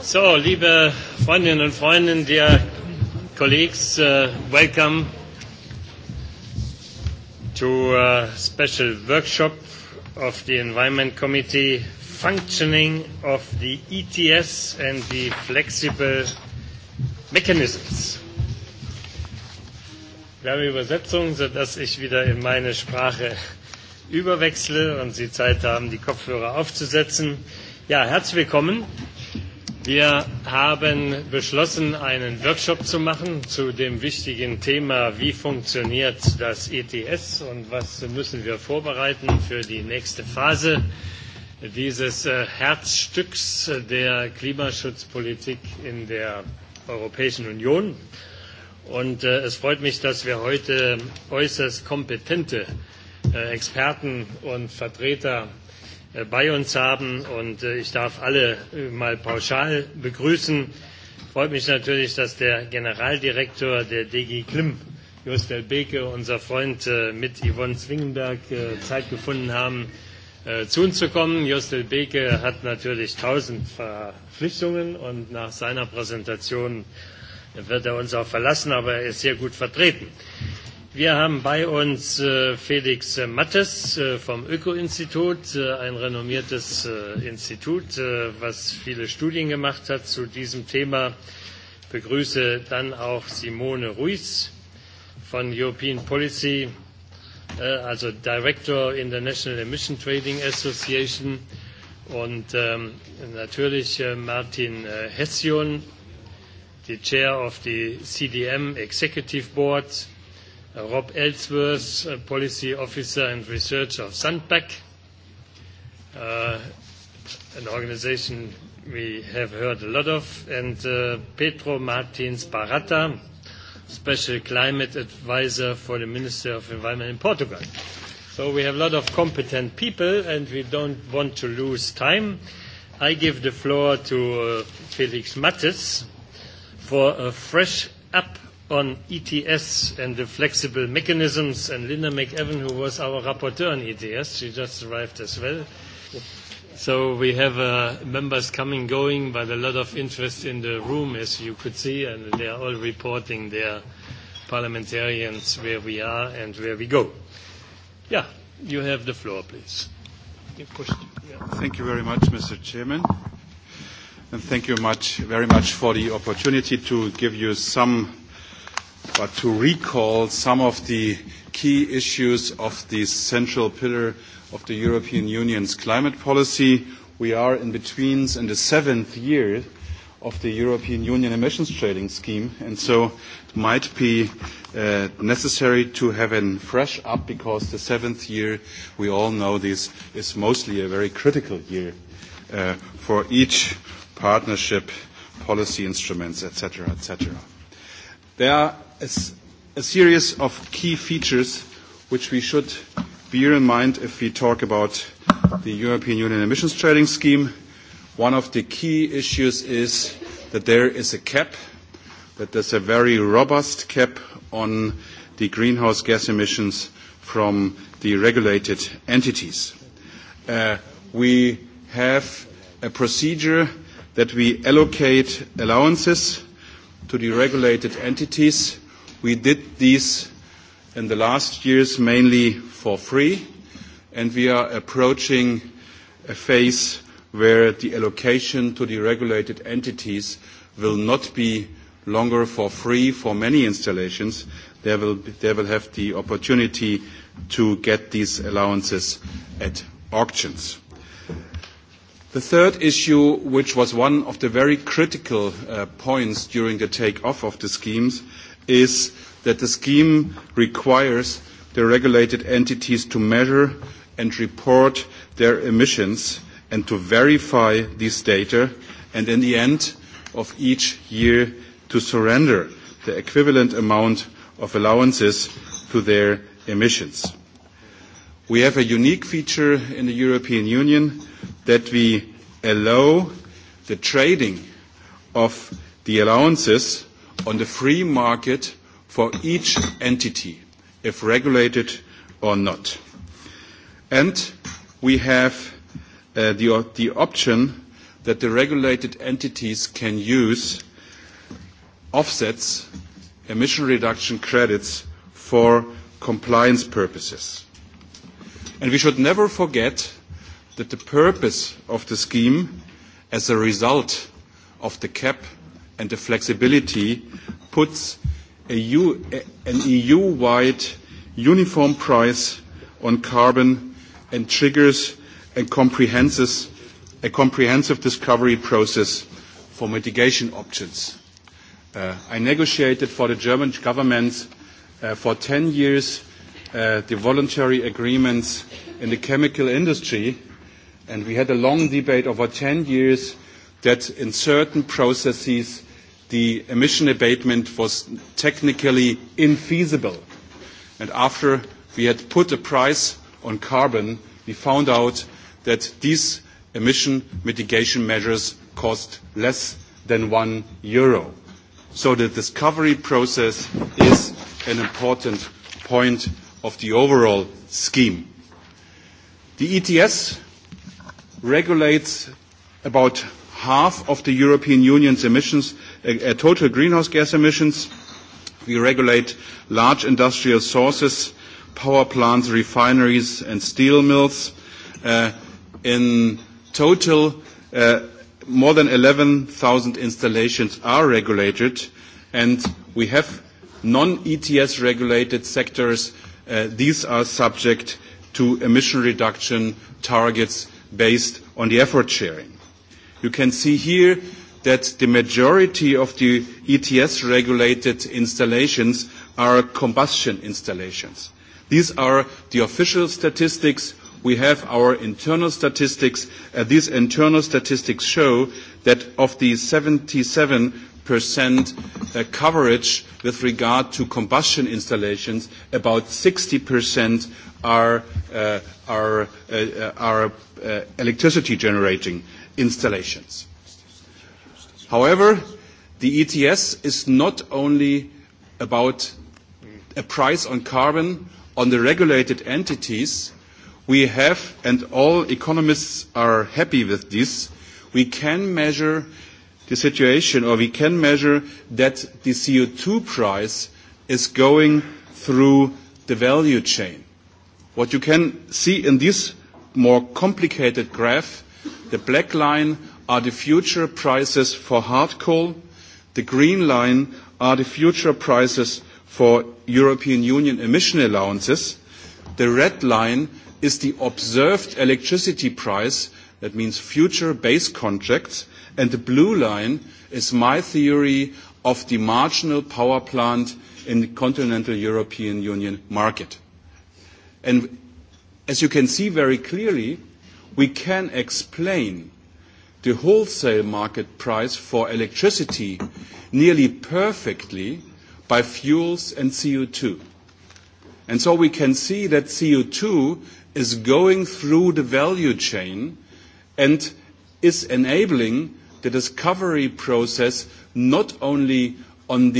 So, liebe Freundinnen und Freunde, dear colleagues, welcome to a special workshop of the Environment Committee, functioning of the ETS and the flexible mechanisms. Wir haben Übersetzung, sodass ich wieder in meine Sprache überwechsle und Sie Zeit haben, die Kopfhörer aufzusetzen. Ja, herzlich willkommen. Wir haben beschlossen, einen Workshop zu machen zu dem wichtigen Thema, wie funktioniert das ETS und was müssen wir vorbereiten für die nächste Phase dieses Herzstücks der Klimaschutzpolitik in der Europäischen Union. Und es freut mich, dass wir heute äußerst kompetente Experten und Vertreter bei uns haben. Und ich darf alle mal pauschal begrüßen. Freut mich natürlich, dass der Generaldirektor der DG Klim, Jostel Beke, unser Freund mit Yvonne Zwingenberg, Zeit gefunden haben, zu uns zu kommen. Jostel Beke hat natürlich tausend Verpflichtungen und nach seiner Präsentation wird er uns auch verlassen, aber er ist sehr gut vertreten. Wir haben bei uns Felix Mattes vom Öko-Institut, ein renommiertes Institut, was viele Studien gemacht hat zu diesem Thema. Ich Begrüße dann auch Simone Ruiz von European Policy, also Director in National Emission Trading Association und natürlich Martin Hession, the Chair of the CDM Executive Board Rob Ellsworth, Policy Officer and Researcher of Sunpack, an organization we have heard a lot of, and Pedro Martins Barata, Special Climate Advisor for the Minister of Environment in Portugal. So we have a lot of competent people, and we don't want to lose time. I give the floor to Felix Mattes for a fresh up on ETS and the flexible mechanisms, and Linda McEvan, who was our rapporteur on ETS, she just arrived as well. So we have members coming, going, but a lot of interest in the room, as you could see, and they are all reporting their parliamentarians where we are and where we go. Yeah, you have the floor, please. Thank you very much, Mr. Chairman. And thank you very much for the opportunity to give you some but to recall some of the key issues of the central pillar of the European Union's climate policy. We are in between in the seventh year of the European Union emissions trading scheme, and so it might be necessary to have a fresh up because the seventh year, we all know this, is mostly a very critical year for each partnership, policy instruments, etc., etc. There are a series of key features which we should bear in mind if we talk about the European Union emissions trading scheme. One of the key issues is that there is a cap, that there's a very robust cap on the greenhouse gas emissions from the regulated entities. We have a procedure that we allocate allowances to the regulated entities We did these in the last years mainly for free, and we are approaching a phase where the allocation to the regulated entities will not be longer for free for many installations. They will have the opportunity to get these allowances at auctions. The third issue, which was one of the very critical points during the take-off of the schemes, is that the scheme requires the regulated entities to measure and report their emissions and to verify these data and in the end of each year to surrender the equivalent amount of allowances to their emissions. We have a unique feature in the European Union that we allow the trading of the allowances on the free market for each entity, if regulated or not. And we have the option that the regulated entities can use offsets, emission reduction credits, for compliance purposes. And we should never forget that the purpose of the scheme, as a result of the cap and the flexibility puts an EU-wide uniform price on carbon and triggers a comprehensive discovery process for mitigation options. I negotiated for the German government for 10 years the voluntary agreements in the chemical industry, and we had a long debate over 10 years that in certain processes the emission abatement was technically infeasible. And after we had put a price on carbon, we found out that these emission mitigation measures cost less than one euro. So the discovery process is an important point of the overall scheme. The ETS regulates about half of the European Union's emissions total greenhouse gas emissions. We regulate large industrial sources, power plants, refineries and steel mills. In total, more than 11,000 installations are regulated, and we have non-ETS regulated sectors. These are subject to emission reduction targets based on the effort sharing. You can see here that the majority of the ETS-regulated installations are combustion installations. These are the official statistics. We have our internal statistics. These internal statistics show that of the 77% coverage with regard to combustion installations, about 60% are electricity-generating installations. However, the ETS is not only about a price on carbon on the regulated entities. We have, and all economists are happy with this, we can measure the situation, or we can measure that the CO2 price is going through the value chain. What you can see in this more complicated graph, the black line are the future prices for hard coal. The green line are the future prices for European Union emission allowances. The red line is the observed electricity price, that means future base contracts, and the blue line is my theory of the marginal power plant in the continental European Union market. as you can see very clearly, we can explain the wholesale market price for electricity nearly perfectly by fuels and CO2. And so we can see that CO2 is going through the value chain and is enabling the discovery process not only on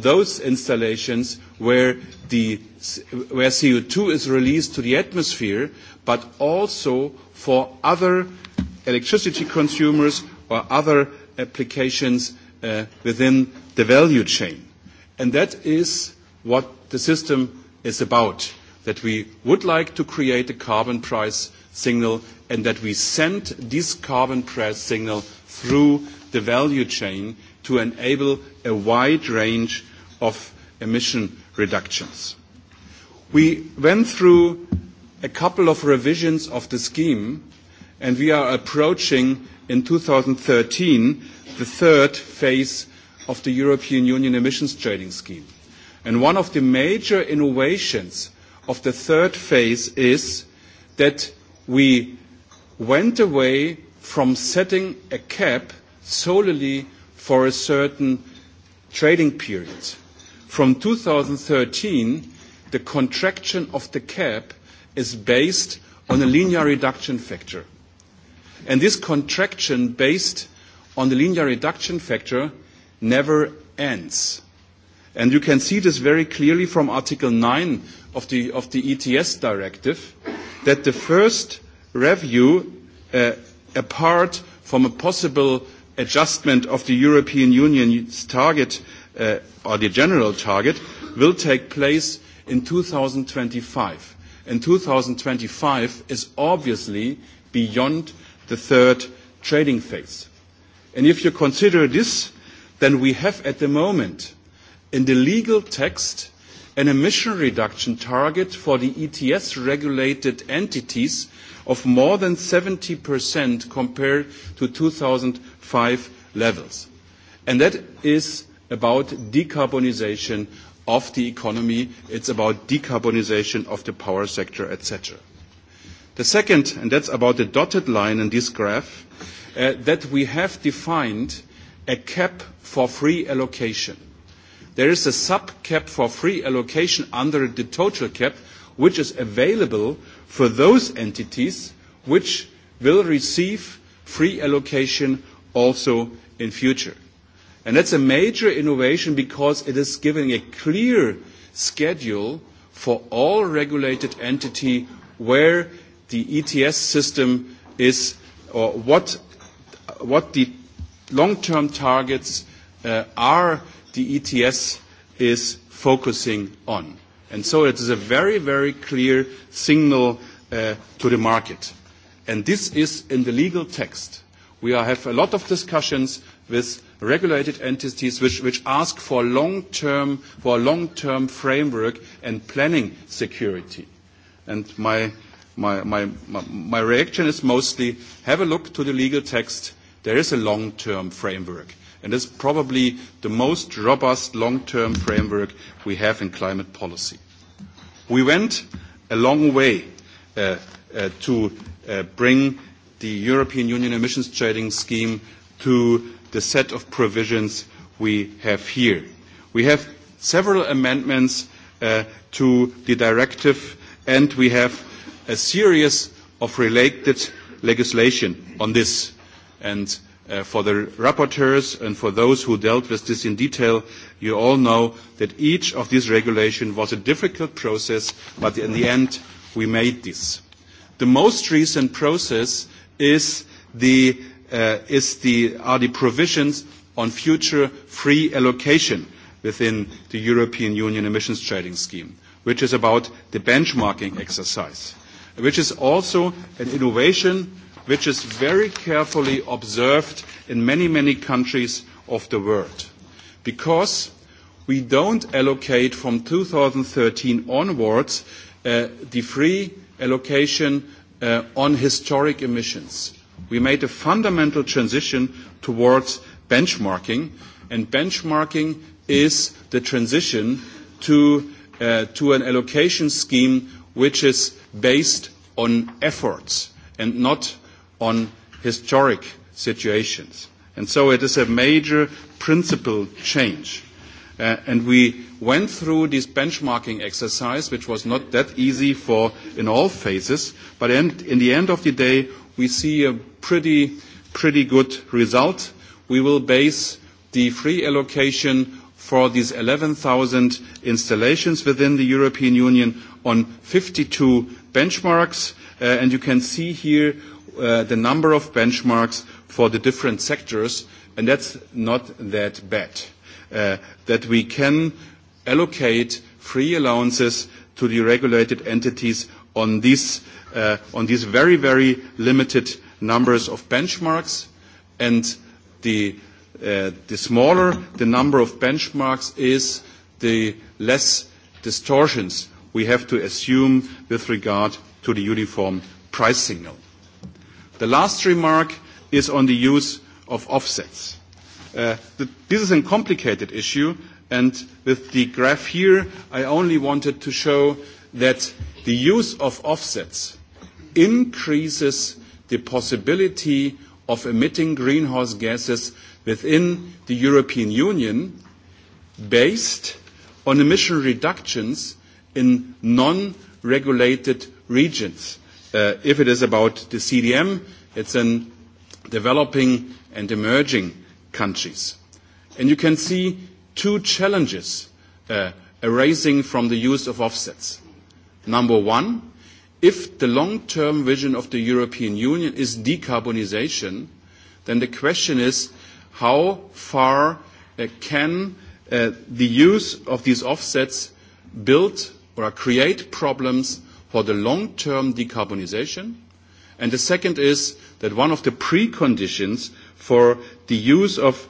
those installations where where CO2 is released to the atmosphere, but also for other electricity consumers or other applications within the value chain. And that is what the system is about, that we would like to create a carbon price signal and that we send this carbon price signal through the value chain to enable a wide range of emission reductions. We went through a couple of revisions of the scheme and we are approaching in 2013 the third phase of the European Union emissions trading scheme. And one of the major innovations of the third phase is that we went away from setting a cap solely for a certain trading period. From 2013, the contraction of the cap is based on a linear reduction factor. And this contraction based on the linear reduction factor never ends. And you can see this very clearly from Article 9 of the ETS directive, that the first review, apart from a possible adjustment of the European Union's target, or the general target, will take place in 2025. And 2025 is obviously beyond the third trading phase. if you consider this, then we have at the moment in the legal text an emission reduction target for the ETS-regulated entities of more than 70% compared to 2005 levels. And that is about decarbonization of the economy. It's about decarbonization of the power sector, etc. The second, and that's about the dotted line in this graph, that we have defined a cap for free allocation. There is a sub-cap for free allocation under the total cap, which is available for those entities which will receive free allocation also in future. And that's a major innovation because it is giving a clear schedule for all regulated entity where the ETS system is or what the long-term targets are the ETS is focusing on. And so it is a very, very clear signal to the market. And this is in the legal text. We have a lot of discussions with regulated entities which ask for long-term, for a long-term framework and planning security. And my My reaction is mostly have a look to the legal text. There is a long-term framework, and it's probably the most robust long-term framework we have in climate policy. We went a long way to bring the European Union emissions trading scheme to the set of provisions we have here. We have several amendments to the directive, and we have a series of related legislation on this. And for the rapporteurs and for those who dealt with this in detail, you all know that each of these regulations was a difficult process, but in the end, we made this. The most recent process is the are the provisions on future free allocation within the European Union emissions trading scheme, which is about the benchmarking exercise which is also an innovation which is very carefully observed in many, many countries of the world. Because we don't allocate from 2013 onwards the free allocation on historic emissions. We made a fundamental transition towards benchmarking, and benchmarking is the transition to an allocation scheme which is based on efforts and not on historic situations. And so it is a major principle change. And we went through this benchmarking exercise, which was not that easy for in all phases, but in the end of the day, we see a pretty pretty good result. We will base the free allocation for these 11,000 installations within the European Union on 52 benchmarks, and you can see here the number of benchmarks for the different sectors, and that's not that bad. That we can allocate free allowances to the regulated entities on these very, very limited numbers of benchmarks, and the smaller the number of benchmarks is, the less distortions we have to assume with regard to the uniform price signal. The last remark is on the use of offsets. This is a complicated issue, and with the graph here, I only wanted to show that the use of offsets increases the possibility of emitting greenhouse gases within the European Union based on emission reductions in non-regulated regions. If it is about the CDM, it's in developing and emerging countries. And you can see two challenges arising from the use of offsets. Number one, if the long-term vision of the European Union is decarbonization, then the question is how far can the use of these offsets build or create problems for the long-term decarbonization. And the second is that one of the preconditions for the use of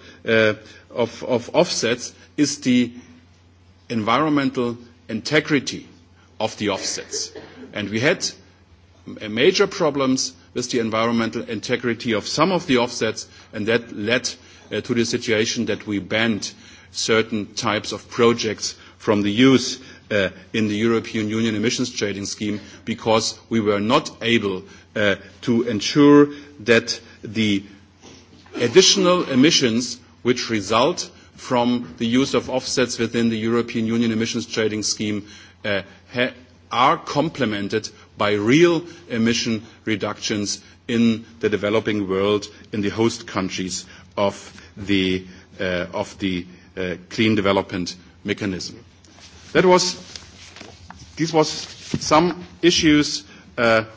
offsets is the environmental integrity of the offsets. we had major problems with the environmental integrity of some of the offsets, and that led to the situation that we banned certain types of projects from the use in the European Union emissions trading scheme because we were not able to ensure that the additional emissions which result from the use of offsets within the European Union emissions trading scheme are complemented by real emission reductions in the developing world, in the host countries of the clean development mechanism. That was, these were some issues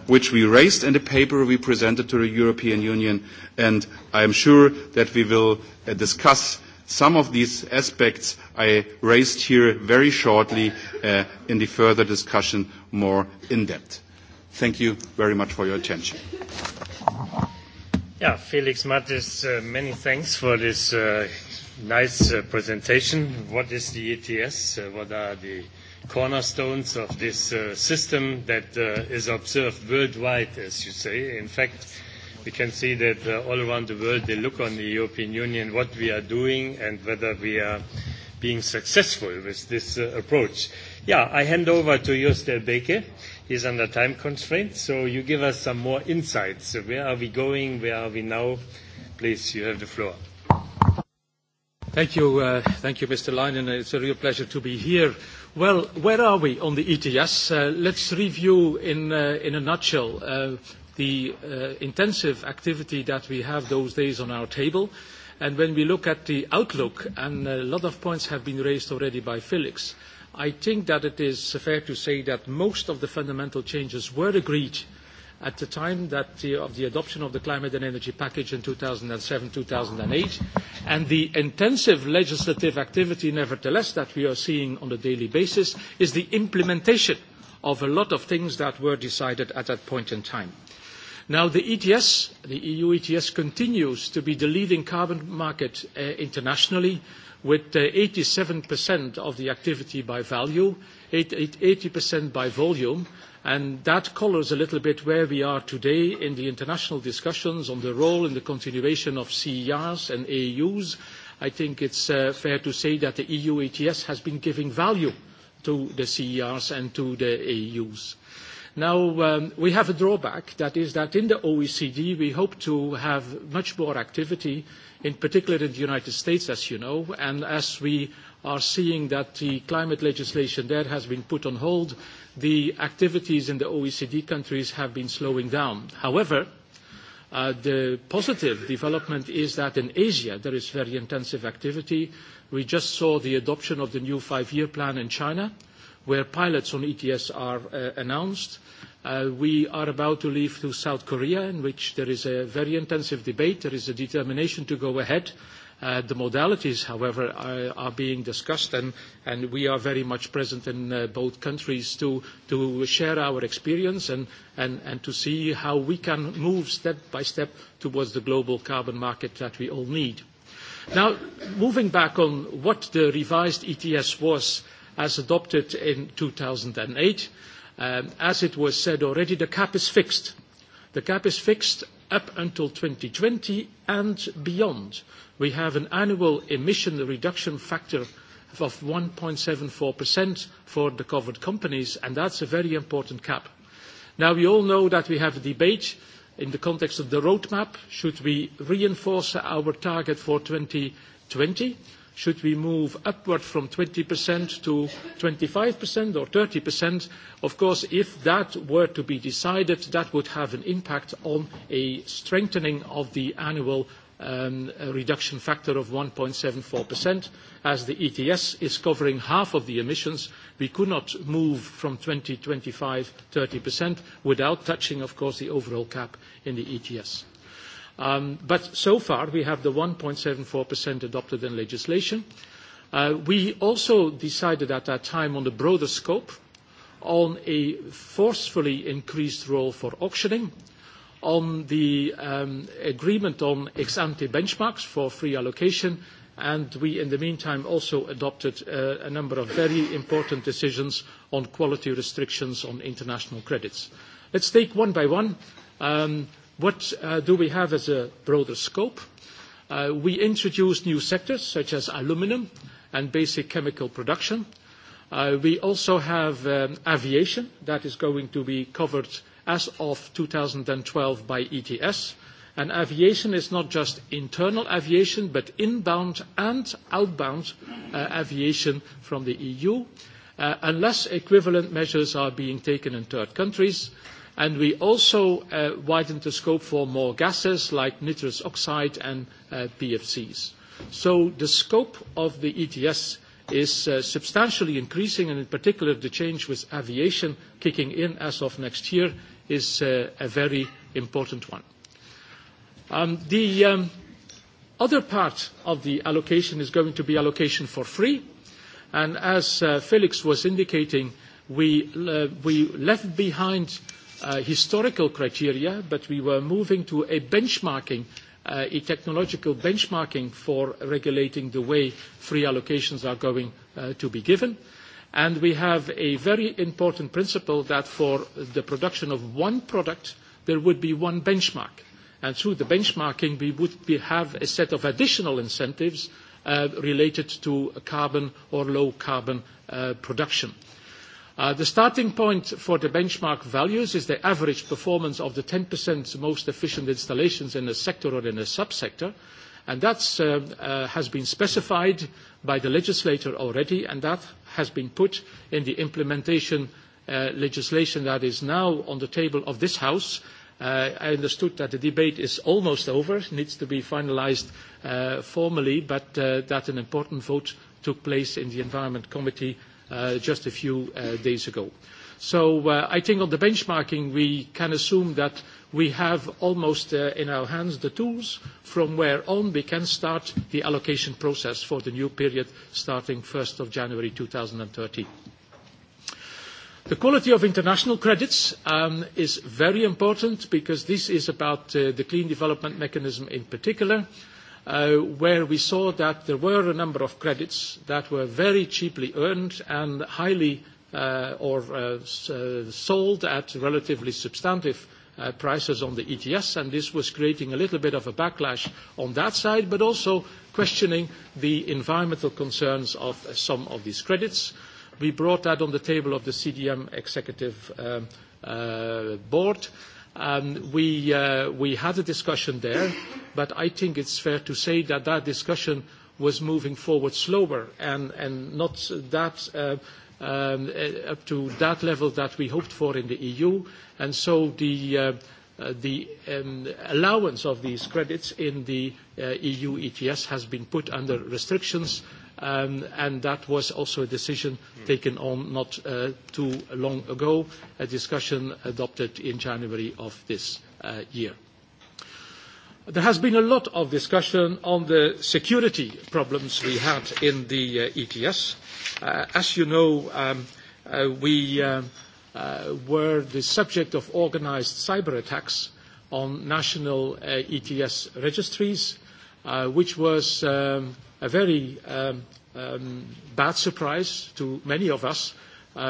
which we raised in the paper we presented to the European Union, and I am sure that we will discuss some of these aspects I raised here very shortly in the further discussion more in depth. Thank you very much for your attention. Felix Mattis, many thanks for this nice presentation. What is the ETS? What are the cornerstones of this system that is observed worldwide, as you say? In fact, we can see that all around the world they look on the European Union, what we are doing and whether we are being successful with this approach. Yeah, I hand over to Jost Delbeke. He's under time constraint, so you give us some more insights. Where are we going? Where are we now? Please, you have the floor. Thank you, thank you, Mr. Leinen. It's a real pleasure to be here. Well, where are we on the ETS? Let's review in in a nutshell the intensive activity that we have those days on our table. And when we look at the outlook, and a lot of points have been raised already by Felix, I think that it is fair to say that most of the fundamental changes were agreed at the time of the adoption of the climate and energy package in 2007-2008, and the intensive legislative activity, nevertheless, that we are seeing on a daily basis is the implementation of a lot of things that were decided at that point in time. Now, the ETS, the EU ETS, continues to be the leading carbon market internationally, with 87% of the activity by value, 80% by volume And that colours a little bit where we are today in the international discussions on the role and the continuation of CERs and AUs. I think it's fair to say that the EU ETS has been giving value to the CERs and to the AUs. Now, we have a drawback, that is that in the OECD we hope to have much more activity, in particular in the United States, as you know, and as we are seeing that the climate legislation there has been put on hold. The activities in the OECD countries have been slowing down. However, the positive development is that in Asia there is very intensive activity. We just saw the adoption of the new five-year plan in China, where pilots on ETS are announced. We are about to leave to South Korea, in which there is a very intensive debate. There is a determination to go ahead The modalities, however, are being discussed, and we are very much present in both countries to share our experience and to see how we can move step by step towards the global carbon market that we all need. Now, moving back on what the revised ETS was as adopted in 2008, as it was said already, the cap is fixed. The cap is fixed up until 2020 and beyond we have an annual emission reduction factor of 1.74% for the covered companies, and that's a very important cap. Now, we all know that we have a debate in the context of the roadmap. Should we reinforce our target for 2020? Should we move upward from 20% to 25% or 30%? Of course, if that were to be decided, that would have an impact on a strengthening of the annual a reduction factor of 1.74%. As the ETS is covering half of the emissions, we could not move from 2025 30% without touching, of course, the overall cap in the ETS. But so far, we have the 1.74% adopted in legislation. We also decided at that time on the broader scope, on a forcefully increased role for auctioning on the agreement on ex-ante benchmarks for free allocation, and we, in the meantime, also adopted a number of very important decisions on quality restrictions on international credits. Let's take one by one. What do we have as a broader scope? We introduced new sectors such as aluminum and basic chemical production. We also have aviation that is going to be covered as of 2012 by ETS. And aviation is not just internal aviation, but inbound and outbound aviation from the EU, unless equivalent measures are being taken in third countries. And we also widen the scope for more gases like nitrous oxide and PFCs. So the scope of the ETS is substantially increasing, and in particular the change with aviation kicking in as of next year is a very important one. The other part of the allocation is going to be allocation for free. And as Felix was indicating, we left behind historical criteria, but we were moving to a benchmarking, a technological benchmarking for regulating the way free allocations are going to be given. And we have a very important principle that for the production of one product, there would be one benchmark. And through the benchmarking, we would have a set of additional incentives related to carbon or low-carbon production. The starting point for the benchmark values is the average performance of the 10% most efficient installations in a sector or in a subsector. And that has been specified by the legislator already, and that has been put in the implementation legislation that is now on the table of this House. I understood that the debate is almost over, needs to be finalised formally, but that an important vote took place in the Environment Committee just a few days ago. So I think on the benchmarking we can assume that we have almost in our hands the tools from where on we can start the allocation process for the new period starting 1st of January 2013. The quality of international credits is very important because this is about the Clean Development Mechanism in particular, where we saw that there were a number of credits that were very cheaply earned and highly or sold at relatively substantive prices on the ETS, and this was creating a little bit of a backlash on that side, but also questioning the environmental concerns of some of these credits. We brought that on the table of the CDM Executive Board. We had a discussion there, but I think it's fair to say that that discussion was moving forward slower and not that up to that level that we hoped for in the EU. And so the allowance of these credits in the EU ETS has been put under restrictions, and that was also a decision taken on not too long ago, a discussion adopted in January of this year. There has been a lot of discussion on the security problems we had in the ETS. As you know, we were the subject of organised cyber attacks on national ETS registries, which was a very bad surprise to many of us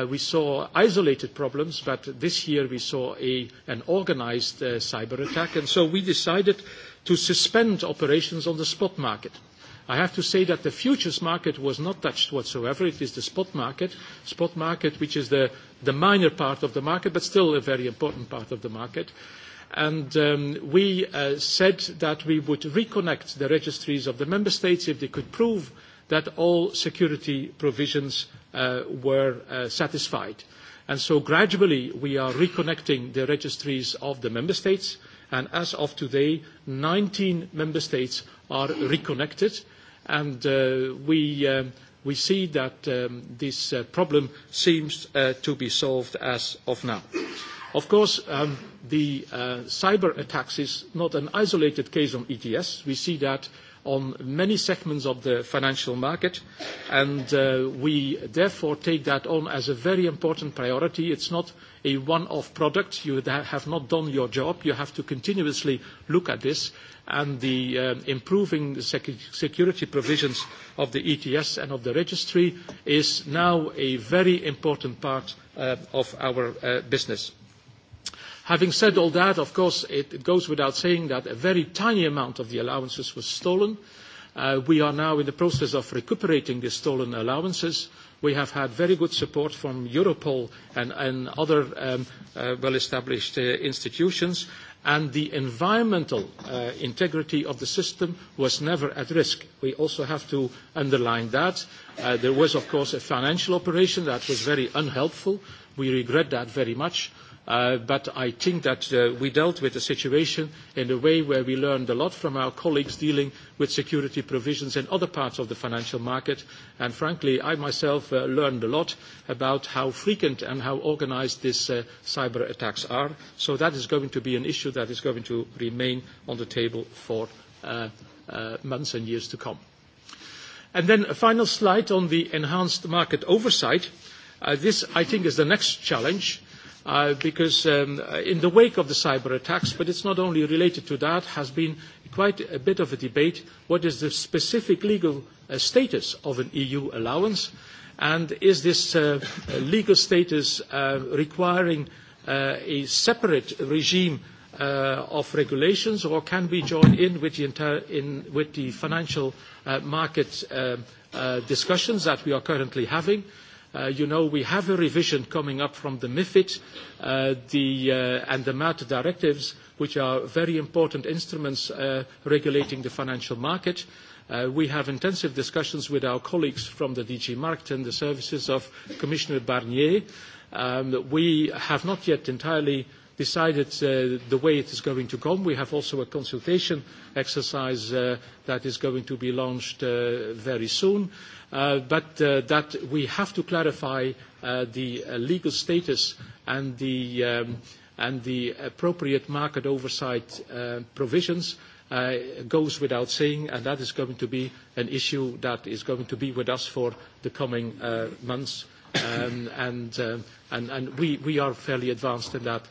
We saw isolated problems, but this year we saw an organized cyber attack, and so we decided to suspend operations on the spot market. I have to say that the futures market was not touched whatsoever. It is the spot market, spot market which is the minor part of the market, but still a very important part of the market. And we said that we would reconnect the registries of the member states if they could prove that all security provisions were satisfied. And so gradually we are reconnecting the registries of the member states, and as of today, 19 member states are reconnected, and we see that this problem seems to be solved as of now. Of course, the cyber attacks is not an isolated case on ETS. We see that on many segments of the financial market, and we therefore take that on as a very important priority. It's not a one-off product. You have not done your job. You have to continuously look at this, and the improving the security provisions of the ETS and of the registry is now a very important part of our business. Having said all that, of course, it goes without saying that a very tiny amount of the allowances was stolen. We are now in the process of recuperating the stolen allowances. We have had very good support from Europol and other well-established institutions, and the environmental integrity of the system was never at risk. We also have to underline that. There was, of course, a financial operation that was very unhelpful. We regret that very much, But I think that we dealt with the situation in a way where we learned a lot from our colleagues dealing with security provisions in other parts of the financial market. And frankly, I myself learned a lot about how frequent and how organised these cyber attacks are. So that is going to be an issue that is going to remain on the table for months and years to come. And then a final slide on the enhanced market oversight. This, I think, is the next challenge because in the wake of the cyber attacks, but it's not only related to that, has been quite a bit of a debate what is the specific legal status of an EU allowance and is this legal status requiring a separate regime of regulations or can we join in with the financial market discussions that we are currently having You know, we have a revision coming up from the MIFID and the MAT directives, which are very important instruments regulating the financial market. We have intensive discussions with our colleagues from the DG Markt and the services of Commissioner Barnier. We have not yet entirely decided the way it is going to come. We have also a consultation exercise that is going to be launched very soon but that we have to clarify the legal status and the appropriate market oversight provisions goes without saying, and that is going to be an issue that is going to be with us for the coming months. And we are fairly advanced in that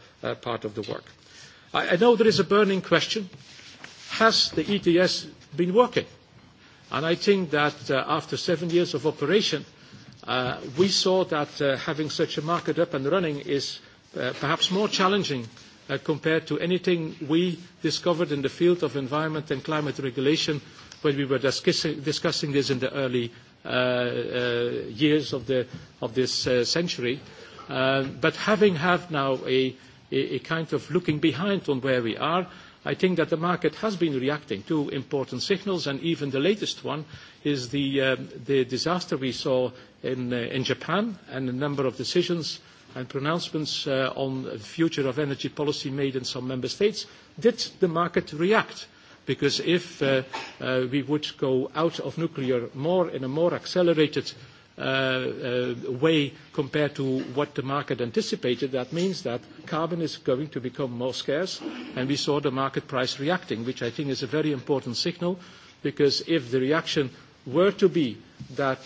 part of the work. I know there is a burning question. Has the ETS been working? I think that after seven years of operation, we saw that having such a market up and running is perhaps more challenging compared to anything we discovered in the field of environment and climate regulation when we were discussing this in the early years of this century. But having had now a kind of looking behind on where we are, I think that the market has been reacting to important signals, and even the latest one is the disaster we saw in Japan and a number of decisions and pronouncements on the future of energy policy made in some member states. Did the market react? Because if we would go out of nuclear more in a more accelerated way compared to what the market anticipated, that means that carbon is going to become more scarce, and we saw the market price reacting, which I think is a very important signal, because if the reaction were to be that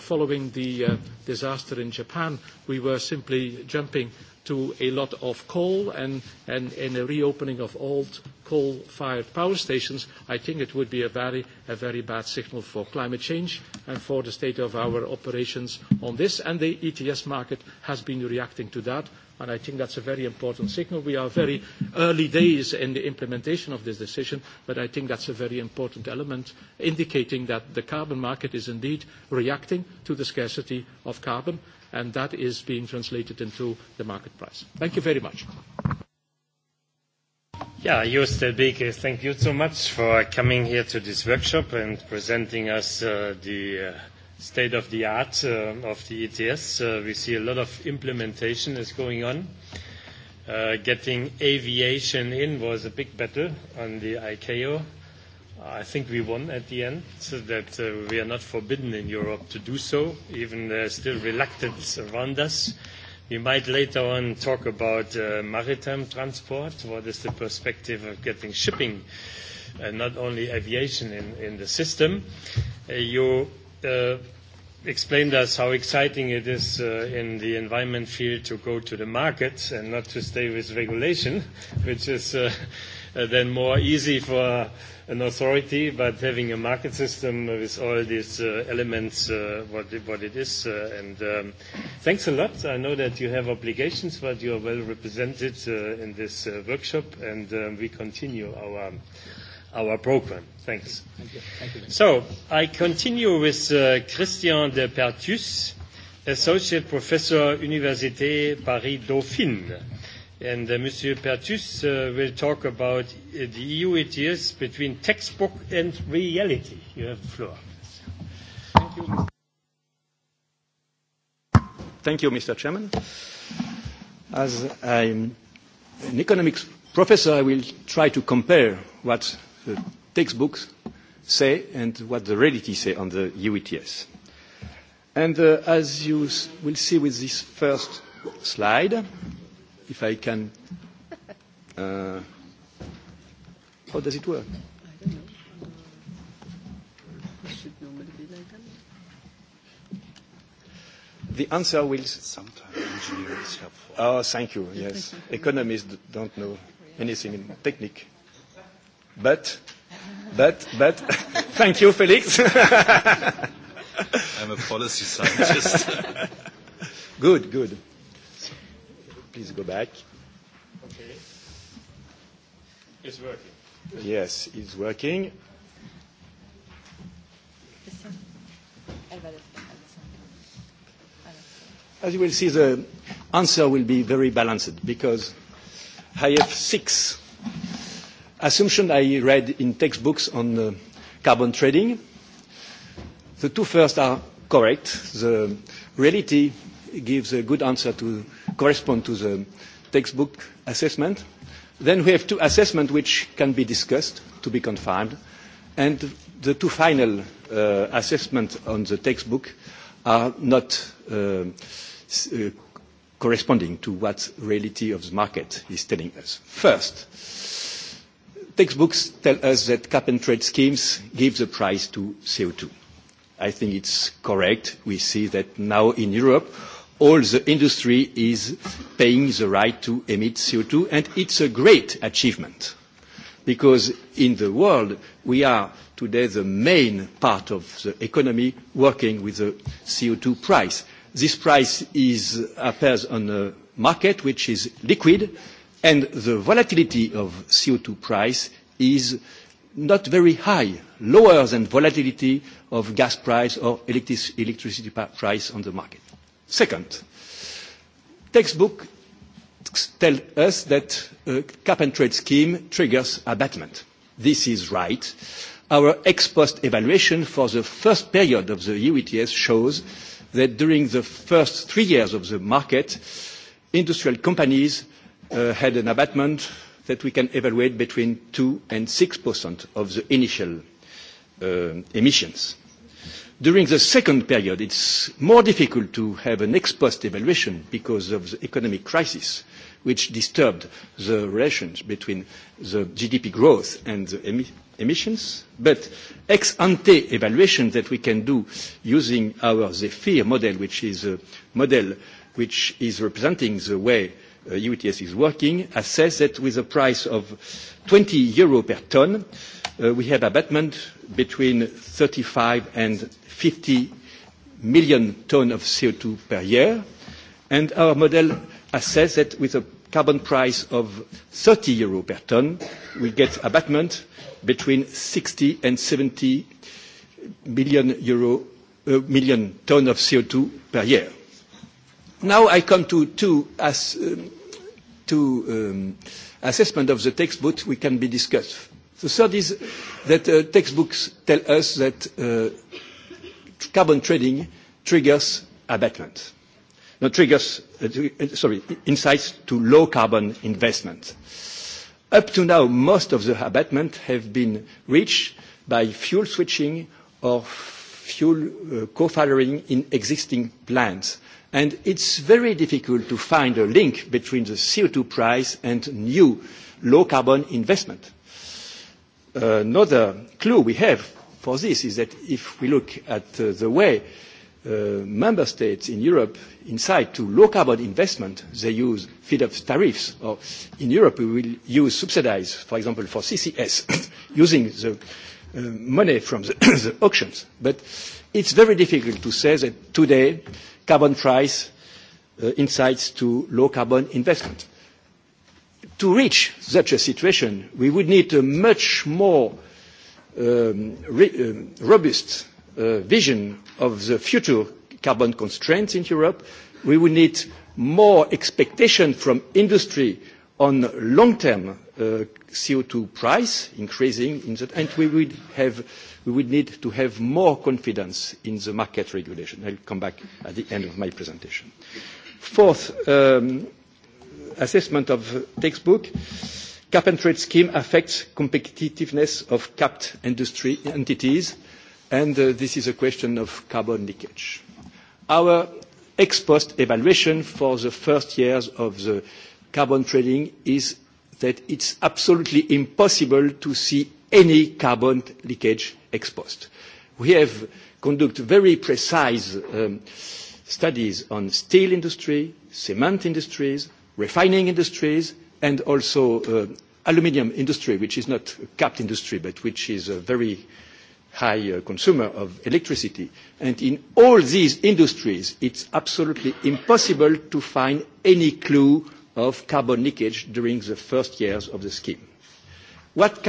following the disaster in Japan, we were simply jumping to a lot of coal and in a reopening of old coal-fired power stations, I think it would be a very bad signal for climate change and for the state of our operations on this. And the ETS market has been reacting to that, and I think that's a very important signal. We are very early days in the implementation of this decision, but I think that's a very important element indicating that the carbon market is indeed reacting to the scarcity of carbon and that is being translated into the market price. Thank you very much. Yeah, Joost thank you so much for coming here to this workshop and presenting us the state of the art of the ETS. We see a lot of implementation is going on. Getting aviation in was a big battle on the ICAO I think we won at the end, so that we are not forbidden in Europe to do so, even still reluctance around us. We might later on talk about maritime transport. What is the perspective of getting shipping, and not only aviation, in the system? You explained us how exciting it is in the environment field to go to the market and not to stay with regulation, which is then more easy for an authority, but having a market system with all these elements, what it is. And thanks a lot. I know that you have obligations, but you are well represented in this workshop, and we continue our our program. Thanks. So I continue with Christian de Pertus, Associate Professor, Université Paris-Dauphine and Monsieur Pertus will talk about the EU ETS between textbook and reality. You have the floor. Thank you. Thank you, Mr. Chairman. As I'm an economics professor, I will try to compare what the textbooks say and what the reality say on the EU ETS. And as you will see with this first slide, if I can. How does it work? The answer will. Sometimes engineering is helpful. Oh, thank you. Yes, economists don't know anything in technique, but, but, but. Thank you, Felix. I'm a policy scientist. Good, good please go back. Okay. It's working. Yes, it's working. As you will see, the answer will be very balanced because I have six assumptions I read in textbooks on carbon trading. The two first are correct. The reality gives a good answer to correspond to the textbook assessment. Then we have two assessments which can be discussed to be confirmed, and the two final assessments on the textbook are not corresponding to what reality of the market is telling us. First, textbooks tell us that cap and trade schemes give the price to CO2. I think it's correct. We see that now in Europe all the industry is paying the right to emit CO2, and it's a great achievement, because in the world we are today the main part of the economy working with the CO2 price. This price appears on a market which is liquid, and the volatility of CO2 price is not very high, lower than volatility of gas price or electricity price on the market. Second, textbooks tell us that a cap and trade scheme triggers abatement. This is right. Our ex post evaluation for the first period of the EU ETS shows that during the first three years of the market, industrial companies had an abatement that we can evaluate between 2 and 6 of the initial emissions. During the second period, it's more difficult to have an ex post evaluation because of the economic crisis, which disturbed the relations between the GDP growth and the emissions. But ex ante evaluation that we can do using our Zephyr model, which is a model which is representing the way UTS is working, assess that with a price of 20 euro per tonne, we have abatement between 35 and 50 million tonnes of CO2 per year, and our model assess that with a carbon price of 30 euro per ton, we get abatement between 60 and 70 million tonnes of CO2 per year. Now I come to two assessment of the textbook we can be discussed. The third is that textbooks tell us that carbon trading triggers abatement, no triggers, sorry, insights to low carbon investment. Up to now, most of the abatement have been reached by fuel switching or fuel co-firing in existing plants. And it's very difficult to find a link between the CO2 price and new low carbon investment. Another clue we have for this is that if we look at the way member states in Europe incite to low carbon investment, they use feed-up tariffs. Or in Europe, we will use subsidies, for example, for CCS, using the money from the auctions. But it's very difficult to say that today carbon price incites to low carbon investment to reach such a situation, we would need a much more robust vision of the future carbon constraints in Europe. We would need more expectation from industry on long-term CO2 price increasing, and we would need to have more confidence in the market regulation. I'll come back at the end of my presentation. Fourth, assessment of textbook, cap and trade scheme affects competitiveness of capped industry entities, and this is a question of carbon leakage. Our ex post evaluation for the first years of the carbon trading is that it's absolutely impossible to see any carbon leakage ex post. We have conducted very precise studies on steel industry, cement industries, refining industries and also aluminium industry, which is not a capped industry, but which is a very high consumer of electricity. And in all these industries, it's absolutely impossible to find any clue of carbon leakage during the first years of the scheme. What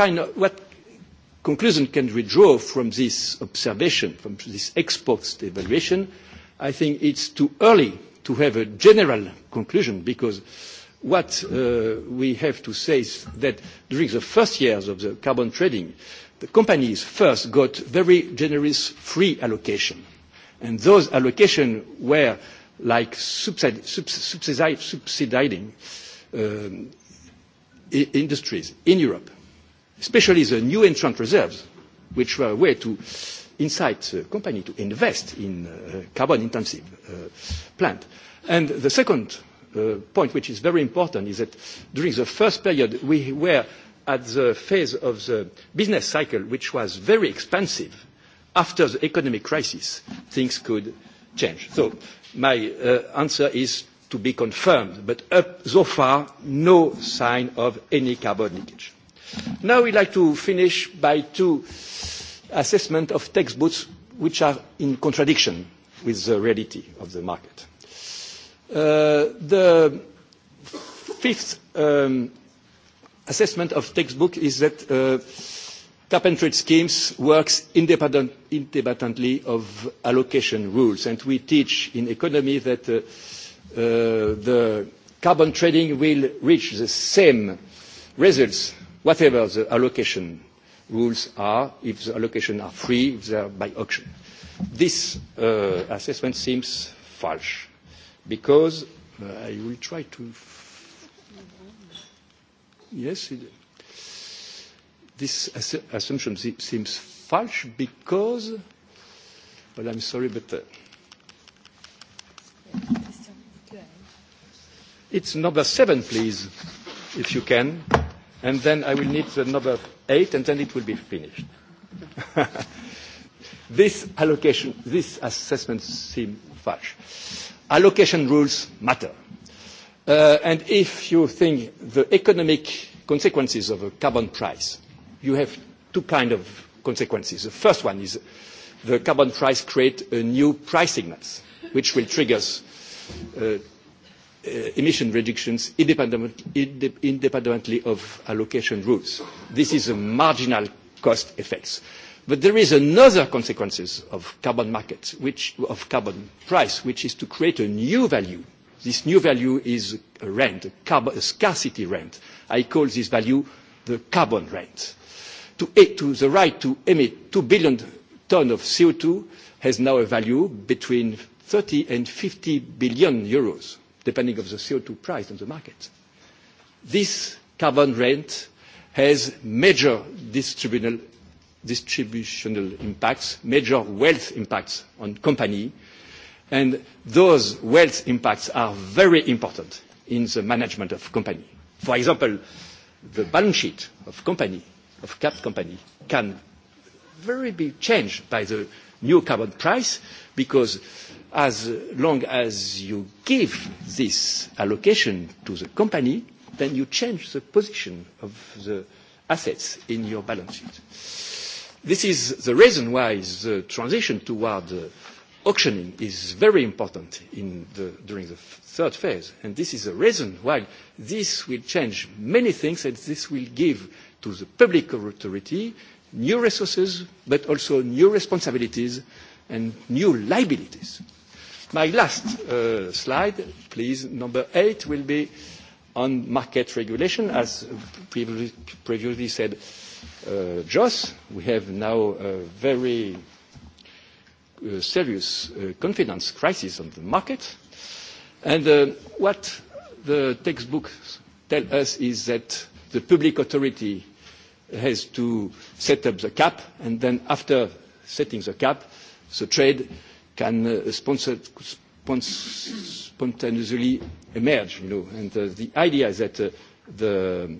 conclusion can we draw from this observation, from this ex post evaluation? I think it's too early to have a general conclusion because what we have to say is that during the first years of the carbon trading, the companies first got very generous free allocation. And those allocations were like subsidizing industries in Europe, especially the new entrant reserves, which were a way to inside the company to invest in carbon-intensive plant. And the second point, which is very important, is that during the first period, we were at the phase of the business cycle, which was very expensive. After the economic crisis, things could change. So my answer is to be confirmed, but so far, no sign of any carbon leakage. Now we'd like to finish by two assessment of textbooks which are in contradiction with the reality of the market. The fifth assessment of textbook is that cap and trade schemes works independently of allocation rules. And we teach in economy that the carbon trading will reach the same results whatever the allocation rules are if the allocations are free, if they are by auction. This assessment seems false because I will try to. Yes, this assumption seems false because. well I'm sorry, but. It's number seven, please, if you can. And then I will need the number eight and then it will be finished. This allocation, this assessment seems fudge. Allocation rules matter. And if you think the economic consequences of a carbon price, you have two kinds of consequences. The first one is the carbon price creates a new price signals, which will trigger emission reductions independently of allocation rules. This is a marginal cost effect. But there is another consequence of carbon market, of carbon price, which is to create a new value. This new value is a rent, a scarcity rent. I call this value the carbon rent. the right to emit 2 billion tonnes of CO2 has now a value between 30 and 50 billion euros depending on the CO2 price on the market. This carbon rent has major distributional impacts, major wealth impacts on company and those wealth impacts are very important in the management of company. For example, the balance sheet of company, of cap company, can very be changed by the new carbon price because as long as you give this allocation to the company, then you change the position of the assets in your balance sheet. This is the reason why the transition toward auctioning is very important during the third phase, and this is the reason why this will change many things and this will give to the public authority new resources, but also new responsibilities and new liabilities. My last slide, please, number eight, will be on market regulation. As previously said, Jos, we have now a very serious confidence crisis on the market. And what the textbooks tell us is that the public authority has to set up the cap, and then after setting the cap, the trade can spontaneously emerge. And the idea is that the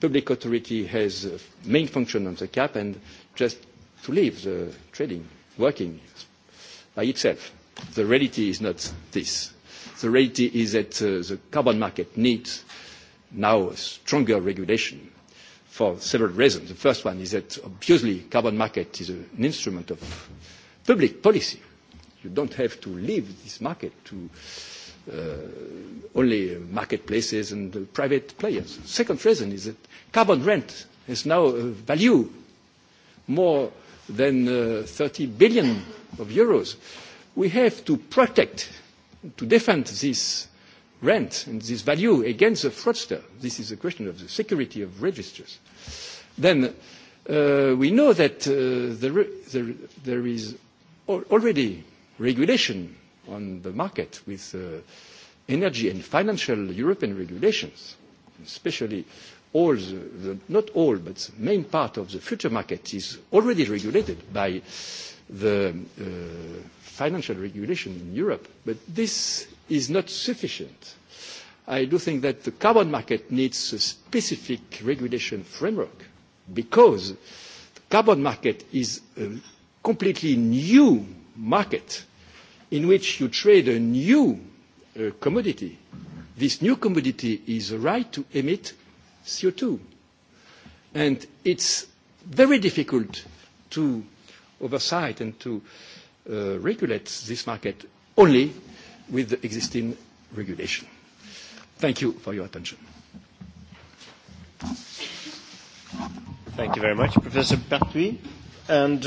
public authority has the main function on the cap and just to leave the trading working by itself. The reality is not this. The reality is that the carbon market needs now stronger regulation for several reasons. The first one is that obviously carbon market is an instrument of public policy You don't have to leave this market to only marketplaces and private players. Second reason is that carbon rent has now a value more than 30 billion of euros. We have to protect, to defend this rent and this value against the fraudster. This is a question of the security of registers. Then we know that there is already regulation on the market with energy and financial European regulations, especially all the not all but the main part of the future market is already regulated by the financial regulation in Europe, but this is not sufficient. I do think that the carbon market needs a specific regulation framework because the carbon market is a completely new market in which you trade a new commodity. This new commodity is the right to emit CO2. And it's very difficult to oversight and to regulate this market only with the existing regulation. Thank you for your attention. Thank you very much, Professor Bertui. And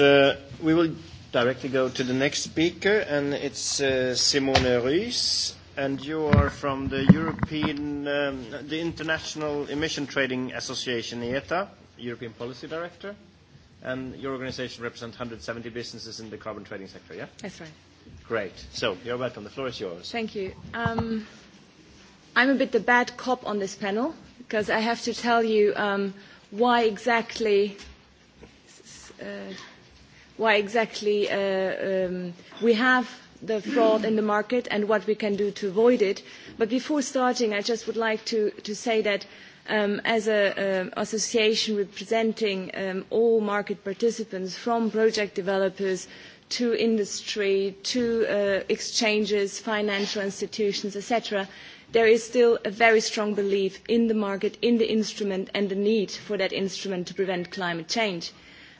we will directly go to the next speaker, and it's Simone Ruiz, and you are from the European, the International Emission Trading Association, (ETA), European Policy Director, and your organization represents 170 businesses in the carbon trading sector, yeah? That's right. Great. So, you're welcome. The floor is yours. Thank you. Um, I'm a bit the bad cop on this panel, because I have to tell you um, why exactly why exactly we have the fraud in the market and what we can do to avoid it. But before starting, I just would like to say that as an association representing all market participants, from project developers to industry, to exchanges, financial institutions, etc., there is still a very strong belief in the market, in the instrument and the need for that instrument to prevent climate change.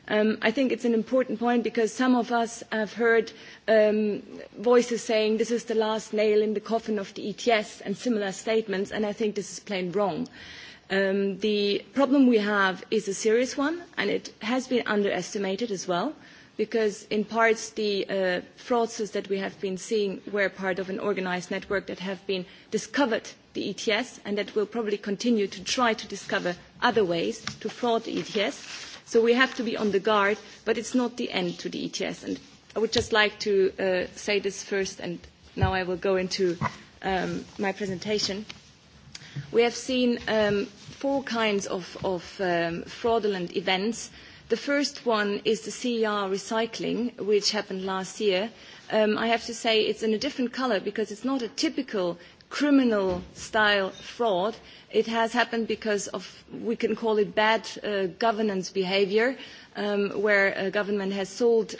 I think it's an important point because some of us have heard voices saying this is the last nail in the coffin of the ETS and similar statements, and I think this is plain wrong. The problem we have is a serious one, and it has been underestimated as well, because in parts the fraudsters that we have been seeing were part of an organised network that have been discovered the ETS and that will probably continue to try to discover other ways to fraud the ETS So we have to be on the guard, but it's not the end to the ETS. And I would just like to say this first, and now I will go into my presentation. We have seen four kinds of fraudulent events. The first one is the CER recycling, which happened last year. I have to say it's in a different colour because it's not a typical criminal style fraud. It has happened because of, we can call it bad governance behavior, where a government has sold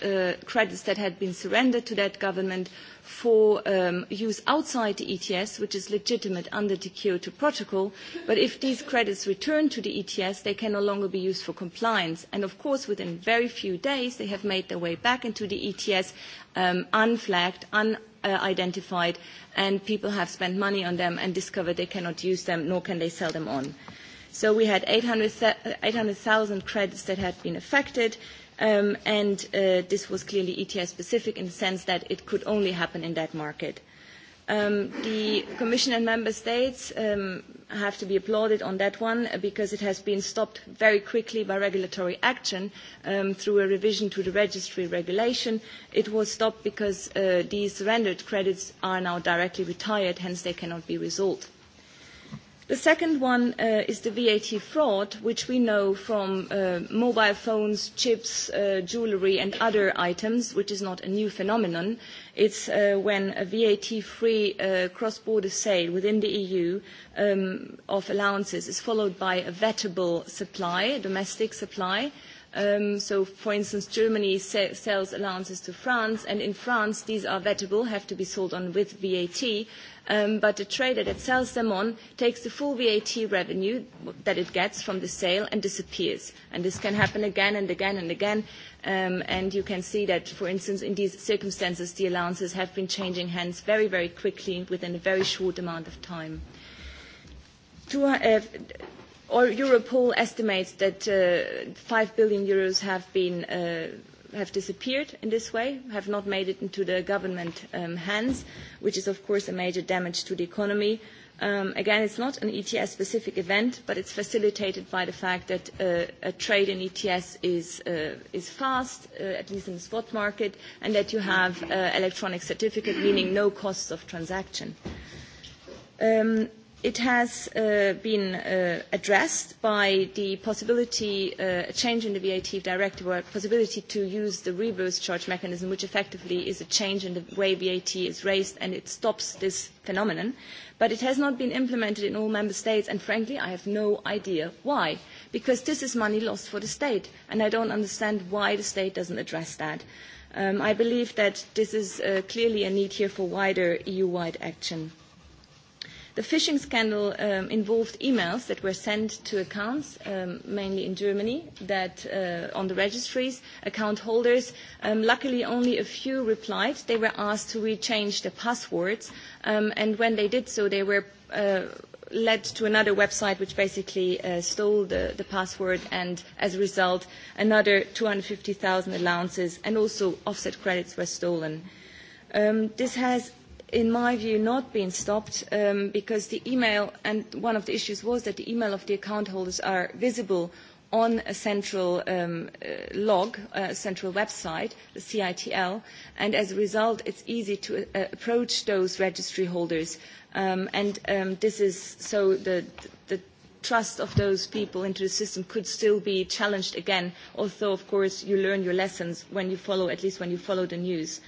credits that had been surrendered to that government for use outside the ETS, which is legitimate under the Kyoto Protocol. But if these credits return to the ETS, they can no longer be used for compliance. And of course, within very few days, they have made their way back into the ETS unflagged, identified and people have spent money on them and discovered they cannot use them nor can they sell them on. So we had 800,000 credits that had been affected and this was clearly ETS specific in the sense that it could only happen in that market. The Commission and Member States have to be applauded on that one because it has been stopped very quickly by regulatory action through a revision to the registry regulation. It was stopped because these surrendered credits are now directly retired, hence they cannot be resolved. The second one is the VAT fraud, which we know from mobile phones, chips, jewelry and other items, which is not a new phenomenon. It's when a VAT-free cross-border sale within the EU of allowances is followed by a vettable supply, domestic supply So, for instance, Germany sells allowances to France, and in France these are vettable, have to be sold on with VAT, but the trader that sells them on takes the full VAT revenue that it gets from the sale and disappears. And this can happen again and again and again, and you can see that, for instance, in these circumstances the allowances have been changing hands very, very quickly within a very short amount of time. Europol estimates that 5 billion euros have been have disappeared in this way, have not made it into the government hands, which is of course a major damage to the economy. Again, it's not an ETS-specific event, but it's facilitated by the fact that a trade in ETS is fast, at least in the spot market, and that you have electronic certificate, meaning no costs of transaction. It has been addressed by the possibility, a change in the VAT directive, or a possibility to use the reverse charge mechanism, which effectively is a change in the way VAT is raised, and it stops this phenomenon. But it has not been implemented in all member states, and frankly, I have no idea why, because this is money lost for the state, and I don't understand why the state doesn't address that. I believe that this is clearly a need here for wider EU-wide action. The phishing scandal involved emails that were sent to accounts, mainly in Germany, that on the registries, account holders. Luckily, only a few replied. They were asked to rechange the passwords, and when they did so, they were led to another website which basically stole the password and as a result another 250,000 allowances and also offset credits were stolen. This has in my view, not been stopped because the email, and one of the issues was that the email of the account holders are visible on a central log, a central website, the CITL, and as a result, it's easy to approach those registry holders. And this is so the trust of those people into the system could still be challenged again, although, of course, you learn your lessons when you follow, at least when you follow the news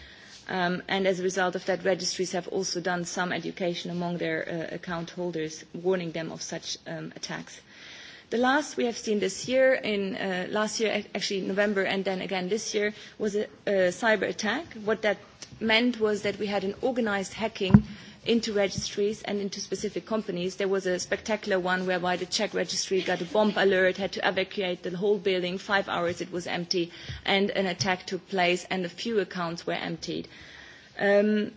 and as a result of that, registries have also done some education among their account holders, warning them of such attacks. The last we have seen this year, in last year, actually November and then again this year, was a cyber attack. What that meant was that we had an organized hacking into registries and into specific companies. There was a spectacular one whereby the Czech registry got a bomb alert, had to evacuate the whole building. Five hours it was empty, and an attack took place, and a few accounts were emptied. Other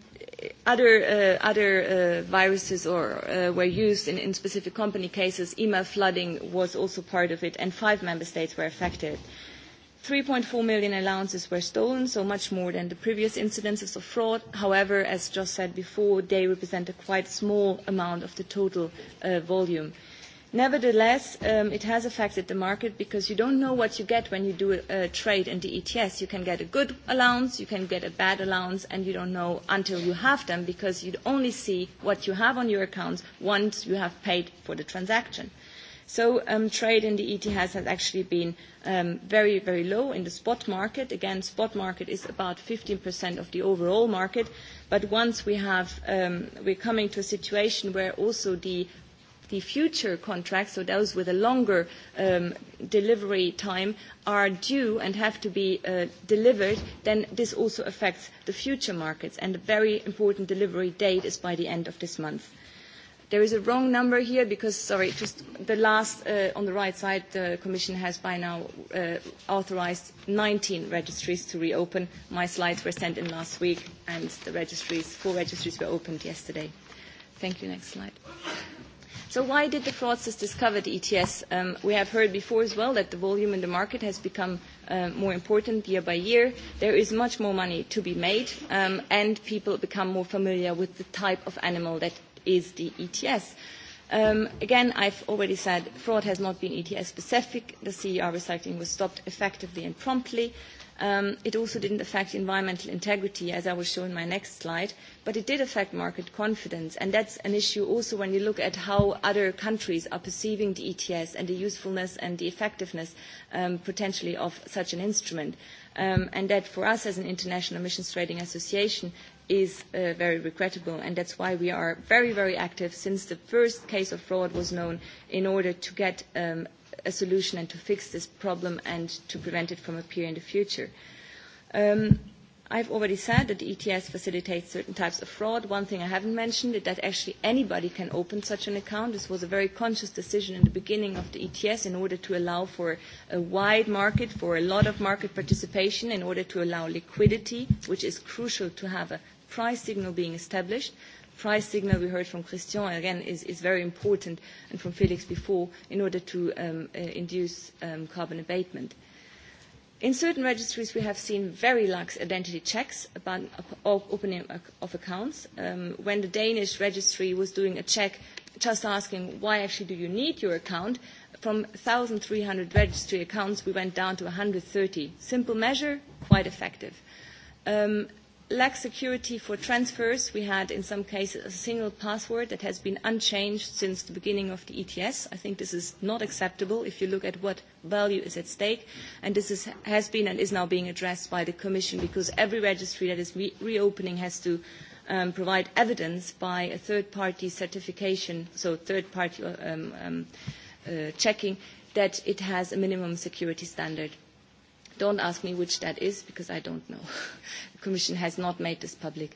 viruses were used in specific company cases. Email flooding was also part of it, and five member states were affected. 3.4 million allowances were stolen, so much more than the previous incidences of fraud. However, as just said before, they represent a quite small amount of the total volume. Nevertheless, it has affected the market because you don't know what you get when you do a trade in the ETS. You can get a good allowance, you can get a bad allowance, and you don't know until you have them because you only see what you have on your accounts once you have paid for the transaction. So trade in the ETS has actually been very, very low in the spot market. Again, spot market is about 15% of the overall market. But once we have, we're coming to a situation where also the the future contracts, so those with a longer delivery time, are due and have to be delivered, then this also affects the future markets. And a very important delivery date is by the end of this month. There is a wrong number here because, sorry, just the last on the right side, the Commission has by now authorised 19 registries to reopen. My slides were sent in last week and the registries, four registries were opened yesterday. Thank you. Next slide. So why did the fraudsters discover the ETS? We have heard before as well that the volume in the market has become more important year by year. There is much more money to be made, and people become more familiar with the type of animal that is the ETS. Again, I've already said fraud has not been ETS specific. The CER recycling was stopped effectively and promptly. It also didn't affect environmental integrity, as I will show in my next slide, but it did affect market confidence, and that's an issue also when you look at how other countries are perceiving the ETS and the usefulness and the effectiveness potentially of such an instrument. And that for us as an international emissions trading association is very regrettable and that's why we are very very active since the first case of fraud was known in order to get a solution and to fix this problem and to prevent it from appearing in the future. I've already said that the ETS facilitates certain types of fraud. One thing I haven't mentioned is that actually anybody can open such an account. This was a very conscious decision in the beginning of the ETS in order to allow for a wide market, for a lot of market participation, in order to allow liquidity, which is crucial to have a price signal being established. Price signal we heard from Christian again is is very important and from Felix before in order to induce carbon abatement. In certain registries we have seen very lax identity checks about opening of accounts. When the Danish registry was doing a check just asking why actually do you need your account, from 1,300 registry accounts we went down to 130. Simple measure, quite effective lack security for transfers. We had, in some cases, a single password that has been unchanged since the beginning of the ETS. I think this is not acceptable if you look at what value is at stake. And this has been and is now being addressed by the Commission because every registry that is reopening has to provide evidence by a third-party certification, so third-party checking, that it has a minimum security standard. Don't ask me which that is because I don't know. The Commission has not made this public.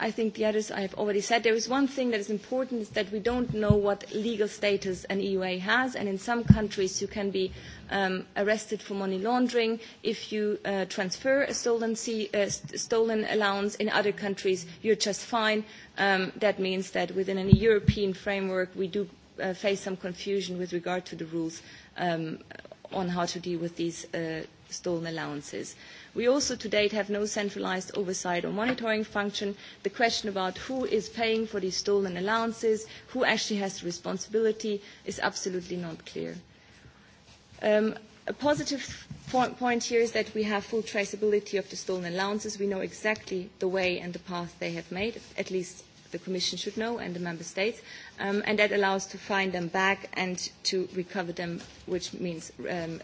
I think the others I have already said. There is one thing that is important is that we don't know what legal status an EUA has, and in some countries you can be arrested for money laundering if you transfer a stolen allowance. In other countries you're just fine. That means that within a European framework we do face some confusion with regard to the rules on how to deal with these stolen allowances. We also to date have no centralised oversight or monitoring function. The question about who is paying for these stolen allowances, who actually has the responsibility, is absolutely not clear. A positive point here is that we have full traceability of the stolen allowances. We know exactly the way and the path they have made, at least the Commission should know and the Member States, and that allows to find them back and to recover them, which means return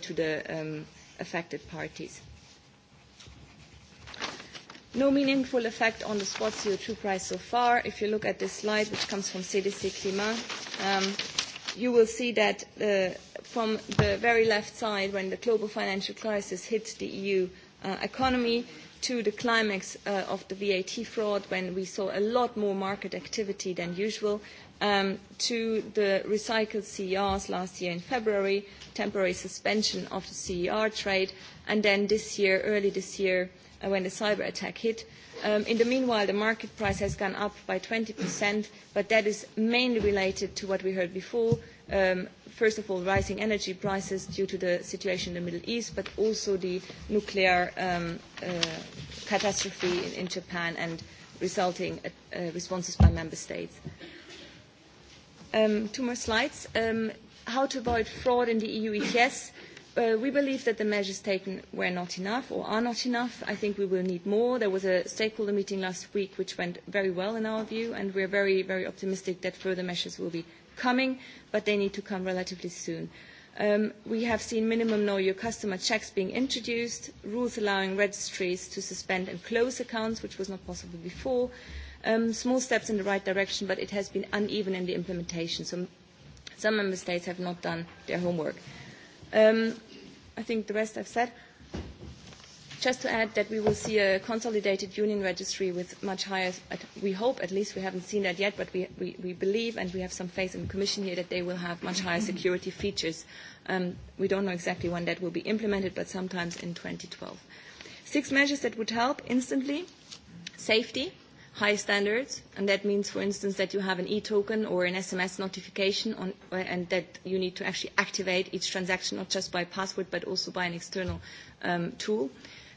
to the affected parties. No meaningful effect on the spot CO2 price so far. If you look at this slide, which comes from CDC Climat, you will see that from the very left side, when the global financial crisis hit the EU economy, to the climax of the VAT fraud when we saw a lot more market activity than usual, to the recycled CERs last year in February, temporary suspension of the CER trade, and then this year, early this year, when the cyber attack hit. In the meanwhile, the market price has gone up by 20%, but that is mainly related to what we heard before, first of all, rising energy prices due to the situation in the Middle East, but also the nuclear catastrophe in Japan and resulting responses by member states. Two more slides. How to avoid fraud in the EU ETS. We believe that the measures taken were not enough or are not enough. I think we will need more. There was a stakeholder meeting last week which went very well in our view, and we are very, very optimistic that further measures will be coming, but they need to come relatively soon. We have seen minimum know your customer checks being introduced, rules allowing registries to suspend and close accounts, which was not possible before. Small steps in the right direction, but it has been uneven in the implementation. So, Some member states have not done their homework. I think the rest I've said. Just to add that we will see a consolidated union registry with much higher, we hope, at least we haven't seen that yet, but we believe and we have some faith in the Commission here that they will have much higher security features. We don't know exactly when that will be implemented, but sometimes in 2012. Six measures that would help instantly. Safety, high standards, and that means, for instance, that you have an e-token or an SMS notification and that you need to actually activate each transaction, not just by password, but also by an external tool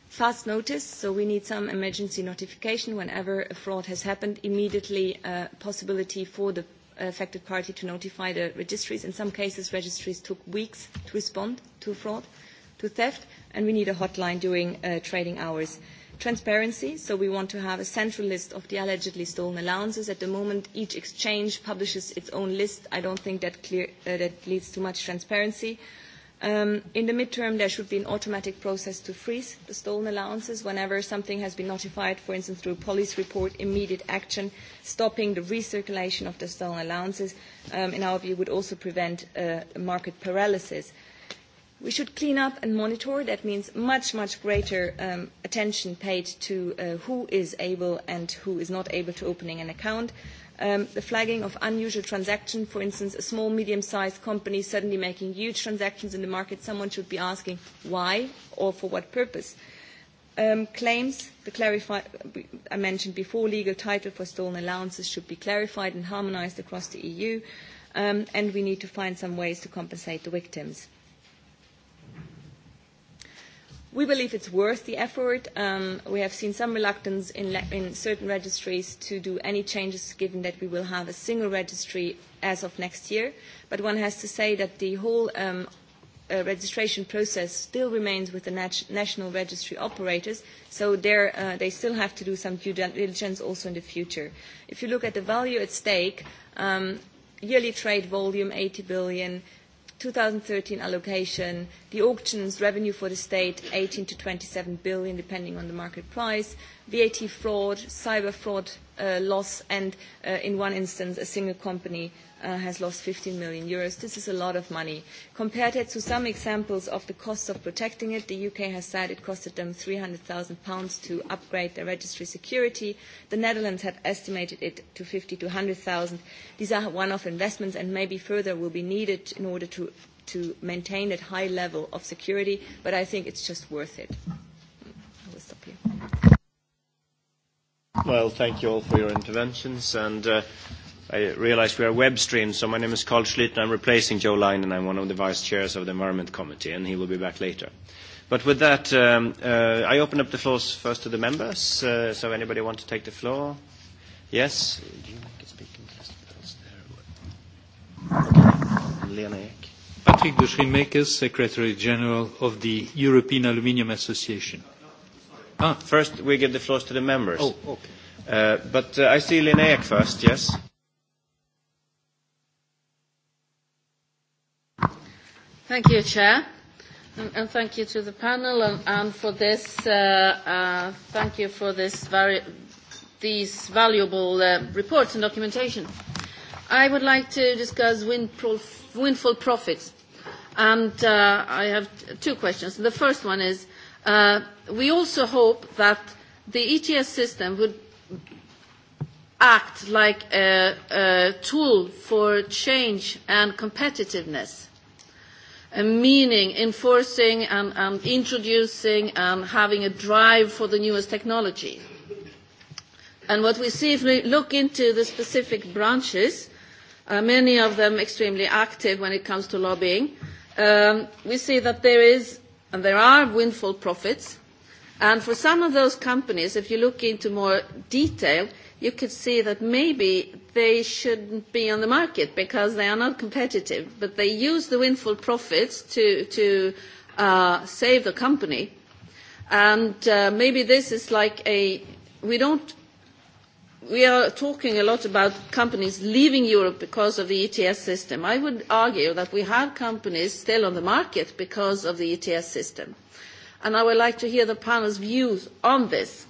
fast notice, so we need some emergency notification whenever a fraud has happened, immediately a possibility for the affected party to notify the registries. In some cases, registries took weeks to respond to fraud, to theft, and we need a hotline during trading hours. Transparency, so we want to have a central list of the allegedly stolen allowances. At the moment, each exchange publishes its own list. I don't think that leads to much transparency. In the mid-term, there should be an automatic process to freeze the stolen allowances whenever something has been notified, for instance, through a police report, immediate action, stopping the recirculation of the stolen allowances, in our view, would also prevent market paralysis. We should clean up and monitor. That means much, much greater attention paid to who is able and who is not able to opening an account the flagging of unusual transactions, for instance, a small, medium-sized company suddenly making huge transactions in the market, someone should be asking why or for what purpose. Claims, I mentioned before, legal title for stolen allowances should be clarified and harmonised across the EU, and we need to find some ways to compensate the victims. We believe it's worth the effort. We have seen some reluctance in certain registries to do any changes, given that we will have a single registry as of next year. But one has to say that the whole registration process still remains with the national registry operators, so they still have to do some due diligence also in the future. If you look at the value at stake, yearly trade volume 80 billion 2013 allocation, the auctions revenue for the state 18 to 27 billion depending on the market price, VAT fraud, cyber fraud loss and in one instance a single company has lost 15 million euros. This is a lot of money. Compared to some examples of the cost of protecting it, the UK has said it costed them 300,000 pounds to upgrade their registry security. The Netherlands have estimated it to 50 to 100,000. These are one-off investments and maybe further will be needed in order to maintain that high level of security, but I think it's just worth it. Well, thank you all for your interventions. And I realize we are web streamed, so my name is Carl Schlitt, I'm replacing Joe Lyon, and I'm one of the vice chairs of the Environment Committee, and he will be back later. But with that, I open up the floor first to the members. So anybody want to take the floor? Yes? Patrick de Secretary General of the European Aluminium Association. First, we give the floor to the members. Oh, But I see Linnea first, yes? Thank you, Chair. And thank you to the panel and for this. Thank you for this these valuable reports and documentation. I would like to discuss windfall profits, and I have two questions. The first one is We also hope that the ETS system would act like a tool for change and competitiveness, meaning enforcing and introducing and having a drive for the newest technology. And what we see if we look into the specific branches, many of them extremely active when it comes to lobbying, we see that there is and there are windfall profits. And for some of those companies, if you look into more detail, you could see that maybe they shouldn't be on the market because they are not competitive. But they use the windfall profits to save the company. And maybe this is like a, we don't we are talking a lot about companies leaving Europe because of the ETS system. I would argue that we have companies still on the market because of the ETS system. And I would like to hear the panel's views on this.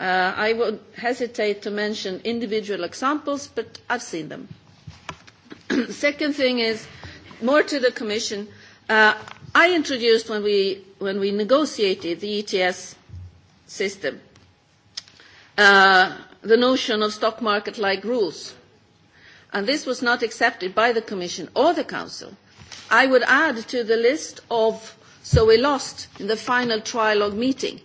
I would hesitate to mention individual examples, but I've seen them. The Second thing is, more to the Commission, I introduced when we negotiated the ETS system, the notion of stock market like rules and this was not accepted by the commission or the council i would add to the list of so we lost in the final trilogue meeting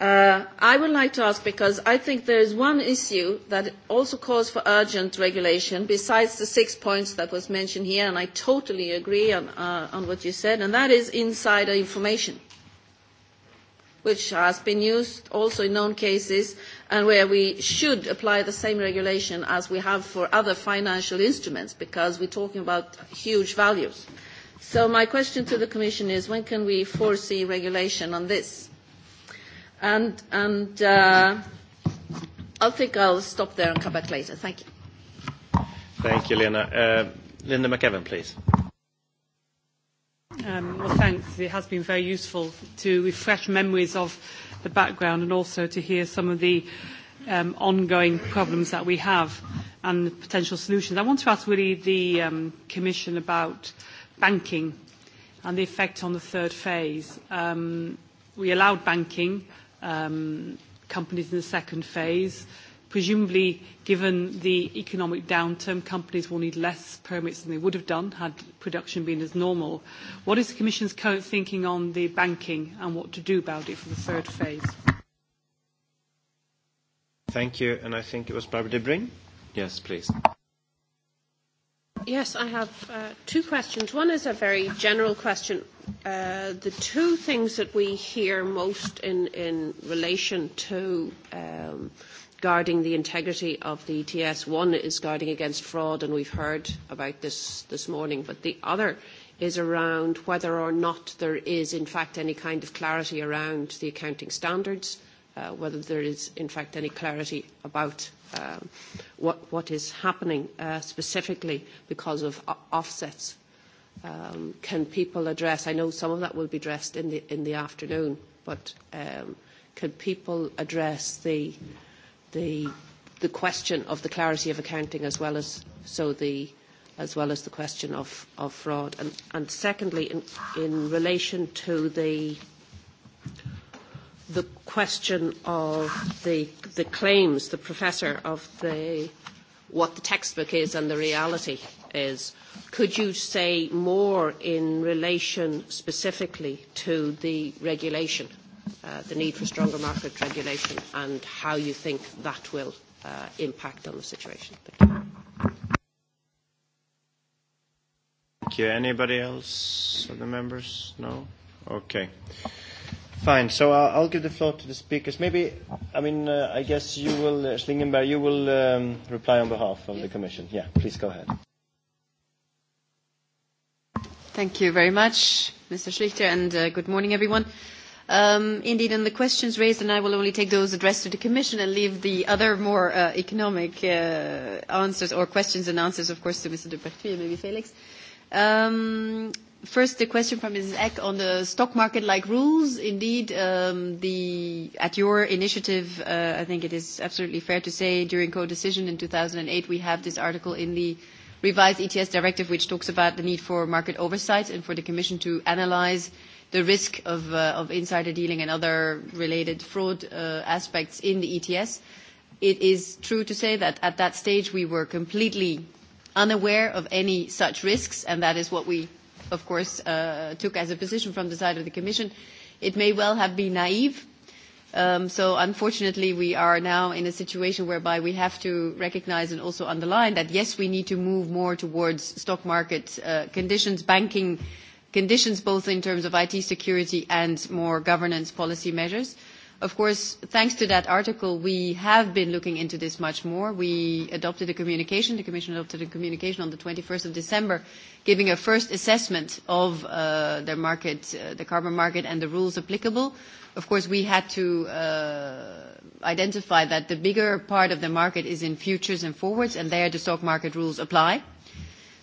i would like to ask because i think there is one issue that also calls for urgent regulation besides the six points that was mentioned here and i totally agree on what you said and that is insider information which has been used also in known cases and where we should apply the same regulation as we have for other financial instruments because we're talking about huge values. So my question to the Commission is when can we foresee regulation on this? And I think I'll stop there and come back later. Thank you. Thank you, Lena. Linda McEvan, please. Well, thanks. It has been very useful to refresh memories of the background and also to hear some of the ongoing problems that we have and the potential solutions. I want to ask really the Commission about banking and the effect on the third phase. We allowed banking companies in the second phase. Presumably, given the economic downturn, companies will need less permits than they would have done had production been as normal. What is the Commission's current thinking on the banking and what to do about it for the third phase? Thank you. And I think it was Barbara Yes, please. Yes, I have two questions. One is a very general question. The two things that we hear most in relation to guarding the integrity of the ETS. One is guarding against fraud, and we've heard about this this morning, but the other is around whether or not there is, in fact, any kind of clarity around the accounting standards, whether there is, in fact, any clarity about what is happening specifically because of offsets. Can people address, I know some of that will be addressed in the afternoon, but can people address the the question of the clarity of accounting as well as so the as well as the question of fraud. And secondly, in relation to the the question of the the claims, the professor of the what the textbook is and the reality is, could you say more in relation specifically to the regulation? the need for stronger market regulation and how you think that will impact on the situation. Thank you. Anybody else Other the members? No? Okay. Fine. So I'll give the floor to the speakers. Maybe, I mean, I guess you will, Schlingenberg, you will reply on behalf of the Commission. Yeah, please go ahead. Thank you very much, Mr. Schlichter, and good morning, everyone. Indeed, on the questions raised, and I will only take those addressed to the Commission and leave the other more economic answers or questions and answers, of course, to Mr. Dupertuis and maybe Felix. First, the question from Mrs. Eck on the stock market-like rules. Indeed, at your initiative, I think it is absolutely fair to say, during co-decision in 2008, we have this article in the revised ETS directive, which talks about the need for market oversight and for the Commission to analyze the risk of insider dealing and other related fraud aspects in the ETS, it is true to say that at that stage we were completely unaware of any such risks, and that is what we, of course, took as a position from the side of the Commission. It may well have been naive. So unfortunately, we are now in a situation whereby we have to recognize and also underline that, yes, we need to move more towards stock market conditions, banking conditions both in terms of IT security and more governance policy measures. Of course, thanks to that article, we have been looking into this much more. We adopted a communication, the Commission adopted a communication on the 21st of December, giving a first assessment of the market, the carbon market and the rules applicable. Of course, we had to identify that the bigger part of the market is in futures and forwards, and there the stock market rules apply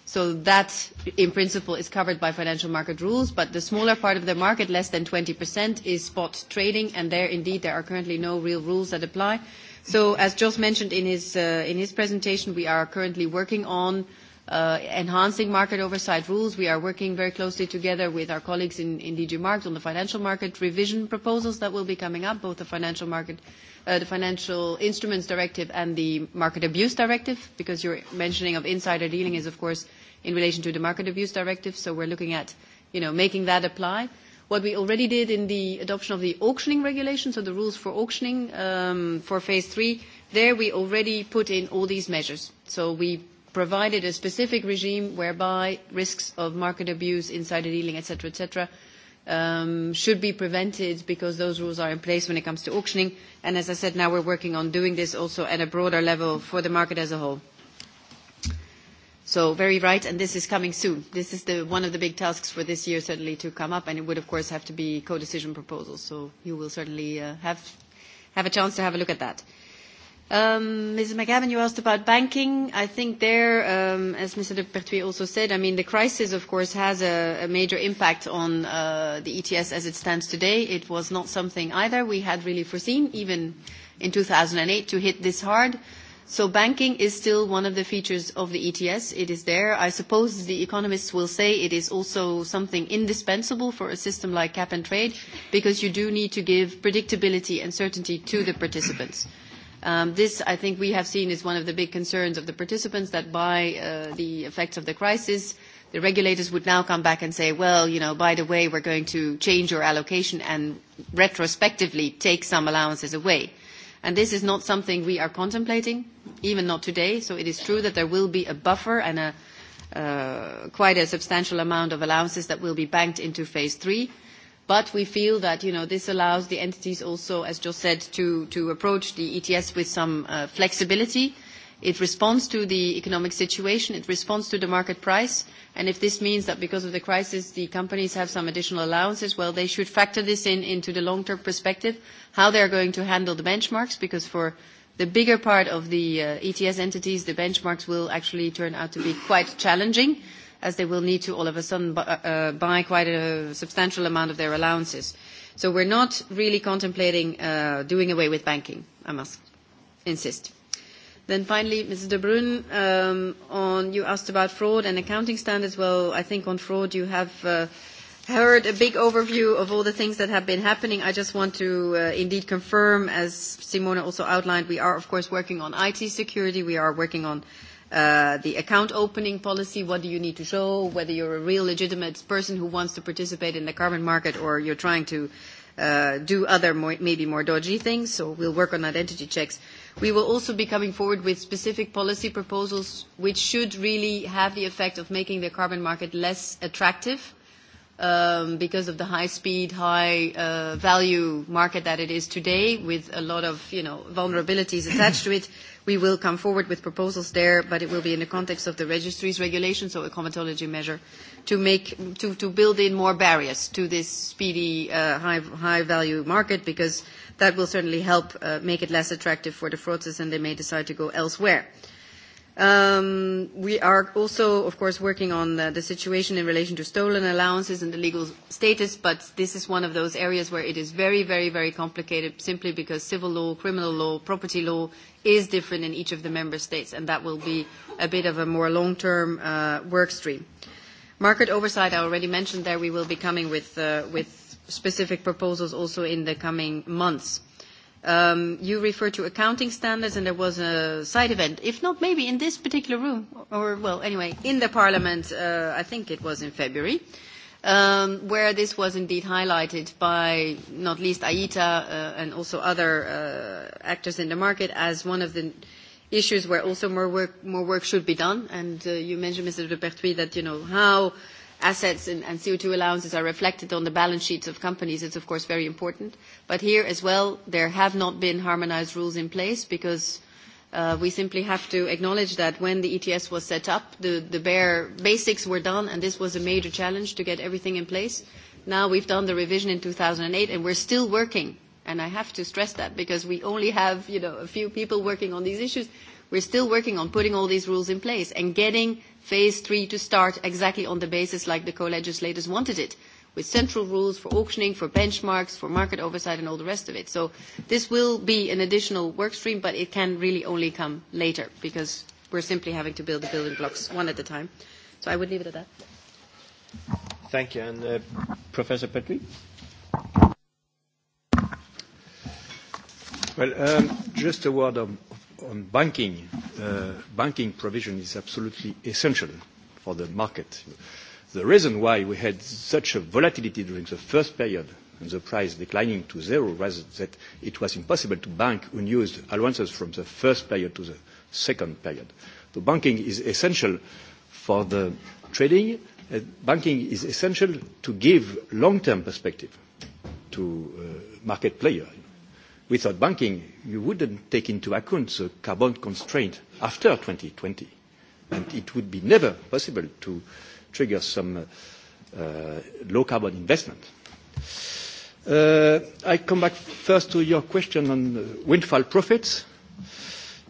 So that, in principle, is covered by financial market rules, but the smaller part of the market, less than 20%, is spot trading, and there, indeed, there are currently no real rules that apply. So, as Jos mentioned in his presentation, we are currently working on enhancing market oversight rules. We are working very closely together with our colleagues in DG Markets on the financial market revision proposals that will be coming up, both the financial the financial instruments directive and the market abuse directive, because your mentioning of insider dealing is, of course, in relation to the market abuse directive. So we're looking at, you know, making that apply. What we already did in the adoption of the auctioning regulation, so the rules for auctioning for phase three, there we already put in all these measures. So we provided a specific regime whereby risks of market abuse, insider dealing, etc., etc., should be prevented because those rules are in place when it comes to auctioning. And as I said, now we're working on doing this also at a broader level for the market as a whole. So very right, and this is coming soon. This is one of the big tasks for this year, certainly, to come up, and it would, of course, have to be co-decision proposals. So you will certainly have a chance to have a look at that. Ms. McGavin, you asked about banking. I think there, as Mr. de Pertuis also said, I mean, the crisis, of course, has a major impact on the ETS as it stands today. It was not something either we had really foreseen, even in 2008, to hit this hard. So banking is still one of the features of the ETS. It is there. I suppose the economists will say it is also something indispensable for a system like cap and trade, because you do need to give predictability and certainty to the participants. This, I think, we have seen is one of the big concerns of the participants, that by the effects of the crisis, the regulators would now come back and say, well, you know, by the way, we're going to change your allocation and retrospectively take some allowances away. And this is not something we are contemplating, even not today. So it is true that there will be a buffer and a quite a substantial amount of allowances that will be banked into phase three But we feel that this allows the entities also, as just said, to approach the ETS with some flexibility. It responds to the economic situation, it responds to the market price, and if this means that because of the crisis the companies have some additional allowances, well, they should factor this in into the long-term perspective, how they are going to handle the benchmarks, because for the bigger part of the ETS entities, the benchmarks will actually turn out to be quite challenging as they will need to all of a sudden buy quite a substantial amount of their allowances. So we're not really contemplating doing away with banking, I must insist. Then finally, Mrs. De on you asked about fraud and accounting standards. Well, I think on fraud you have heard a big overview of all the things that have been happening. I just want to indeed confirm, as Simona also outlined, we are, of course, working on IT security. We are working on the account opening policy, what do you need to show, whether you're a real legitimate person who wants to participate in the carbon market or you're trying to do other maybe more dodgy things. So we'll work on identity checks. We will also be coming forward with specific policy proposals which should really have the effect of making the carbon market less attractive because of the high speed, high value market that it is today with a lot of, you know, vulnerabilities attached to it. We will come forward with proposals there, but it will be in the context of the registries regulation, so a comitology measure, to make to build in more barriers to this speedy, high value market, because that will certainly help make it less attractive for the fraudsters, and they may decide to go elsewhere. We are also, of course, working on the situation in relation to stolen allowances and the legal status, but this is one of those areas where it is very, very, very complicated simply because civil law, criminal law, property law is different in each of the member states, and that will be a bit of a more long-term work stream. Market oversight, I already mentioned there, we will be coming with specific proposals also in the coming months. You refer to accounting standards, and there was a side event, if not maybe in this particular room, or well, anyway, in the Parliament, I think it was in February, where this was indeed highlighted by not least AITA and also other actors in the market as one of the issues where also more work should be done. And you mentioned, Mr. de Pertuis, that you know how assets and CO2 allowances are reflected on the balance sheets of companies, it's of course very important. But here as well, there have not been harmonized rules in place because we simply have to acknowledge that when the ETS was set up, the bare basics were done, and this was a major challenge to get everything in place. Now we've done the revision in 2008, and we're still working. And I have to stress that because we only have, you know, a few people working on these issues. We're still working on putting all these rules in place and getting phase three to start exactly on the basis like the co-legislators wanted it, with central rules for auctioning, for benchmarks, for market oversight and all the rest of it. So this will be an additional work stream, but it can really only come later because we're simply having to build the building blocks one at a time. So I would leave it at that. Thank you. And Professor Petri? Well, just a word of on banking, banking provision is absolutely essential for the market. The reason why we had such a volatility during the first period and the price declining to zero was that it was impossible to bank unused allowances from the first period to the second period. So banking is essential for the trading. Banking is essential to give long-term perspective to market players Without banking, you wouldn't take into account the carbon constraint after 2020, and it would be never possible to trigger some low carbon investment. I come back first to your question on windfall profits.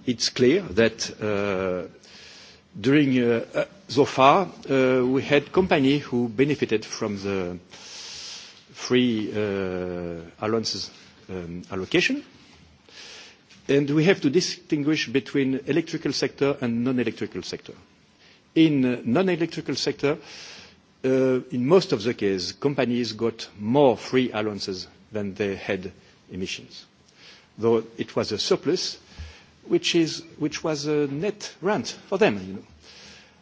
It's clear that during so far we had companies who benefited from the free allowances allocation. And we have to distinguish between electrical sector and non-electrical sector. In non-electrical sector, in most of the cases, companies got more free allowances than they had emissions, though it was a surplus, which was a net rent for them,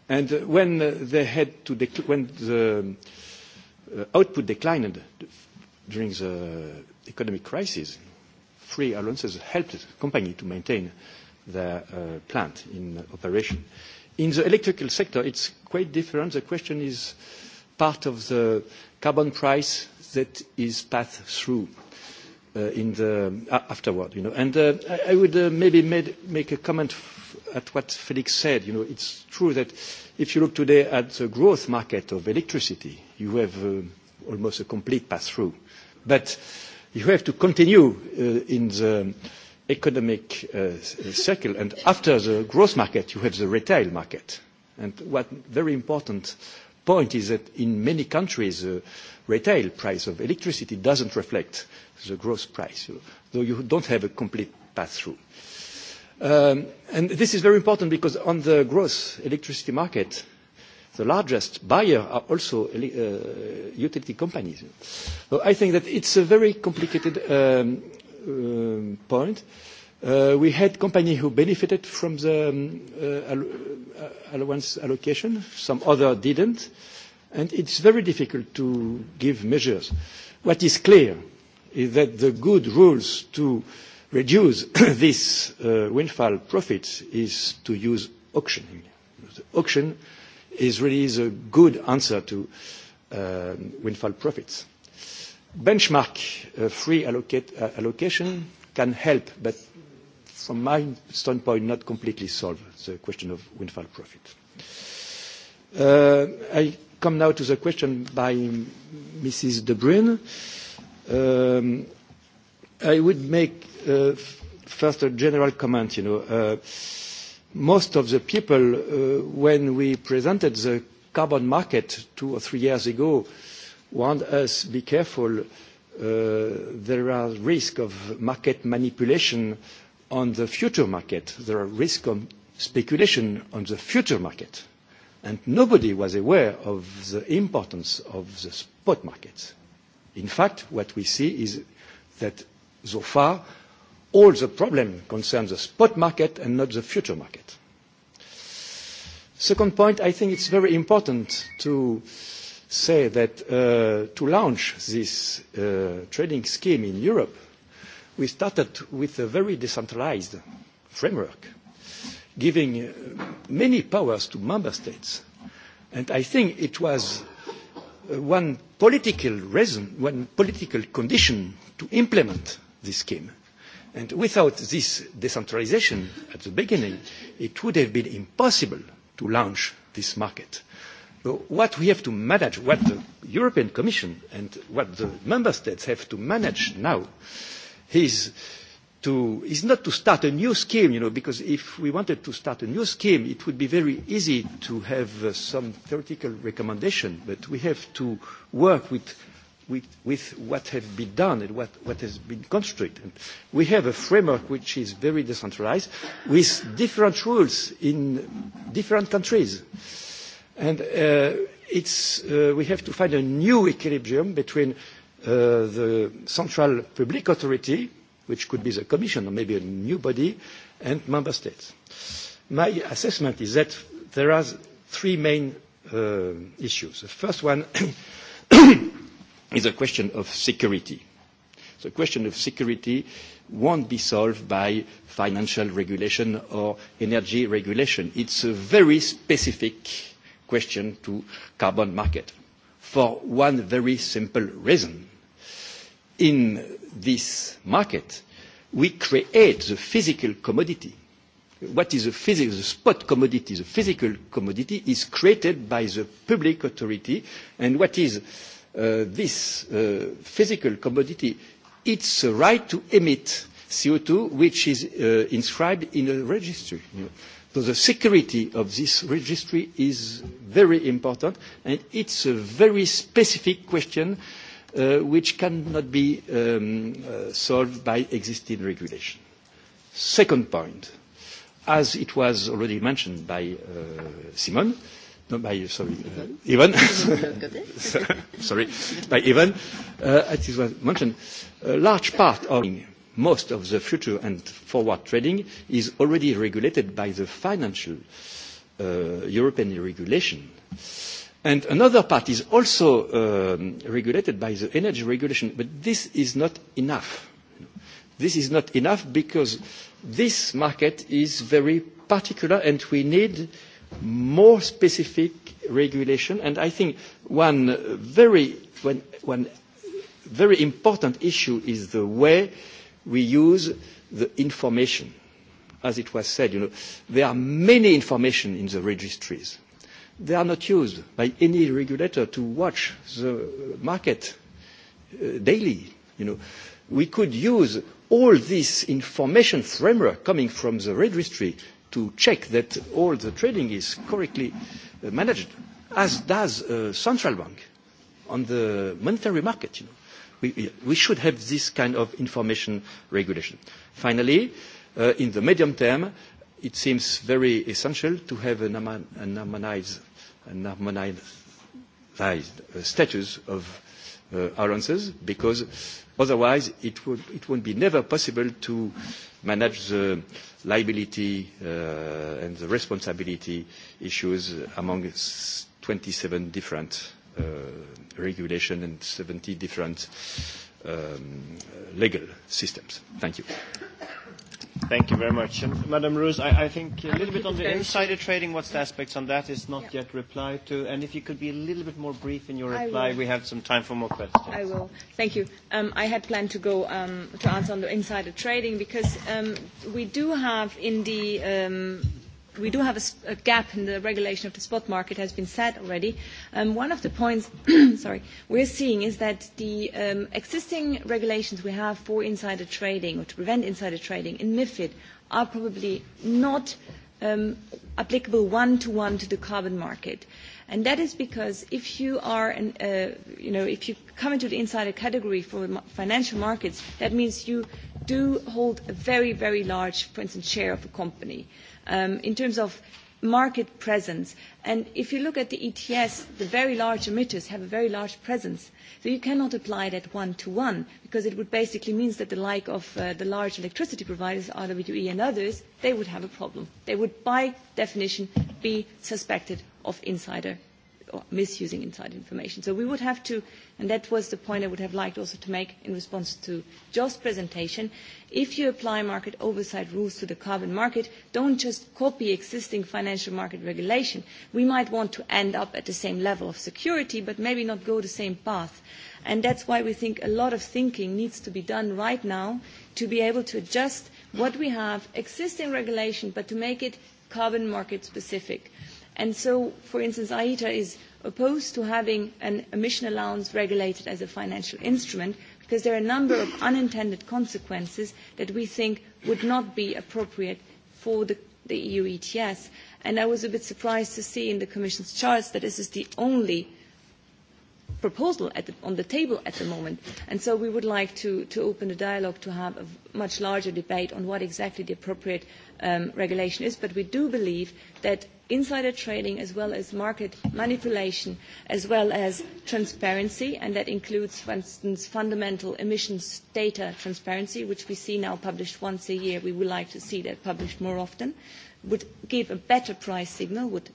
And when they had to, when the output declined during the economic crisis, free allowances helped company to maintain their plant in operation. In the electrical sector, it's quite different. The question is part of the carbon price that is passed through in the afterward. And I would maybe make a comment at what Felix said. It's true that if you look today at the growth market of electricity, you have almost a complete pass-through. But you have to continue in the economic circle and after the growth market you have the retail market and what very important point is that in many countries the retail price of electricity doesn't reflect the gross price though you don't have a complete pass through and this is very important because on the gross electricity market the largest buyer are also utility companies. So I think that it's a very complicated point. We had companies who benefited from the allowance allocation, some other didn't, and it's very difficult to give measures. What is clear is that the good rules to reduce this windfall profits is to use auctioning. Auction is really the good answer to windfall profits. Benchmark free allocation can help, but from my standpoint, not completely solve the question of windfall profit. I come now to the question by Mrs. De Bruyn. I would make first a general comment most of the people when we presented the carbon market two or three years ago warned us be careful there are risk of market manipulation on the future market there are risk of speculation on the future market and nobody was aware of the importance of the spot market. in fact what we see is that so far all the problem concerns the spot market and not the future market. Second point, I think it's very important to say that to launch this trading scheme in Europe, we started with a very decentralized framework, giving many powers to member states. And I think it was one political reason, one political condition to implement this scheme And without this decentralization at the beginning, it would have been impossible to launch this market. What we have to manage, what the European Commission and what the Member States have to manage now is is not to start a new scheme, you know, because if we wanted to start a new scheme, it would be very easy to have some theoretical recommendation, but we have to work with with what has been done and what has been constructed. We have a framework which is very decentralized with different rules in different countries. And we have to find a new equilibrium between the central public authority, which could be the Commission or maybe a new body, and member states. My assessment is that there are three main issues. The first one is a question of security. The question of security won't be solved by financial regulation or energy regulation. It's a very specific question to carbon market for one very simple reason. In this market, we create the physical commodity. What is a physical, the spot commodity, the physical commodity is created by the public authority and what is this physical commodity it's a right to emit CO2 which is inscribed in a registry. So the security of this registry is very important and it's a very specific question which cannot be solved by existing regulation. Second point, as it was already mentioned by Simon, No, by, sorry, even. Sorry, by even. as it mentioned, a large part of most of the future and forward trading is already regulated by the financial European regulation. And another part is also regulated by the energy regulation, but this is not enough. This is not enough because this market is very particular and we need more specific regulation. And I think one very very important issue is the way we use the information. As it was said, there are many information in the registries. They are not used by any regulator to watch the market daily. We could use all this information framework coming from the registry to check that all the trading is correctly managed, as does a central bank on the monetary market. We should have this kind of information regulation. Finally, in the medium term, it seems very essential to have a harmonised status of allowances because Otherwise, it would be never possible to manage the liability and the responsibility issues among 27 different regulations and 70 different legal systems. Thank you. Thank you very much. Madam Roos, I, think a little bit on the insider trading, what's the aspects on that is not yet replied to. And if you could be a little bit more brief in your reply, we have some time for more questions. I will. Thank you. I had planned to go to answer on the insider trading because we do have in the we do have a gap in the regulation of the spot market has been said already. One of the points we're seeing is that the existing regulations we have for insider trading or to prevent insider trading in MIFID are probably not applicable one-to-one to the carbon market. And that is because if you are, you know, if you come into the insider category for financial markets, that means you do hold a very, very large, for instance, share of a company in terms of market presence. And if you look at the ETS, the very large emitters have a very large presence. So you cannot apply that one-to-one because it would basically mean that the like of the large electricity providers, RWE and others, they would have a problem. They would, by definition, be suspected of insider misusing inside information. So we would have to, and that was the point I would have liked also to make in response to Joe's presentation, if you apply market oversight rules to the carbon market, don't just copy existing financial market regulation. We might want to end up at the same level of security, but maybe not go the same path. And that's why we think a lot of thinking needs to be done right now to be able to adjust what we have, existing regulation, but to make it carbon market specific. And so, for instance, AITA is opposed to having an emission allowance regulated as a financial instrument because there are a number of unintended consequences that we think would not be appropriate for the EU ETS. And I was a bit surprised to see in the Commission's charts that this is the only proposal on the table at the moment. And so we would like to open a dialogue to have a much larger debate on what exactly the appropriate regulation is. But we do believe that insider trading as well as market manipulation as well as transparency, and that includes, for instance, fundamental emissions data transparency, which we see now published once a year. We would like to see that published more often would give a better price signal, would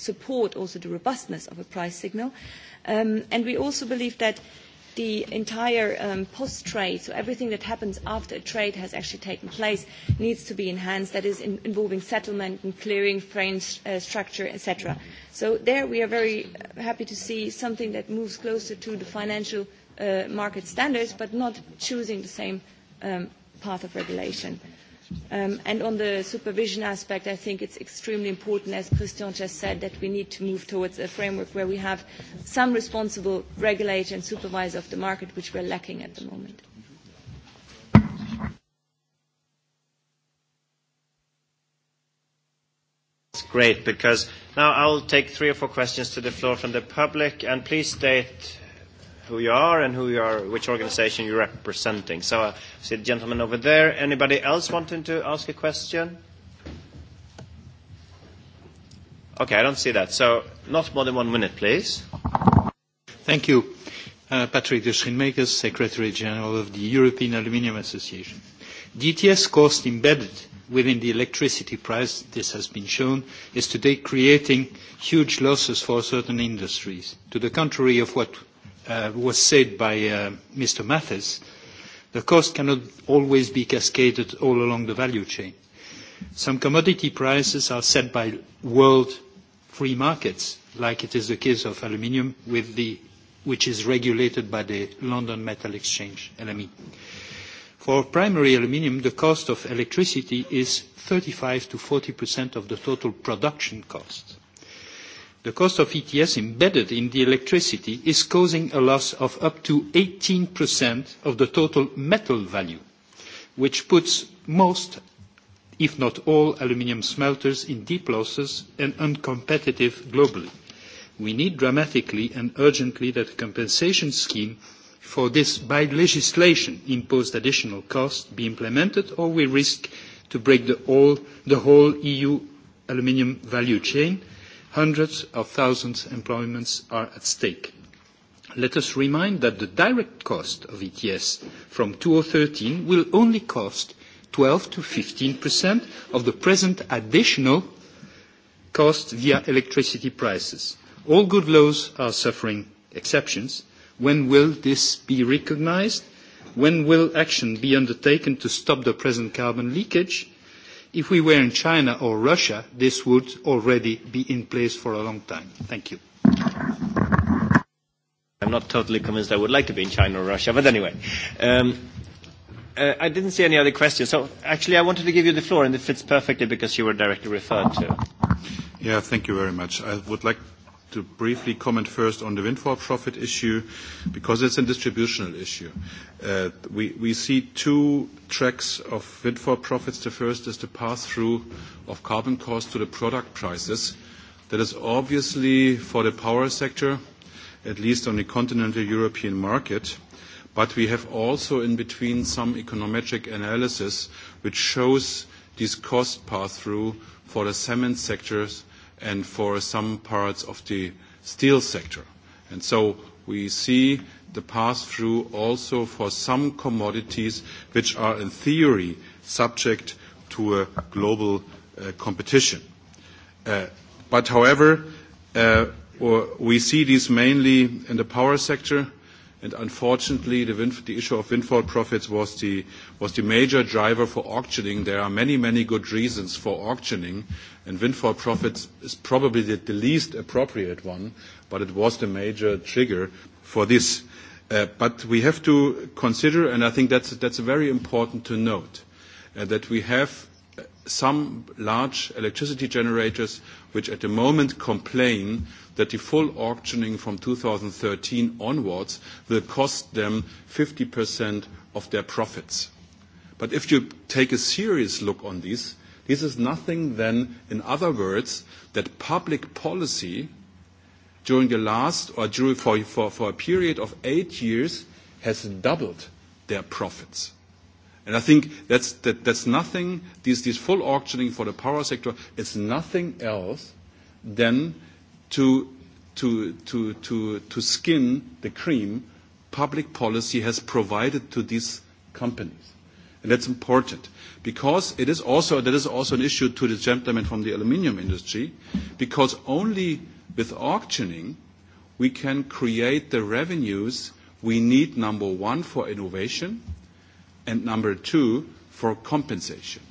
support also the robustness of a price signal. And we also believe that the entire post-trade, so everything that happens after a trade has actually taken place, needs to be enhanced. That is involving settlement and clearing, frame structure, etc. So there we are very happy to see something that moves closer to the financial market standards, but not choosing the same path of regulation. And on the supervision aspect, I think it's extremely important, as Christian just said, that we need to move towards a framework where we have some responsible regulator and supervisor of the market, which we're lacking at the moment. Great, because now I'll take three or four questions to the floor from the public, and please state who you are and who you are, which organization you're representing. So I see the gentleman over there. Anybody else wanting to ask a question? Okay, I don't see that. So not more than one minute, please. Thank you. Patrick de Schinmakers, Secretary General of the European Aluminium Association. DTS cost embedded within the electricity price, this has been shown, is today creating huge losses for certain industries, to the contrary of what was said by Mr. Mathis, the cost cannot always be cascaded all along the value chain. Some commodity prices are set by world free markets, like it is the case of aluminium, which is regulated by the London Metal Exchange, LME. For primary aluminium, the cost of electricity is 35 to 40% of the total production cost. The cost of ETS embedded in the electricity is causing a loss of up to 18% of the total metal value, which puts most, if not all, aluminium smelters in deep losses and uncompetitive globally. We need dramatically and urgently that a compensation scheme for this by legislation imposed additional cost be implemented, or we risk to break the whole EU aluminium value chain hundreds of thousands of employments are at stake. Let us remind that the direct cost of ETS from 2013 will only cost 12 to 15% of the present additional cost via electricity prices. All good laws are suffering exceptions. When will this be recognised? When will action be undertaken to stop the present carbon leakage? If we were in China or Russia, this would already be in place for a long time. Thank you. I'm not totally convinced I would like to be in China or Russia, but anyway. I didn't see any other questions, so actually I wanted to give you the floor, and it fits perfectly because you were directly referred to. Yeah, thank you very much. I would like to briefly comment first on the windfall profit issue, because it's a distributional issue. We see two tracks of windfall profits. The first is the pass-through of carbon costs to the product prices. That is obviously for the power sector, at least on the continental European market. But we have also in between some econometric analysis which shows this cost pass-through for the cement sectors and for some parts of the steel sector. And so we see the pass-through also for some commodities which are in theory subject to a global competition. But however, we see this mainly in the power sector and unfortunately the issue of windfall profits was the major driver for auctioning. There are many, many good reasons for auctioning, and windfall profits is probably the least appropriate one, but it was the major trigger for this. But we have to consider, and I think that's very important to note, that we have some large electricity generators which at the moment complain that the full auctioning from 2013 onwards will cost them 50% of their profits. But if you take a serious look on this, this is nothing than, in other words, that public policy during the last or for a period of eight years has doubled their profits. I think that's, that's nothing, This full auctioning for the power sector, is nothing else than to, to, to, to, to skin the cream public policy has provided to these companies. And that's important because it is also, that is also an issue to the gentleman from the aluminium industry because only with auctioning we can create the revenues we need, number one, for innovation – and number two, for compensation.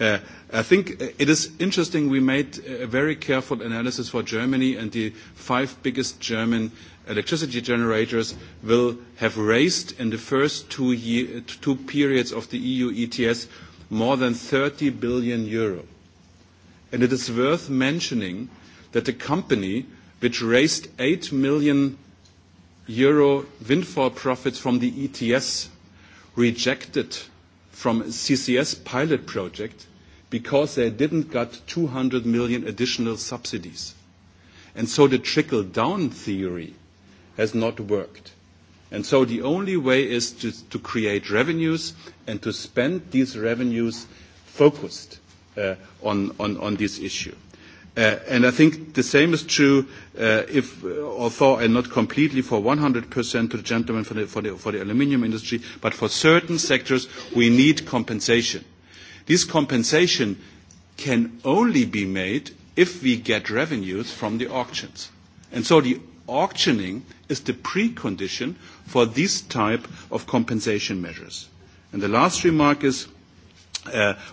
I think it is interesting we made a very careful analysis for Germany and the five biggest German electricity generators will have raised in the first two periods of the EU ETS more than 30 billion euro. And it is worth mentioning that the company which raised 8 million euro windfall profits from the ETS rejected from CCS pilot project because they didn't get 200 million additional subsidies. And so the trickle-down theory has not worked. And so the only way is to create revenues and to spend these revenues focused on this issue. And I think the same is true, if although and not completely for 100% to the gentleman for the aluminium industry, but for certain sectors we need compensation. This compensation can only be made if we get revenues from the auctions. And so the auctioning is the precondition for this type of compensation measures. And the last remark is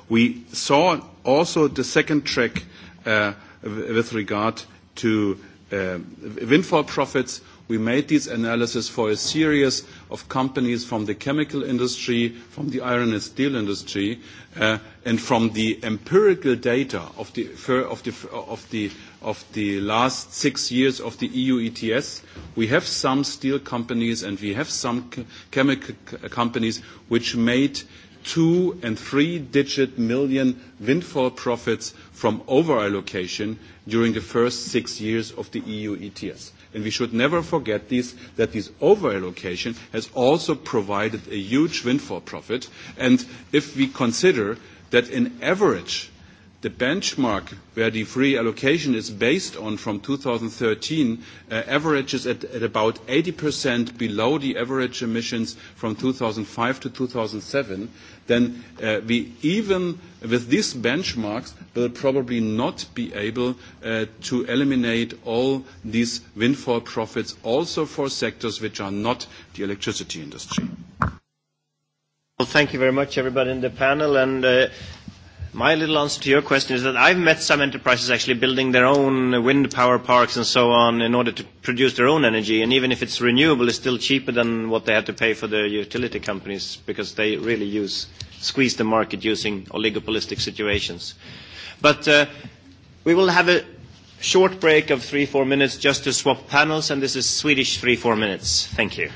we saw also the second track with regard to windfall profits. We made this analysis for a series of companies from the chemical industry, from the iron and steel industry, and from the empirical data of the last six years of the EU ETS, we have some steel companies and we have some chemical companies which made two- and three-digit million windfall profits from over-allocation during the first six years of the EU ETS. And we should never forget that this over-allocation has also provided a huge windfall profit. And if we consider that in average the benchmark where the free allocation is based on from 2013 averages at about 80% below the average emissions from 2005 to 2007, then we even with these benchmarks will probably not be able to eliminate all these windfall profits also for sectors which are not the electricity industry. Well, thank you very much, everybody in the panel. And My little answer to your question is that I've met some enterprises actually building their own wind power parks and so on in order to produce their own energy, and even if it's renewable, it's still cheaper than what they have to pay for the utility companies because they really use squeeze the market using oligopolistic situations. But we will have a short break of three, four minutes just to swap panels, and this is Swedish three, four minutes. Thank you.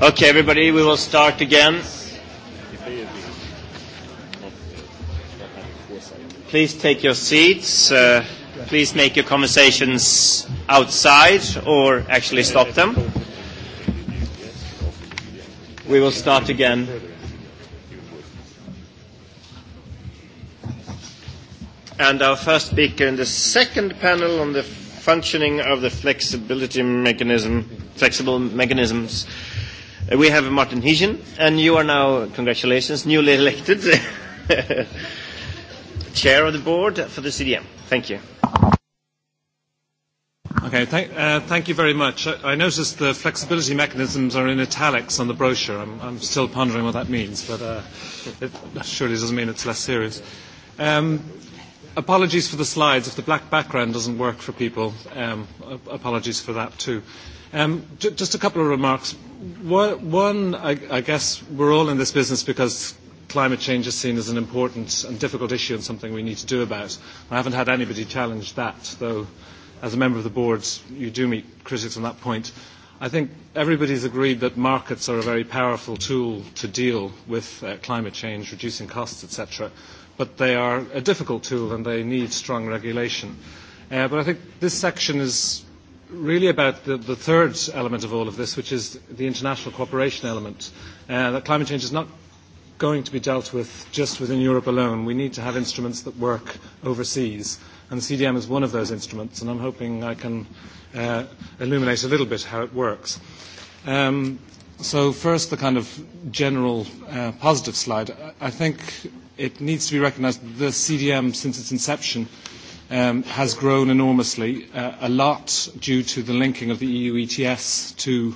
Okay, everybody, we will start again. Please take your seats. Please make your conversations outside or actually stop them. We will start again. And our first speaker in the second panel on the functioning of the flexibility mechanism, flexible mechanisms We have Martin Higgin, and you are now, congratulations, newly elected chair of the board for the CDM. Thank you. Okay, thank you very much. I noticed the flexibility mechanisms are in italics on the brochure. I'm still pondering what that means, but it surely doesn't mean it's less serious. Apologies for the slides. If the black background doesn't work for people, apologies for that too. Just a couple of remarks. One, I guess we're all in this business because climate change is seen as an important and difficult issue and something we need to do about. I haven't had anybody challenge that, though as a member of the board you do meet critics on that point. I think everybody's agreed that markets are a very powerful tool to deal with climate change, reducing costs, etc. But they are a difficult tool and they need strong regulation. But I think this section is really about the third element of all of this, which is the international cooperation element. That climate change is not going to be dealt with just within Europe alone. We need to have instruments that work overseas, and CDM is one of those instruments, and I'm hoping I can illuminate a little bit how it works. So first, the kind of general positive slide. I think it needs to be recognized that the CDM, since its inception, has grown enormously, a lot due to the linking of the EU ETS to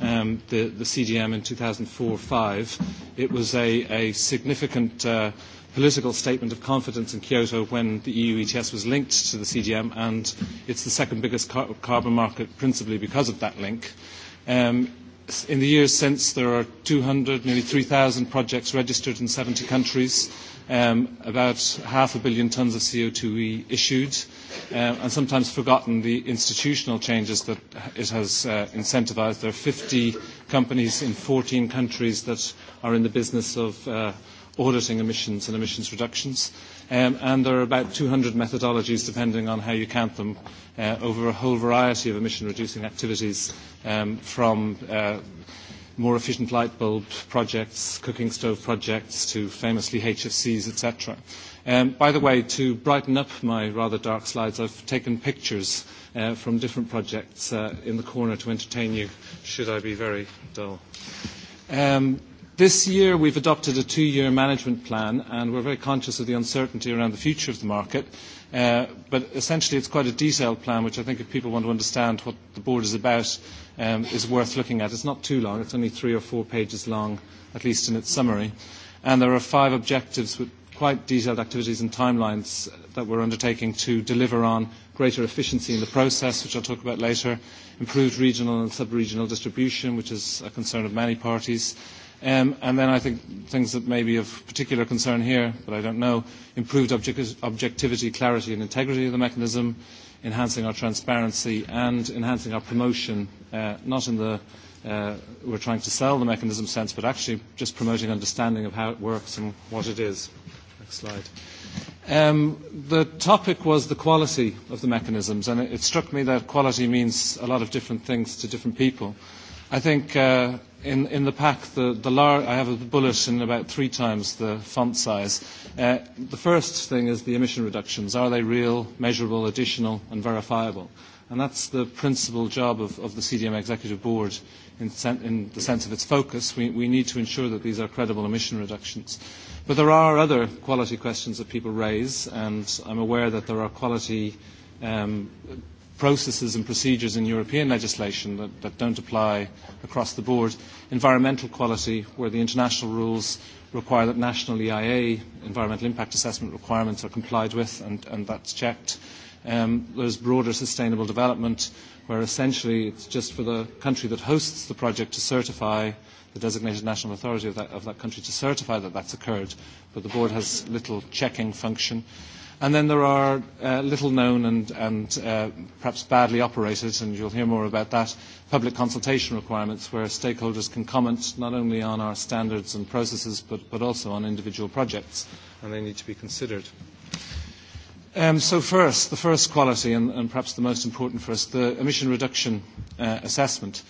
the CDM in 2004-5. It was a significant political statement of confidence in Kyoto when the EU ETS was linked to the CDM, and it's the second biggest carbon market principally because of that link. In the years since, there are 200, nearly 3,000 projects registered in 70 countries about half a billion tons of CO2 we issued, and sometimes forgotten the institutional changes that it has incentivized. There are 50 companies in 14 countries that are in the business of auditing emissions and emissions reductions, and there are about 200 methodologies, depending on how you count them, over a whole variety of emission-reducing activities from more efficient light bulb projects, cooking stove projects, to famously HFCs, etc. By the way, to brighten up my rather dark slides, I've taken pictures from different projects in the corner to entertain you, should I be very dull. This year we've adopted a two-year management plan and we're very conscious of the uncertainty around the future of the market. But essentially it's quite a detailed plan which I think if people want to understand what the board is about is worth looking at. It's not too long. It's only three or four pages long, at least in its summary. And there are five objectives with quite detailed activities and timelines that we're undertaking to deliver on greater efficiency in the process, which I'll talk about later, improved regional and sub-regional distribution, which is a concern of many parties, And then I think things that may be of particular concern here, but I don't know, improved objectivity, clarity and integrity of the mechanism, enhancing our transparency and enhancing our promotion, not in the we're trying to sell the mechanism sense, but actually just promoting understanding of how it works and what it is. Next slide. The topic was the quality of the mechanisms, and it struck me that quality means a lot of different things to different people. I think in the pack, I have a bullet in about three times the font size. The first thing is the emission reductions. Are they real, measurable, additional, and verifiable? And that's the principal job of the CDM Executive Board in the sense of its focus. We need to ensure that these are credible emission reductions. But there are other quality questions that people raise, and I'm aware that there are quality processes and procedures in European legislation that don't apply across the board. Environmental quality, where the international rules require that national EIA, environmental impact assessment requirements, are complied with and that's checked. is broader sustainable development, where essentially it's just for the country that hosts the project to certify, the designated national authority of that country to certify that that's occurred, but the board has little checking function. And then there are little known and perhaps badly operated, and you'll hear more about that, public consultation requirements where stakeholders can comment not only on our standards and processes but also on individual projects, and they need to be considered. So first, the first quality, and perhaps the most important for us, the emission reduction assessment.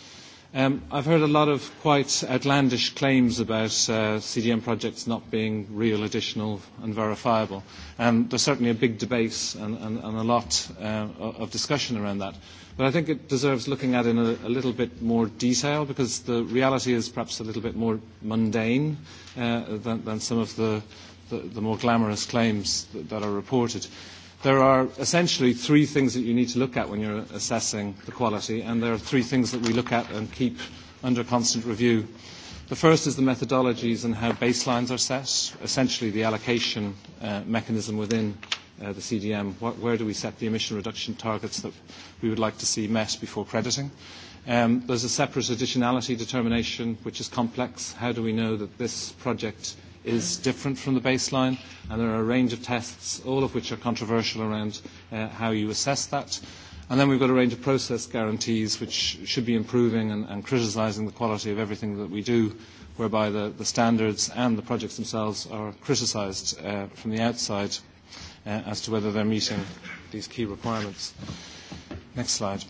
I've heard a lot of quite outlandish claims about CDM projects not being real, additional and verifiable. and There's certainly a big debate and a lot of discussion around that. But I think it deserves looking at in a little bit more detail because the reality is perhaps a little bit more mundane than some of the more glamorous claims that are reported. There are essentially three things that you need to look at when you're assessing the quality, and there are three things that we look at and keep under constant review. The first is the methodologies and how baselines are set, essentially the allocation mechanism within the CDM. Where do we set the emission reduction targets that we would like to see met before crediting? There's a separate additionality determination, which is complex. How do we know that this project is different from the baseline, and there are a range of tests, all of which are controversial around how you assess that. And then we've got a range of process guarantees which should be improving and criticizing the quality of everything that we do, whereby the standards and the projects themselves are criticized from the outside as to whether they're meeting these key requirements. Next slide.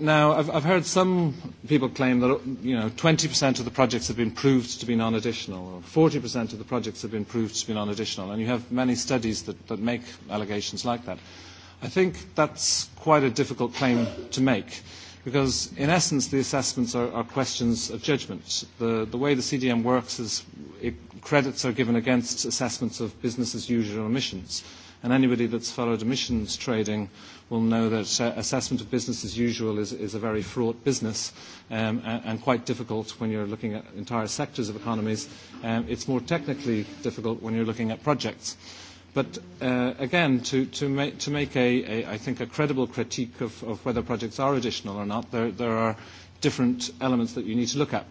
Now, I've heard some people claim that, you know, 20% of the projects have been proved to be non-additional, or 40% of the projects have been proved to be non-additional, and you have many studies that make allegations like that. I think that's quite a difficult claim to make, because in essence the assessments are questions of judgment. The way the CDM works is credits are given against assessments of business as usual emissions, and anybody that's followed emissions trading will know that assessment of business as usual is a very fraught business and quite difficult when you're looking at entire sectors of economies. It's more technically difficult when you're looking at projects. But again, to make, a, I think, a credible critique of whether projects are additional or not, there are different elements that you need to look at.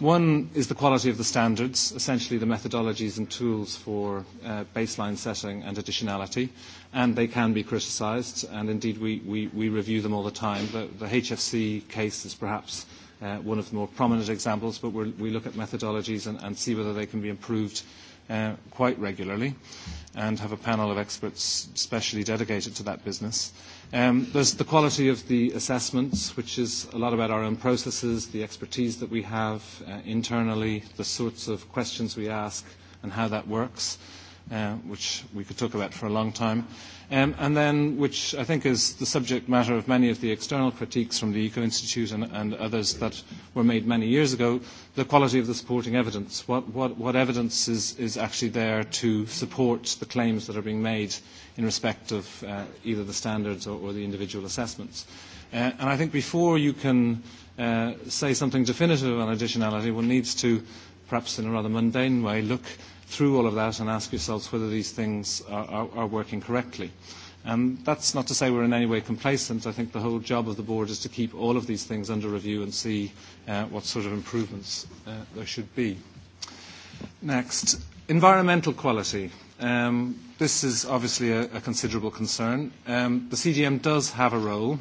One is the quality of the standards, essentially the methodologies and tools for baseline setting and additionality, and they can be criticised, and indeed we review them all the time. The HFC case is perhaps one of the more prominent examples, but we look at methodologies and see whether they can be improved quite regularly and have a panel of experts specially dedicated to that business. There's the quality of the assessments, which is a lot about our own processes, the expertise that we have internally, the sorts of questions we ask and how that works, which we could talk about for a long time and then which I think is the subject matter of many of the external critiques from the Eco Institute and others that were made many years ago, the quality of the supporting evidence. What evidence is actually there to support the claims that are being made in respect of either the standards or the individual assessments? And I think before you can say something definitive on additionality, one needs to, perhaps in a rather mundane way, look through all of that and ask yourselves whether these things are working correctly. And that's not to say we're in any way complacent. I think the whole job of the board is to keep all of these things under review and see what sort of improvements there should be. Next, environmental quality. This is obviously a considerable concern. The CDM does have a role,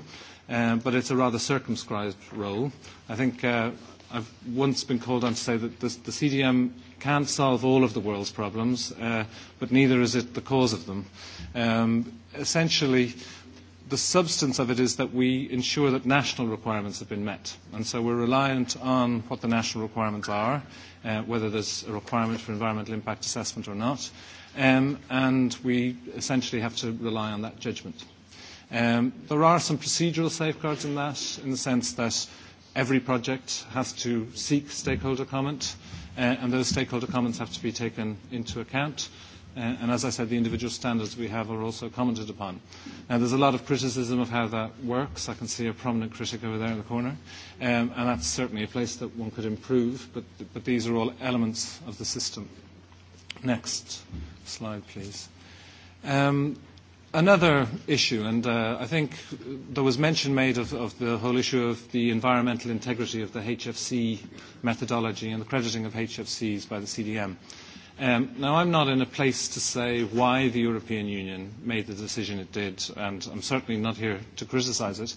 but it's a rather circumscribed role. I think I've once been called on to say that the CDM can't solve all of the world's problems, but neither is it the cause of them. Essentially, the substance of it is that we ensure that national requirements have been met. And so we're reliant on what the national requirements are, whether there's a requirement for environmental impact assessment or not, and we essentially have to rely on that judgment. There are some procedural safeguards in that, in the sense that every project has to seek stakeholder comment and those stakeholder comments have to be taken into account. And as I said, the individual standards we have are also commented upon. Now, there's a lot of criticism of how that works. I can see a prominent critic over there in the corner. And that's certainly a place that one could improve, but these are all elements of the system. Next slide, please. Another issue, and I think there was mention made of the whole issue of the environmental integrity of the HFC methodology and the crediting of HFCs by the CDM. Now, I'm not in a place to say why the European Union made the decision it did, and I'm certainly not here to criticise it,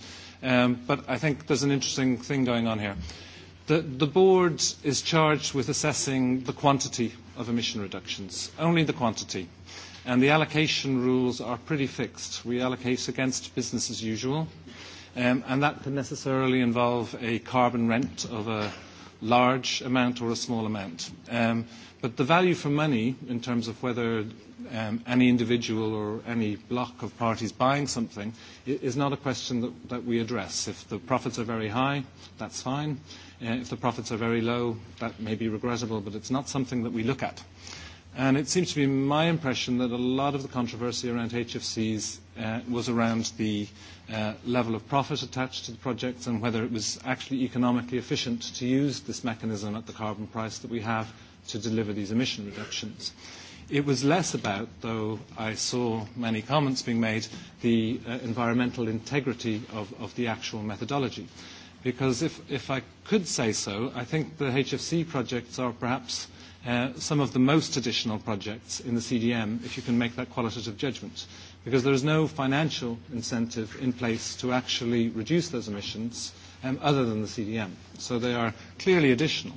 but I think there's an interesting thing going on here. The board is charged with assessing the quantity of emission reductions, only the quantity and the allocation rules are pretty fixed. We allocate against business as usual, and that can necessarily involve a carbon rent of a large amount or a small amount. But the value for money, in terms of whether any individual or any block of parties buying something, is not a question that we address. If the profits are very high, that's fine. If the profits are very low, that may be regrettable, but it's not something that we look at. And it seems to be my impression that a lot of the controversy around HFCs was around the level of profit attached to the projects and whether it was actually economically efficient to use this mechanism at the carbon price that we have to deliver these emission reductions. It was less about, though I saw many comments being made, the environmental integrity of the actual methodology. Because if I could say so, I think the HFC projects are perhaps some of the most additional projects in the CDM if you can make that qualitative judgment, because there is no financial incentive in place to actually reduce those emissions other than the CDM. So they are clearly additional.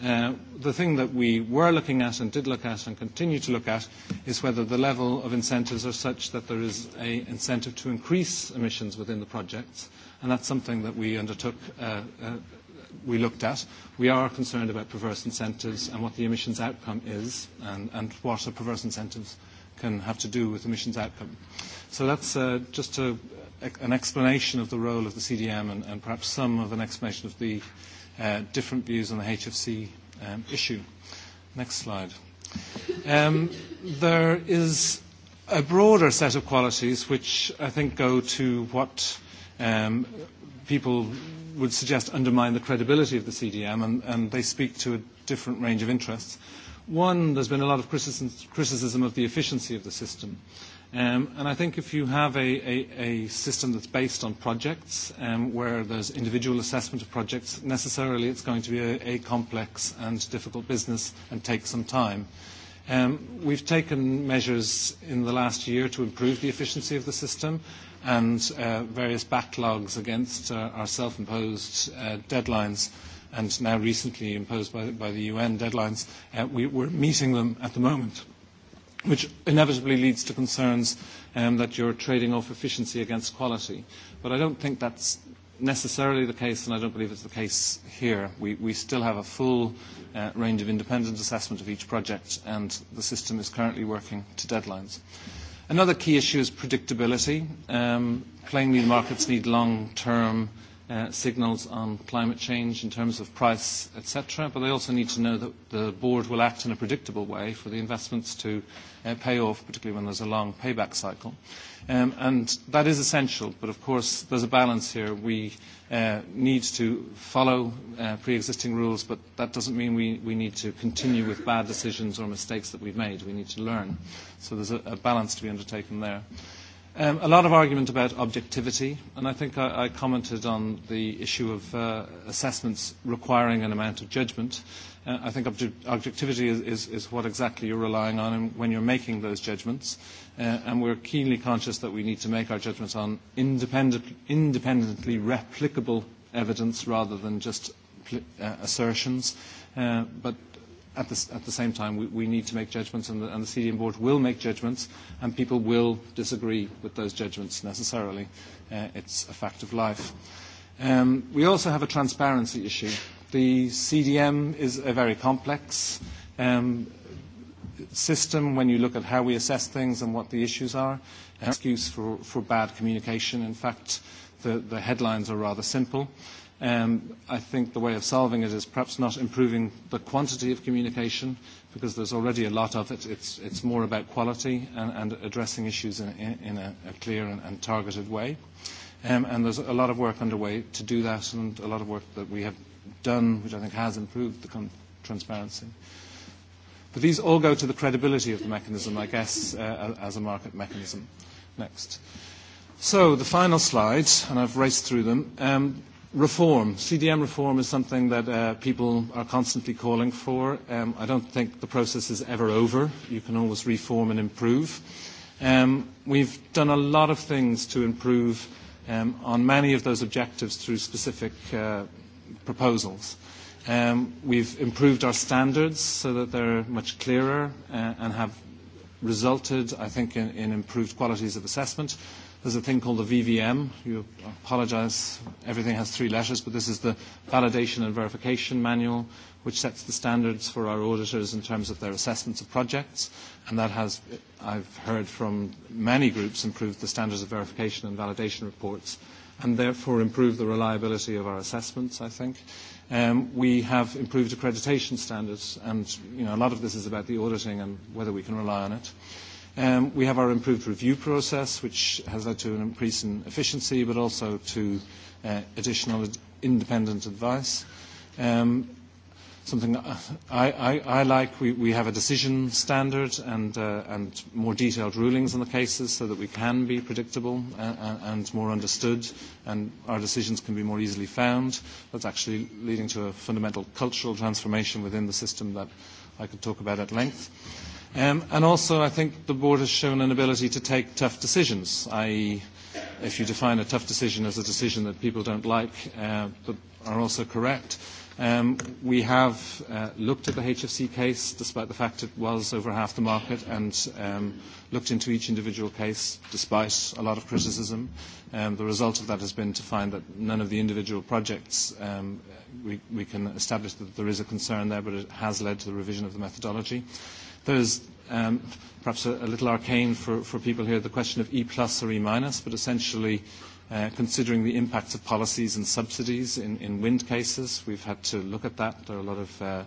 The thing that we were looking at and did look at and continue to look at is whether the level of incentives are such that there is an incentive to increase emissions within the projects, and that's something that we undertook we looked at. We are concerned about perverse incentives and what the emissions outcome is and what a perverse incentive can have to do with emissions outcome. So that's just an explanation of the role of the CDM and perhaps some of an explanation of the different views on the HFC issue. Next slide. There is a broader set of qualities which I think go to what people would suggest undermine the credibility of the CDM, and they speak to a different range of interests. One, there's been a lot of criticism of the efficiency of the system. And I think if you have a system that's based on projects, where there's individual assessment of projects, necessarily it's going to be a complex and difficult business and take some time. We've taken measures in the last year to improve the efficiency of the system and various backlogs against our self-imposed deadlines and now recently imposed by the UN deadlines. We're meeting them at the moment, which inevitably leads to concerns that you're trading off efficiency against quality. But I don't think that's necessarily the case, and I don't believe it's the case here. We still have a full range of independent assessment of each project, and the system is currently working to deadlines. Another key issue is predictability. Plainly, the markets need long-term signals on climate change in terms of price, etc. But they also need to know that the board will act in a predictable way for the investments to pay off, particularly when there's a long payback cycle. And that is essential, but of course there's a balance here. We need to follow pre-existing rules, but that doesn't mean we need to continue with bad decisions or mistakes that we've made. We need to learn. So there's a balance to be undertaken there. A lot of argument about objectivity, and I think I commented on the issue of assessments requiring an amount of judgment. I think objectivity is what exactly you're relying on when you're making those judgments, and we're keenly conscious that we need to make our judgments on independently replicable evidence rather than just assertions. But at the same time, we need to make judgments, and the CDM board will make judgments, and people will disagree with those judgments necessarily. It's a fact of life. We also have a transparency issue. The CDM is a very complex system when you look at how we assess things and what the issues are. Excuse for bad communication. In fact, the headlines are rather simple. I think the way of solving it is perhaps not improving the quantity of communication, because there's already a lot of it. It's more about quality and addressing issues in a clear and targeted way. And there's a lot of work underway to do that, and a lot of work that we have done, which I think has improved the transparency. But these all go to the credibility of the mechanism, I guess, as a market mechanism. Next. So the final slides, and I've raced through them. Reform, CDM reform is something that people are constantly calling for. I don't think the process is ever over. You can always reform and improve. We've done a lot of things to improve on many of those objectives through specific proposals. We've improved our standards so that they're much clearer and have resulted, I think, in improved qualities of assessment. There's a thing called the VVM. You apologize, everything has three letters, but this is the Validation and Verification Manual, which sets the standards for our auditors in terms of their assessments of projects. And that has, I've heard from many groups, improved the standards of verification and validation reports and therefore improved the reliability of our assessments, I think. We have improved accreditation standards, and a lot of this is about the auditing and whether we can rely on it. We have our improved review process, which has led to an increase in efficiency, but also to additional independent advice. Something I like, we have a decision standard and more detailed rulings on the cases so that we can be predictable and more understood and our decisions can be more easily found. That's actually leading to a fundamental cultural transformation within the system that I could talk about at length. And also, I think the board has shown an ability to take tough decisions, i.e., if you define a tough decision as a decision that people don't like but are also correct. We have looked at the HFC case, despite the fact it was over half the market, and looked into each individual case, despite a lot of criticism. The result of that has been to find that none of the individual projects, we can establish that there is a concern there, but it has led to the revision of the methodology. There's perhaps a little arcane for people here, the question of E plus or E minus, but essentially considering the impacts of policies and subsidies in wind cases, we've had to look at that. There are a lot of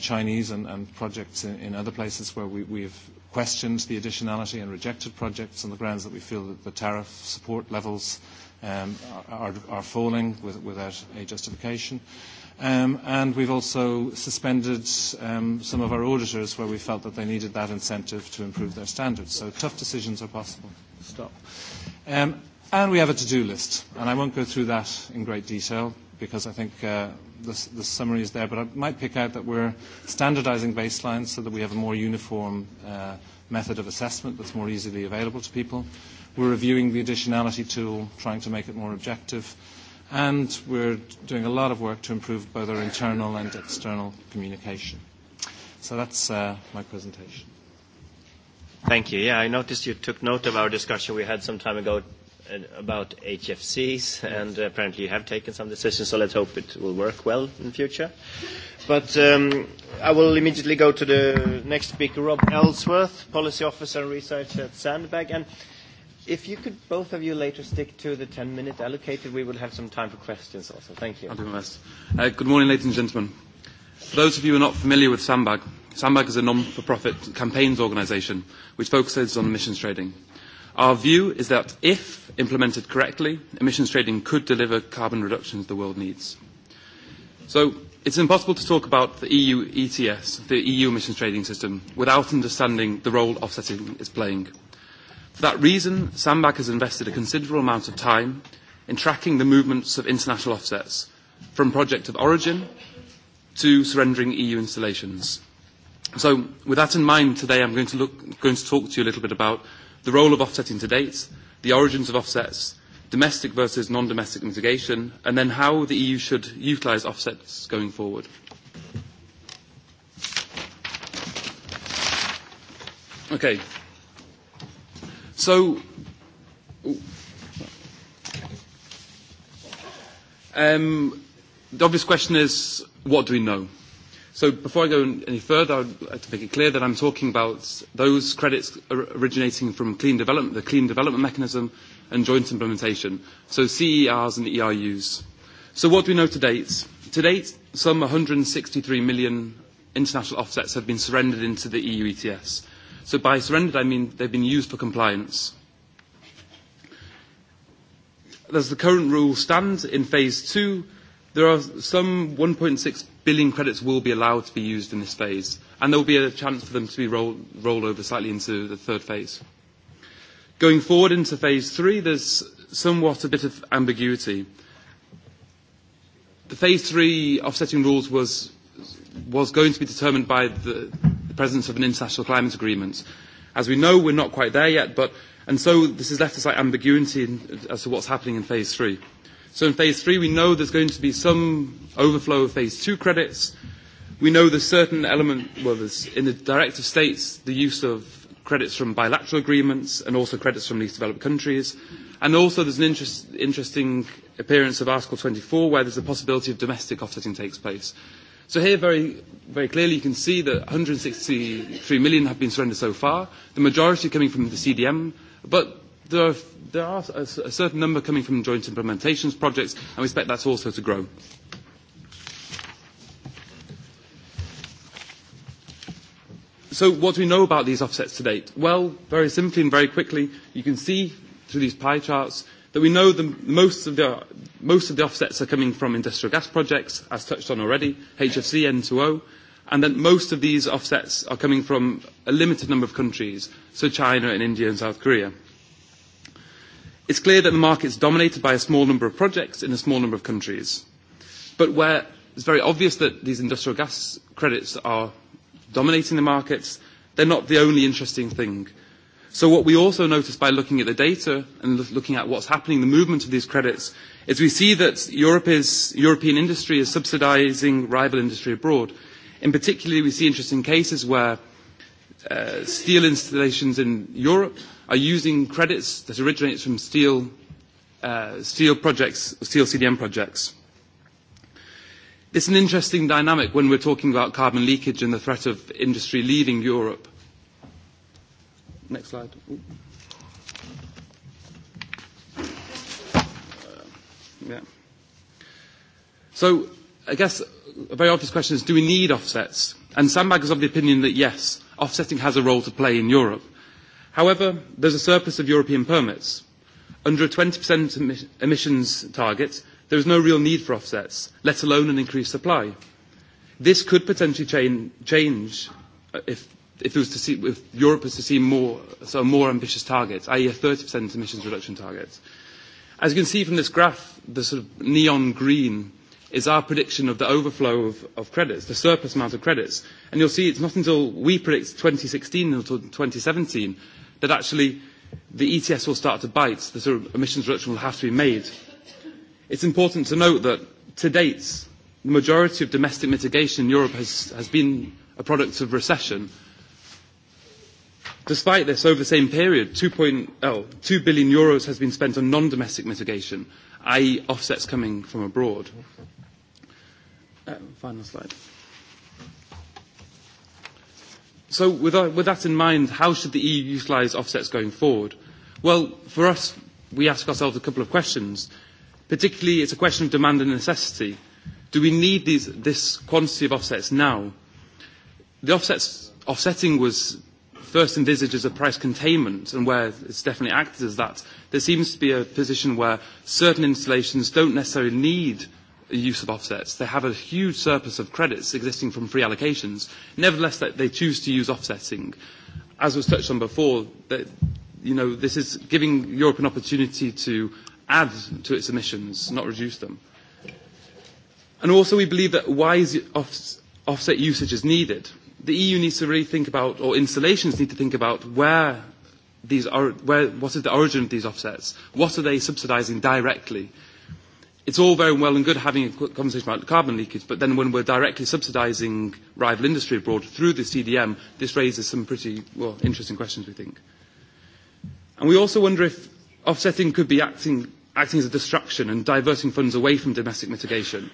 Chinese and projects in other places where we've questioned the additionality and rejected projects on the grounds that we feel that the tariff support levels are falling without a justification. And we've also suspended some of our auditors where we felt that they needed that incentive to improve their standards. So tough decisions are possible. Stop. And we have a to-do list. And I won't go through that in great detail because I think the summary is there. But I might pick out that we're standardizing baselines so that we have a more uniform method of assessment that's more easily available to people. We're reviewing the additionality tool, trying to make it more objective and we're doing a lot of work to improve both our internal and external communication. So that's my presentation. Thank you. Yeah, I noticed you took note of our discussion we had some time ago about HFCs, and apparently you have taken some decisions, so let's hope it will work well in future. But I will immediately go to the next speaker, Rob Ellsworth, Policy Officer and Research at Sandbag. And If you could both of you later stick to the 10-minute allocated, we will have some time for questions also. Thank you. I'll do my best. Good morning, ladies and gentlemen. For those of you who are not familiar with Sandbag, Sandbag is a non-for-profit campaigns organisation which focuses on emissions trading. Our view is that if implemented correctly, emissions trading could deliver carbon reductions the world needs. So it's impossible to talk about the EU ETS, the EU emissions trading system, without understanding the role offsetting is playing. For that reason, SAMBAC has invested a considerable amount of time in tracking the movements of international offsets from project of origin to surrendering EU installations. So with that in mind, today I'm going to talk to you a little bit about the role of offsetting to date, the origins of offsets, domestic versus non-domestic mitigation, and then how the EU should utilize offsets going forward. Okay, So um the obvious question is what do we know? So before I go any further, I'd like to make it clear that I'm talking about those credits originating from clean development, the clean development mechanism, and joint implementation, so CERs and ERUs. So what do we know to date? To date, some 163 million international offsets have been surrendered into the EU ETS, So by surrendered, I mean they've been used for compliance. As the current rule stands, in Phase two, there are some 1.6 billion credits will be allowed to be used in this phase, and there will be a chance for them to be rolled over slightly into the third phase. Going forward into Phase three, there's somewhat a bit of ambiguity. The Phase 3 offsetting rules was going to be determined by the presence of an international climate agreement. As we know, we're not quite there yet, but and so this has left us like ambiguity as to what's happening in phase three. So in phase three, we know there's going to be some overflow of phase two credits. We know there's certain element, well, in the directive states, the use of credits from bilateral agreements and also credits from least developed countries. And also there's an interesting appearance of Article 24 where there's a possibility of domestic offsetting takes place. So here, very, very clearly, you can see that 163 million have been surrendered so far, the majority coming from the CDM, but there are, a, a certain number coming from joint implementations projects, and we expect that also to grow. So what do we know about these offsets to date? Well, very simply and very quickly, you can see through these pie charts that we know that most of the most of the offsets are coming from industrial gas projects, as touched on already, HFC, N2O, and that most of these offsets are coming from a limited number of countries, so China and India and South Korea. It's clear that the market is dominated by a small number of projects in a small number of countries, but where it's very obvious that these industrial gas credits are dominating the markets, they're not the only interesting thing. So what we also notice by looking at the data and looking at what's happening, the movement of these credits, is we see that European industry is subsidising rival industry abroad. In particular, we see interesting cases where steel installations in Europe are using credits that originate from steel projects, steel CDM projects. It's an interesting dynamic when we're talking about carbon leakage and the threat of industry leaving Europe Next slide. Yeah. So I guess a very obvious question is, do we need offsets? And Sandbag is of the opinion that yes, offsetting has a role to play in Europe. However, there's a surplus of European permits. Under a 20% emissions target, there is no real need for offsets, let alone an increased supply. This could potentially change if if it to see if Europe was to see more more ambitious targets, i.e. a 30% emissions reduction target. As you can see from this graph, the sort of neon green is our prediction of the overflow of, credits, the surplus amount of credits. And you'll see it's not until we predict 2016 until 2017 that actually the ETS will start to bite. The sort of emissions reduction will have to be made. It's important to note that to date, the majority of domestic mitigation in Europe has, has been a product of recession Despite this, over the same period, 2 billion euros has been spent on non-domestic mitigation, i.e. offsets coming from abroad. Final slide. So with that in mind, how should the EU utilise offsets going forward? Well, for us, we ask ourselves a couple of questions. Particularly, it's a question of demand and necessity. Do we need this quantity of offsets now? The offsetting was first envisages a price containment and where it's definitely acted as that, there seems to be a position where certain installations don't necessarily need the use of offsets. They have a huge surplus of credits existing from free allocations. Nevertheless, they choose to use offsetting. As was touched on before, you know, this is giving Europe an opportunity to add to its emissions, not reduce them. And also we believe that wise offset usage is needed the EU needs to really think about, or installations need to think about, where these are, where, what is the origin of these offsets? What are they subsidising directly? It's all very well and good having a conversation about carbon leakage, but then when we're directly subsidising rival industry abroad through the CDM, this raises some pretty interesting questions, we think. And we also wonder if offsetting could be acting acting as a distraction and diverting funds away from domestic mitigation.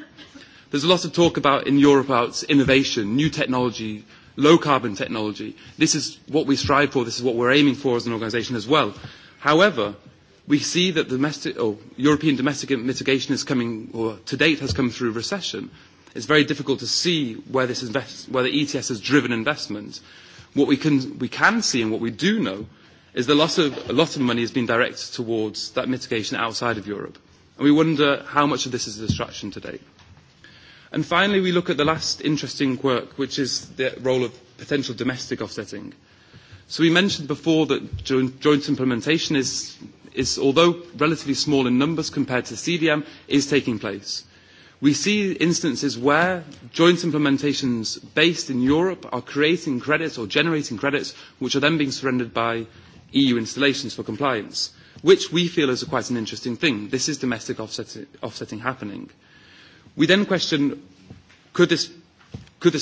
There's a lot of talk about in Europe about innovation, new technology, low carbon technology. This is what we strive for, this is what we're aiming for as an organisation as well. However, we see that domestic, European domestic mitigation is coming, or to date has come through recession. It's very difficult to see where this where ETS has driven investment. What we can, we can see and what we do know is that of, a lot of money has been directed towards that mitigation outside of Europe. And we wonder how much of this is a distraction today. And finally, we look at the last interesting work, which is the role of potential domestic offsetting. So we mentioned before that joint implementation is, although relatively small in numbers compared to CDM, is taking place. We see instances where joint implementations based in Europe are creating credits or generating credits which are then being surrendered by EU installations for compliance, which we feel is quite an interesting thing. This is domestic offsetting happening. We then question, could this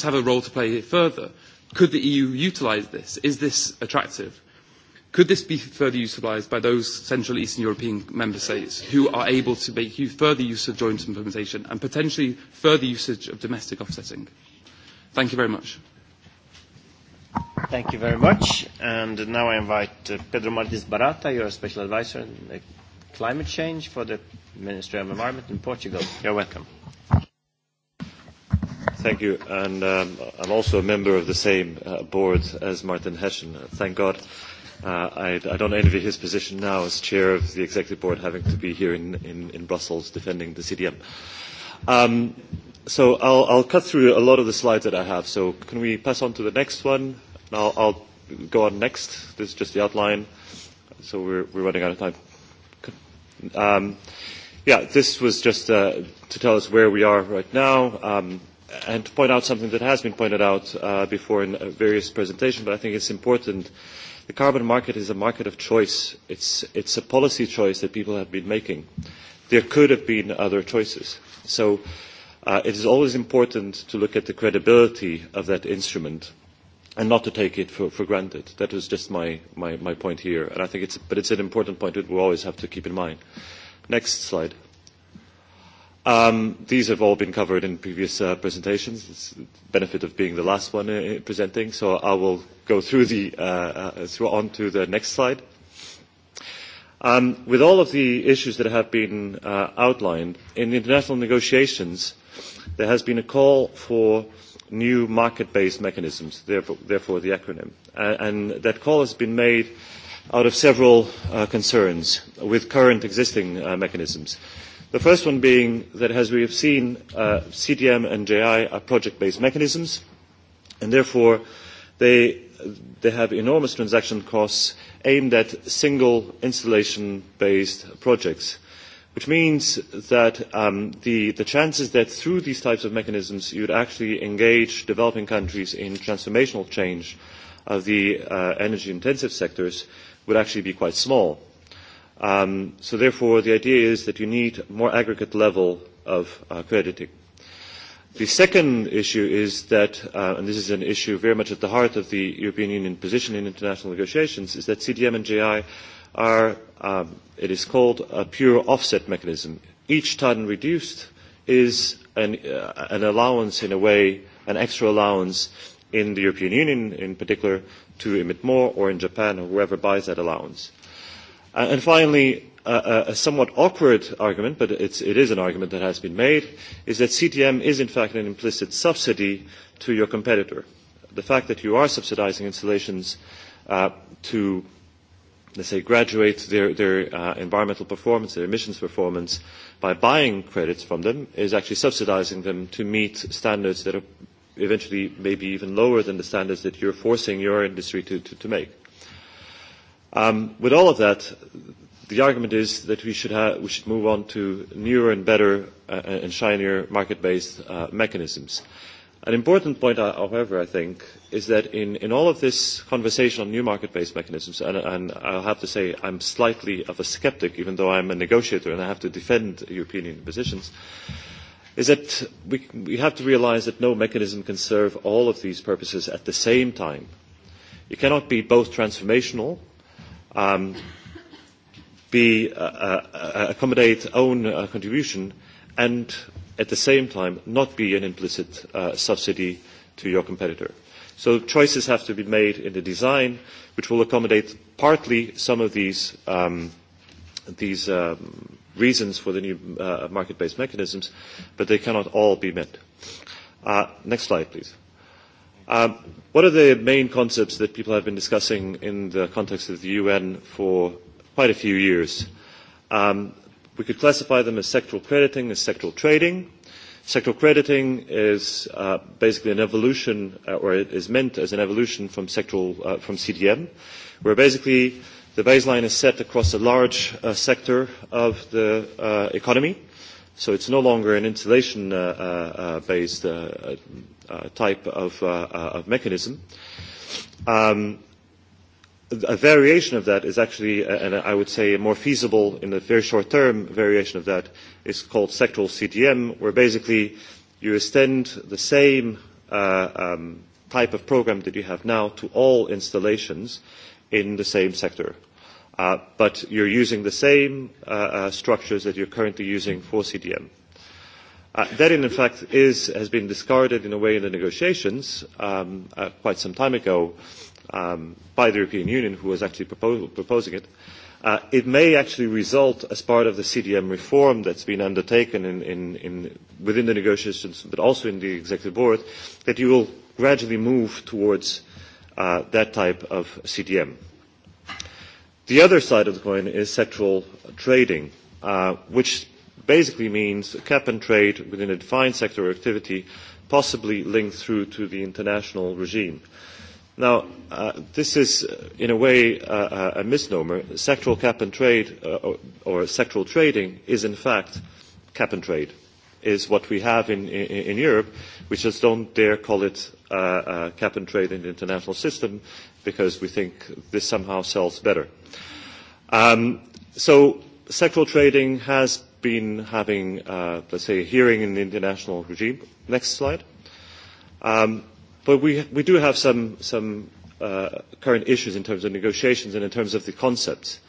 have a role to play further? Could the EU utilise this? Is this attractive? Could this be further utilised by those Central Eastern European member states who are able to make further use of joint implementation and potentially further usage of domestic offsetting? Thank you very much. Thank you very much. And now I invite Pedro Martins Barata, your special advisor on climate change for the Ministry of Environment in Portugal. You're welcome. Thank you. And I'm also a member of the same board as Martin Hessian. Thank God. I don't envy his position now as chair of the executive board, having to be here in Brussels defending the CDM. So I'll cut through a lot of the slides that I have. So can we pass on to the next one? I'll go on next. This is just the outline. So we're running out of time. Yeah, this was just to tell us where we are right now and to point out something that has been pointed out before in various presentations, but I think it's important. The carbon market is a market of choice. It's it's a policy choice that people have been making. There could have been other choices. So it is always important to look at the credibility of that instrument and not to take it for granted. That was just my my point here, and I think it's but it's an important point that we always have to keep in mind. Next slide. These have all been covered in previous presentations. It's the benefit of being the last one presenting, so I will go through the through on to the next slide. With all of the issues that have been outlined in international negotiations, there has been a call for new market-based mechanisms, therefore the acronym, and that call has been made out of several concerns with current existing mechanisms. The first one being that, as we have seen, CDM and JI are project-based mechanisms, and therefore they have enormous transaction costs aimed at single installation-based projects, which means that the chances that through these types of mechanisms you would actually engage developing countries in transformational change of the energy-intensive sectors would actually be quite small. So therefore, the idea is that you need more aggregate level of crediting. The second issue is that, and this is an issue very much at the heart of the European Union position in international negotiations, is that CDM and JI are, it is called, a pure offset mechanism. Each ton reduced is an allowance in a way, an extra allowance in the European Union in particular to emit more, or in Japan, or whoever buys that allowance. And finally, a somewhat awkward argument, but it is an argument that has been made, is that CTM is in fact an implicit subsidy to your competitor. The fact that you are subsidizing installations to, let's say, graduate their environmental performance, their emissions performance, by buying credits from them, is actually subsidizing them to meet standards that are eventually maybe even lower than the standards that you're forcing your industry to make. With all of that, the argument is that we should have we should move on to newer and better and shinier market-based mechanisms. An important point, however, I think, is that in in all of this conversation on new market-based mechanisms, and I'll have to say I'm slightly of a skeptic, even though I'm a negotiator and I have to defend European positions, is that we have to realize that no mechanism can serve all of these purposes at the same time. It cannot be both transformational be accommodate own contribution and at the same time not be an implicit subsidy to your competitor. So choices have to be made in the design which will accommodate partly some of these these reasons for the new market based mechanisms, but they cannot all be met. Next slide please. What are the main concepts that people have been discussing in the context of the UN for quite a few years? We could classify them as sectoral crediting, as sectoral trading. Sectoral crediting is basically an evolution, or is meant as an evolution from sectoral, from CDM, where basically the baseline is set across a large sector of the economy. So it's no longer an insulation-based type of mechanism. A variation of that is actually, and I would say more feasible in the very short term variation of that, is called sectoral CDM, where basically you extend the same type of program that you have now to all installations in the same sector. But you're using the same structures that you're currently using for CDM. That, in fact, has been discarded in a way in the negotiations quite some time ago by the European Union, who was actually proposing it. It may actually result as part of the CDM reform that's been undertaken within the negotiations, but also in the Executive Board, that you will gradually move towards that type of CDM. The other side of the coin is sectoral trading, which basically means cap and trade within a defined sector of activity, possibly linked through to the international regime. Now, this is in a way a misnomer. Sectoral cap and trade or sectoral trading is in fact cap and trade, is what we have in Europe. We just don't dare call it cap and trade in the international system because we think this somehow sells better. So sectoral trading has been having, let's say, a hearing in the international regime. Next slide. But we we do have some some current issues in terms of negotiations and in terms of the concepts.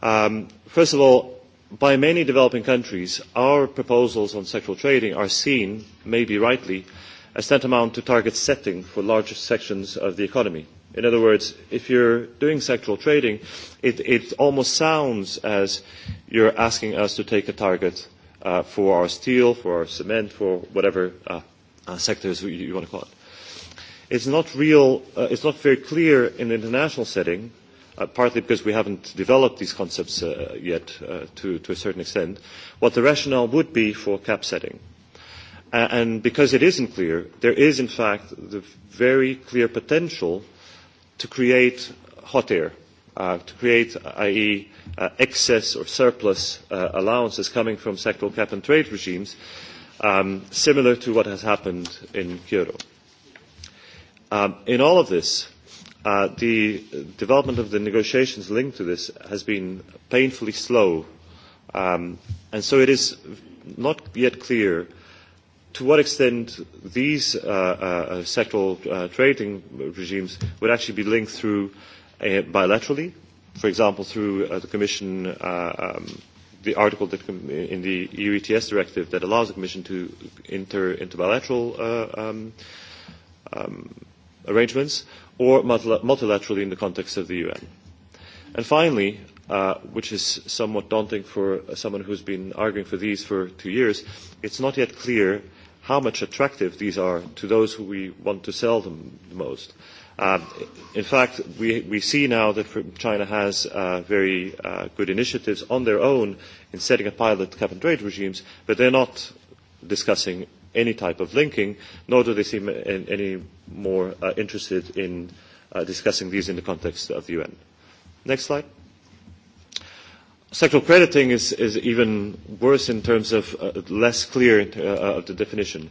First of all, by many developing countries, our proposals on sexual trading are seen, maybe rightly, as tantamount to target setting for large sections of the economy. In other words, if you're doing sectoral trading, it almost sounds as you're asking us to take a target for our steel, for our cement, for whatever sectors you want to call it. It's not it's not very clear in the international setting, partly because we haven't developed these concepts yet to a certain extent, what the rationale would be for cap setting. And because it isn't clear, there is in fact the very clear potential to create hot air, to create, i.e. excess or surplus allowances coming from sectoral cap and trade regimes, similar to what has happened in Kyoto. In all of this, the development of the negotiations linked to this has been painfully slow, and so it is not yet clear to what extent these sectoral trading regimes would actually be linked through bilaterally, for example, through the Commission, the article in the EU ETS directive that allows the Commission to enter into bilateral arrangements, or multilaterally in the context of the UN. And finally, which is somewhat daunting for someone who's been arguing for these for two years, it's not yet clear how much attractive these are to those who we want to sell them the most. In fact, we see now that China has very good initiatives on their own in setting up pilot cap and trade regimes, but they're not discussing any type of linking, nor do they seem any more interested in discussing these in the context of the UN. Next slide. Sectoral crediting is even worse in terms of less clear of the definition.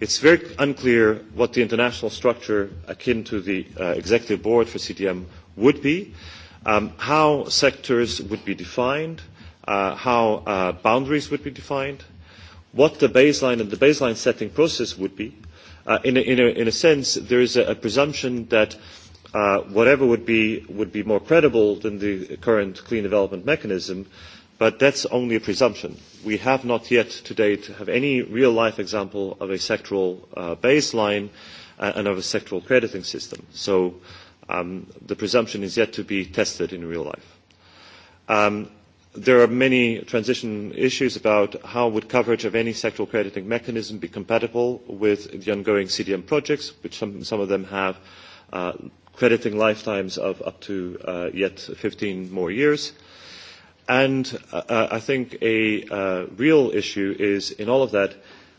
It's very unclear what the international structure akin to the executive board for CTM would be, how sectors would be defined, how boundaries would be defined, what the baseline and the baseline setting process would be. In a sense, there is a presumption that whatever would be would be more credible than the current clean development mechanism but that's only a presumption we have not yet to date have any real life example of a sectoral baseline and of a sectoral crediting system so the presumption is yet to be tested in real life there are many transition issues about how would coverage of any sectoral crediting mechanism be compatible with the ongoing cdm projects which some of them have crediting lifetimes of up to yet 15 more years. And I think a real issue is in all of that,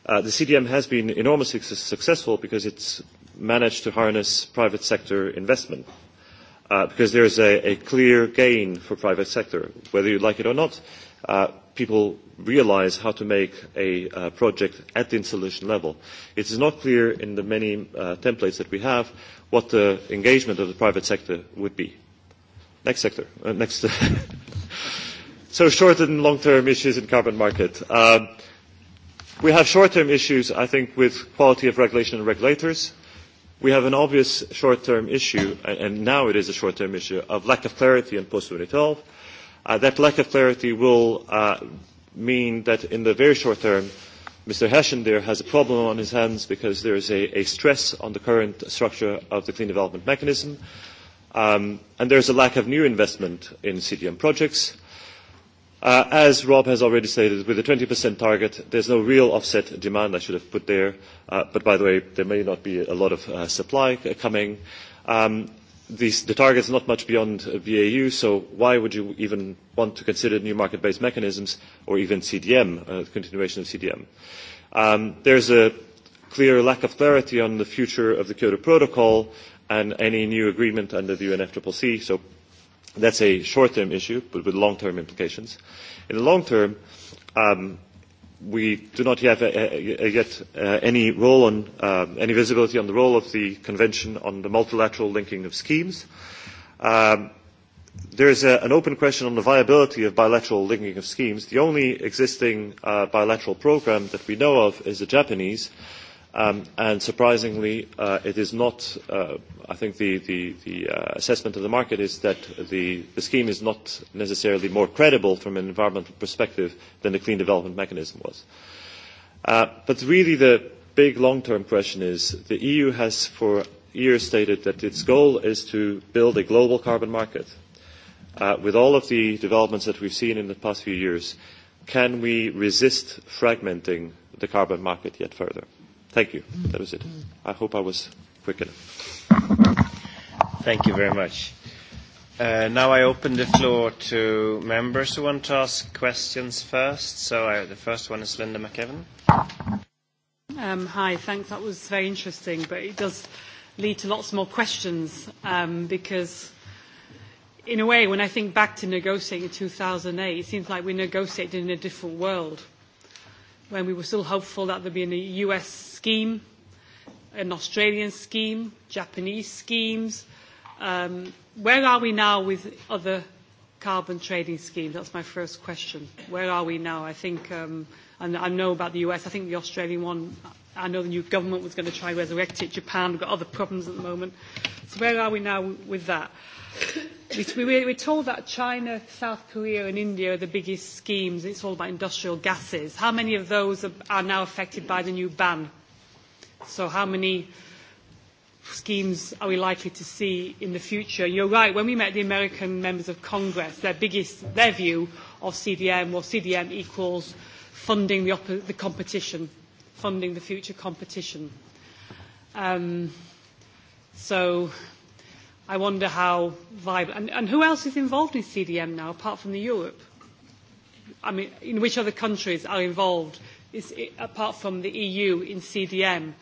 the CDM has been enormously successful because it's managed to harness private sector investment, because there is a clear gain for private sector, whether you like it or not people realize how to make a project at the installation level. It is not clear in the many templates that we have what the engagement of the private sector would be. Next sector. Next. So short and long-term issues in carbon market. We have short-term issues, I think, with quality of regulation and regulators. We have an obvious short-term issue, and now it is a short-term issue, of lack of clarity in post-2012. That lack of clarity will mean that in the very short term, Mr. Hessian there has a problem on his hands because there is a stress on the current structure of the clean development mechanism, and there is a lack of new investment in CDM projects. As Rob has already stated, with the 20% target, there's no real offset demand I should have put there, but by the way, there may not be a lot of supply coming. The target is not much beyond BAU, so why would you even want to consider new market-based mechanisms or even CDM, continuation of CDM? There is a clear lack of clarity on the future of the Kyoto Protocol and any new agreement under the UNFCCC, so that's a short-term issue, but with long-term implications. In the long term, we do not have yet any role on any visibility on the role of the convention on the multilateral linking of schemes there is an open question on the viability of bilateral linking of schemes the only existing bilateral program that we know of is the japanese And surprisingly, it is not. I think the assessment of the market is that the scheme is not necessarily more credible from an environmental perspective than the Clean Development Mechanism was. But really, the big long-term question is the EU has for years stated that its goal is to build a global carbon market. With all of the developments that we've seen in the past few years, can we resist fragmenting the carbon market yet further? Thank you. That was it. I hope I was quick enough. Thank you very much. Now I open the floor to members who want to ask questions first. So the first one is Linda Um, Hi, thanks. That was very interesting, but it does lead to lots more questions because, in a way, when I think back to negotiating in 2008, it seems like we negotiated in a different world when we were still hopeful that there'd be a US scheme, an Australian scheme, Japanese schemes. Where are we now with other carbon trading schemes? That's my first question. Where are we now? I think, and I know about the US, I think the Australian one, I know the new government was going to try and resurrect it. Japan, we've got other problems at the moment. So where are we now with that? We are told that China, South Korea and India are the biggest schemes. It's all about industrial gases. How many of those are now affected by the new ban? So how many schemes are we likely to see in the future? You're right. When we met the American members of Congress, their biggest their view of CDM was CDM equals funding the competition, funding the future competition. So I wonder how viable. And, and who else is involved in CDM now, apart from the Europe? I mean, in which other countries are involved, is, apart from the EU, in CDM?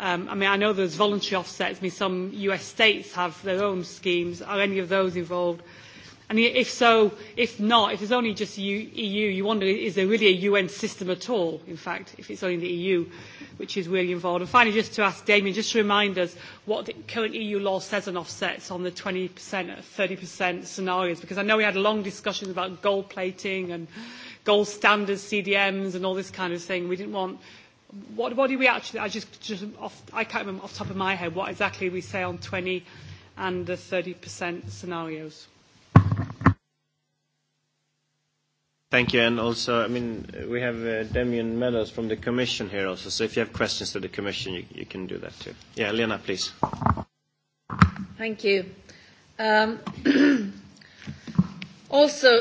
I mean, I know there's voluntary offsets. I mean, some US states have their own schemes. Are any of those involved? And if so, if not, if it's only just the EU, you wonder, is there really a UN system at all, in fact, if it's only the EU which is really involved? And finally, just to ask Damien, just to remind us what the current EU law says on offsets on the 20%, 30% scenarios, because I know we had long discussions about gold plating and gold standards, CDMs, and all this kind of thing. We didn't want what, what do we actually, I just, just off, I can't remember off the top of my head what exactly we say on 20 and the 30% scenarios. Thank you. And also, I mean, we have Damian Meadows from the Commission here also. So if you have questions to the Commission, you can do that too. Yeah, Lena, please. Thank you. Also,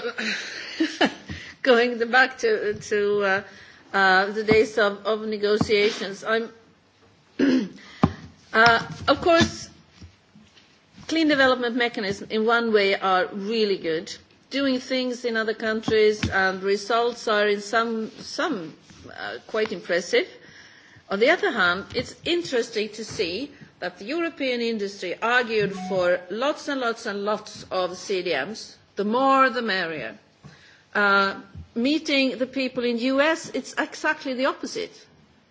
going back to the days of negotiations, of course, clean development mechanisms in one way are really good doing things in other countries, and results are in some some quite impressive. On the other hand, it's interesting to see that the European industry argued for lots and lots and lots of CDMs. The more, the merrier. Meeting the people in the US, it's exactly the opposite.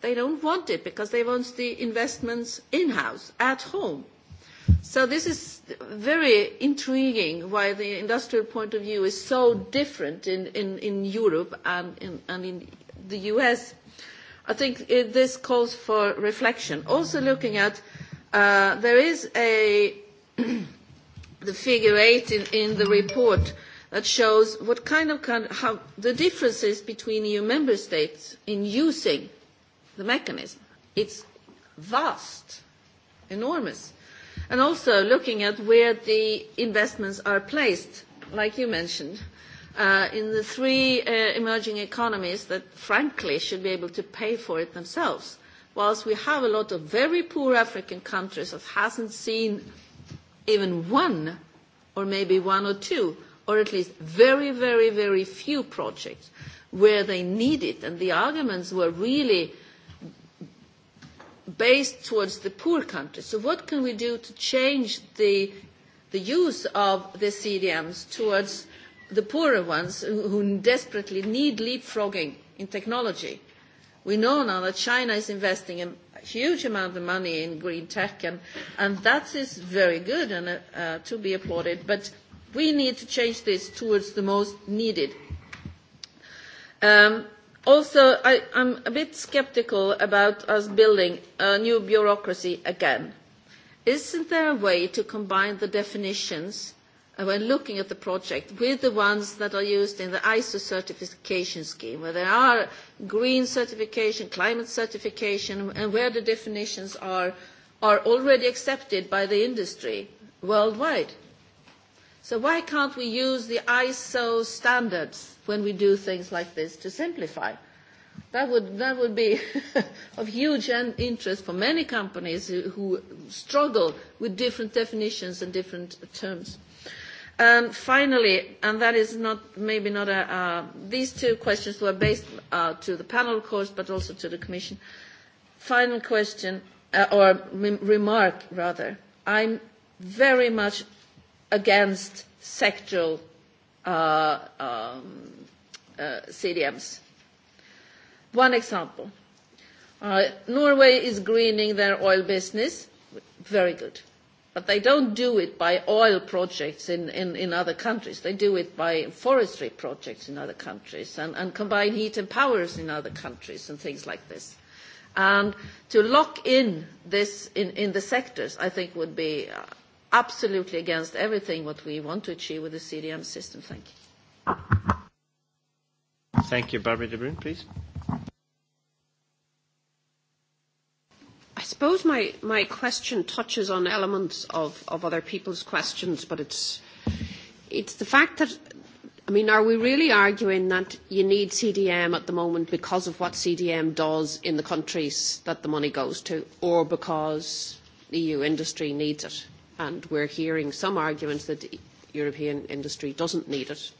They don't want it because they want the investments in-house, at home. So this is very intriguing why the industrial point of view is so different in Europe and in the US. I think this calls for reflection. Also looking at, there is a the figure eight in the report that shows what kind of how the differences between EU member states in using the mechanism. It's vast, enormous and also looking at where the investments are placed, like you mentioned, in the three emerging economies that frankly should be able to pay for it themselves. Whilst we have a lot of very poor African countries that hasn't seen even one, or maybe one or two, or at least very, very, very few projects where they need it. And the arguments were really based towards the poor countries. So what can we do to change the use of the CDMs towards the poorer ones who desperately need leapfrogging in technology? We know now that China is investing a huge amount of money in green tech, and that is very good and to be applauded, but we need to change this towards the most needed. Also, I I'm a bit sceptical about us building a new bureaucracy again. Isn't there a way to combine the definitions when looking at the project with the ones that are used in the ISO certification scheme, where there are green certification, climate certification, and where the definitions are already accepted by the industry worldwide? So why can't we use the ISO standards when we do things like this to simplify? That would that would be of huge interest for many companies who struggle with different definitions and different terms. And finally, and that is not maybe not a these two questions were based to the panel, of course, but also to the Commission. Final question or remark rather. I'm very much against sectoral CDMs. One example. Norway is greening their oil business. Very good. But they don't do it by oil projects in other countries. They do it by forestry projects in other countries and combine heat and powers in other countries and things like this. And to lock in this in the sectors, I think, would be absolutely against everything what we want to achieve with the CDM system. Thank you. Thank you. Barbara de Bruyne, please. I suppose my, question touches on elements of, other people's questions, but it's, it's the fact that, I mean, are we really arguing that you need CDM at the moment because of what CDM does in the countries that the money goes to, or because EU industry needs it? and we're hearing some arguments that European industry doesn't need it,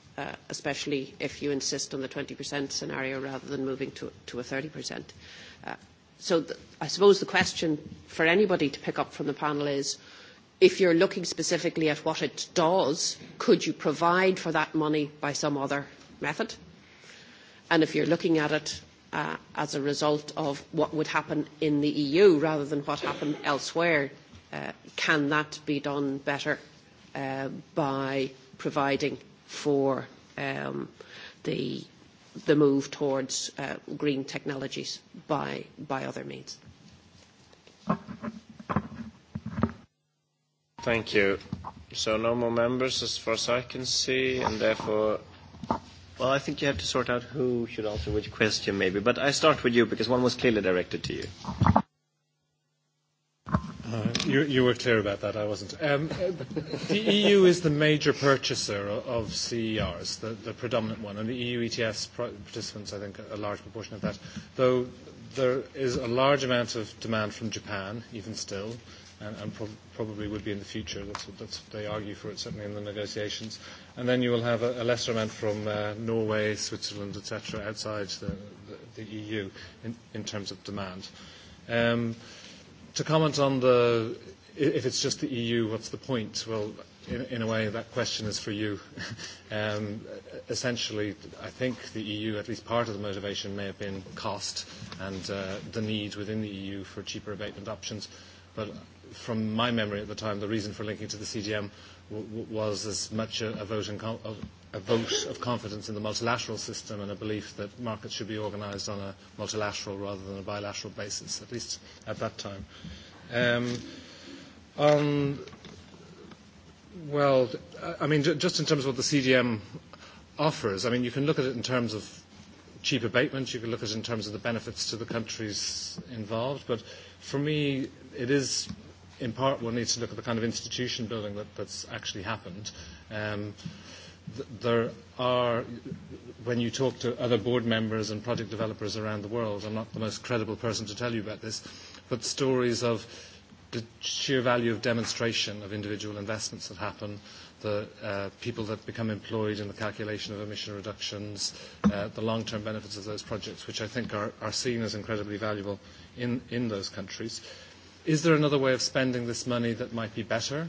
especially if you insist on the 20% scenario rather than moving to a 30%. So I suppose the question for anybody to pick up from the panel is, if you're looking specifically at what it does, could you provide for that money by some other method? And if you're looking at it as a result of what would happen in the EU rather than what happened elsewhere, can that be done better by providing for the move towards green technologies by by other means thank you so no more members as far as i can see and therefore well i think you have to sort out who should answer which question maybe but i start with you because one was clearly directed to you You were clear about that. I wasn't. The EU is the major purchaser of CERs, the predominant one, and the EU ETS participants, I think, a large proportion of that. Though there is a large amount of demand from Japan, even still, and probably would be in the future. That's what they argue for it, certainly in the negotiations. And then you will have a lesser amount from Norway, Switzerland, etc., outside the EU in terms of demand to comment on the if it's just the EU, what's the point? Well, in a way, that question is for you. Essentially, I think the EU, at least part of the motivation, may have been cost and the need within the EU for cheaper abatement options. But from my memory at the time, the reason for linking to the CDM was as much a vote a vote of confidence in the multilateral system and a belief that markets should be organized on a multilateral rather than a bilateral basis, at least at that time. well, I mean, just in terms of what the CDM offers, I mean, you can look at it in terms of cheap abatement, you can look at it in terms of the benefits to the countries involved, but for me, it is in part one needs to look at the kind of institution building that that's actually happened. Um there are, when you talk to other board members and project developers around the world, I'm not the most credible person to tell you about this, but stories of the sheer value of demonstration of individual investments that happen, the people that become employed in the calculation of emission reductions, the long-term benefits of those projects, which I think are are seen as incredibly valuable in those countries. Is there another way of spending this money that might be better?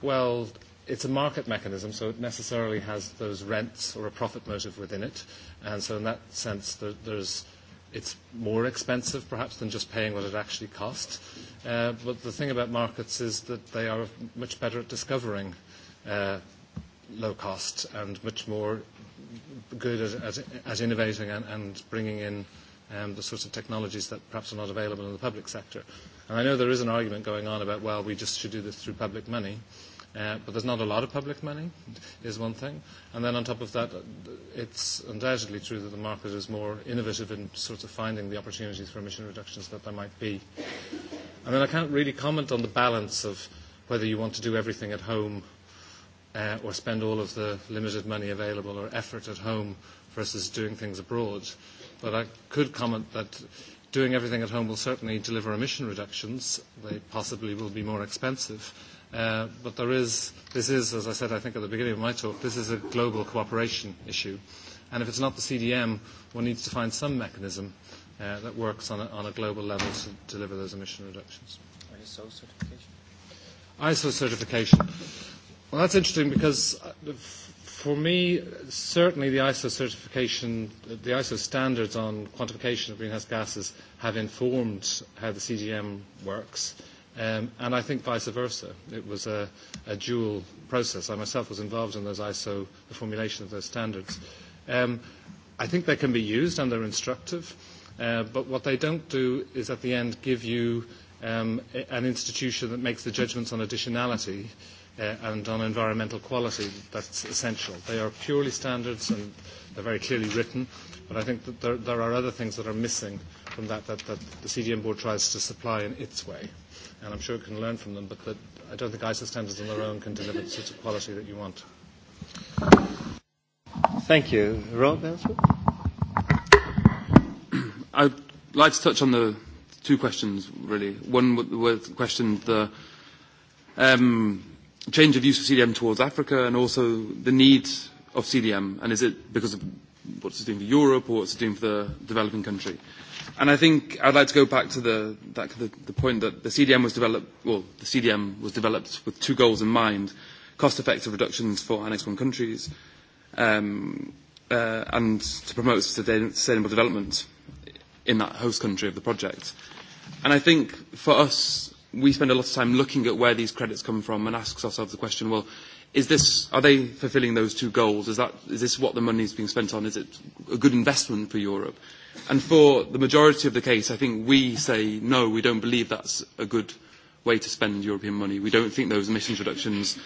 Well, It's a market mechanism, so it necessarily has those rents or a profit motive within it, and so in that sense, there's it's more expensive perhaps than just paying what it actually costs. But the thing about markets is that they are much better at discovering low cost and much more good at innovating and bringing in the sorts of technologies that perhaps are not available in the public sector. And I know there is an argument going on about, well, we just should do this through public money. But there's not a lot of public money, is one thing. And then on top of that, it's undoubtedly true that the market is more innovative in sort of finding the opportunities for emission reductions that there might be. And then I can't really comment on the balance of whether you want to do everything at home or spend all of the limited money available or effort at home versus doing things abroad. But I could comment that doing everything at home will certainly deliver emission reductions. They possibly will be more expensive But there is, this is, as I said, I think at the beginning of my talk, this is a global cooperation issue. And if it's not the CDM, one needs to find some mechanism that works on a global level to deliver those emission reductions. ISO certification? ISO certification. Well, that's interesting because for me, certainly the ISO certification, the ISO standards on quantification of greenhouse gases have informed how the CDM works and I think vice versa. It was a dual process. I myself was involved in those ISO, the formulation of those standards. I think they can be used and they're instructive, but what they don't do is at the end give you an institution that makes the judgments on additionality and on environmental quality that's essential. They are purely standards and they're very clearly written, but I think that there are other things that are missing from that that the CDM board tries to supply in its way and I'm sure you can learn from them, but I don't think ISIS standards on their own can deliver the sort of quality that you want. Thank you. Rob, answer? I'd like to touch on the two questions, really. One question, the um change of use of CDM towards Africa and also the need of CDM, and is it because of what's it doing for Europe or what's it doing for the developing country? And I think I'd like to go back to the point that the CDM was developed, well, the CDM was developed with two goals in mind: cost-effective reductions for Annex I countries, and to promote sustainable development in that host country of the project. And I think for us, we spend a lot of time looking at where these credits come from and ask ourselves the question: Well, is this are they fulfilling those two goals? Is that is this what the money is being spent on? Is it a good investment for Europe? And for the majority of the case, I think we say, no, we don't believe that's a good way to spend European money. We don't think those emissions reductions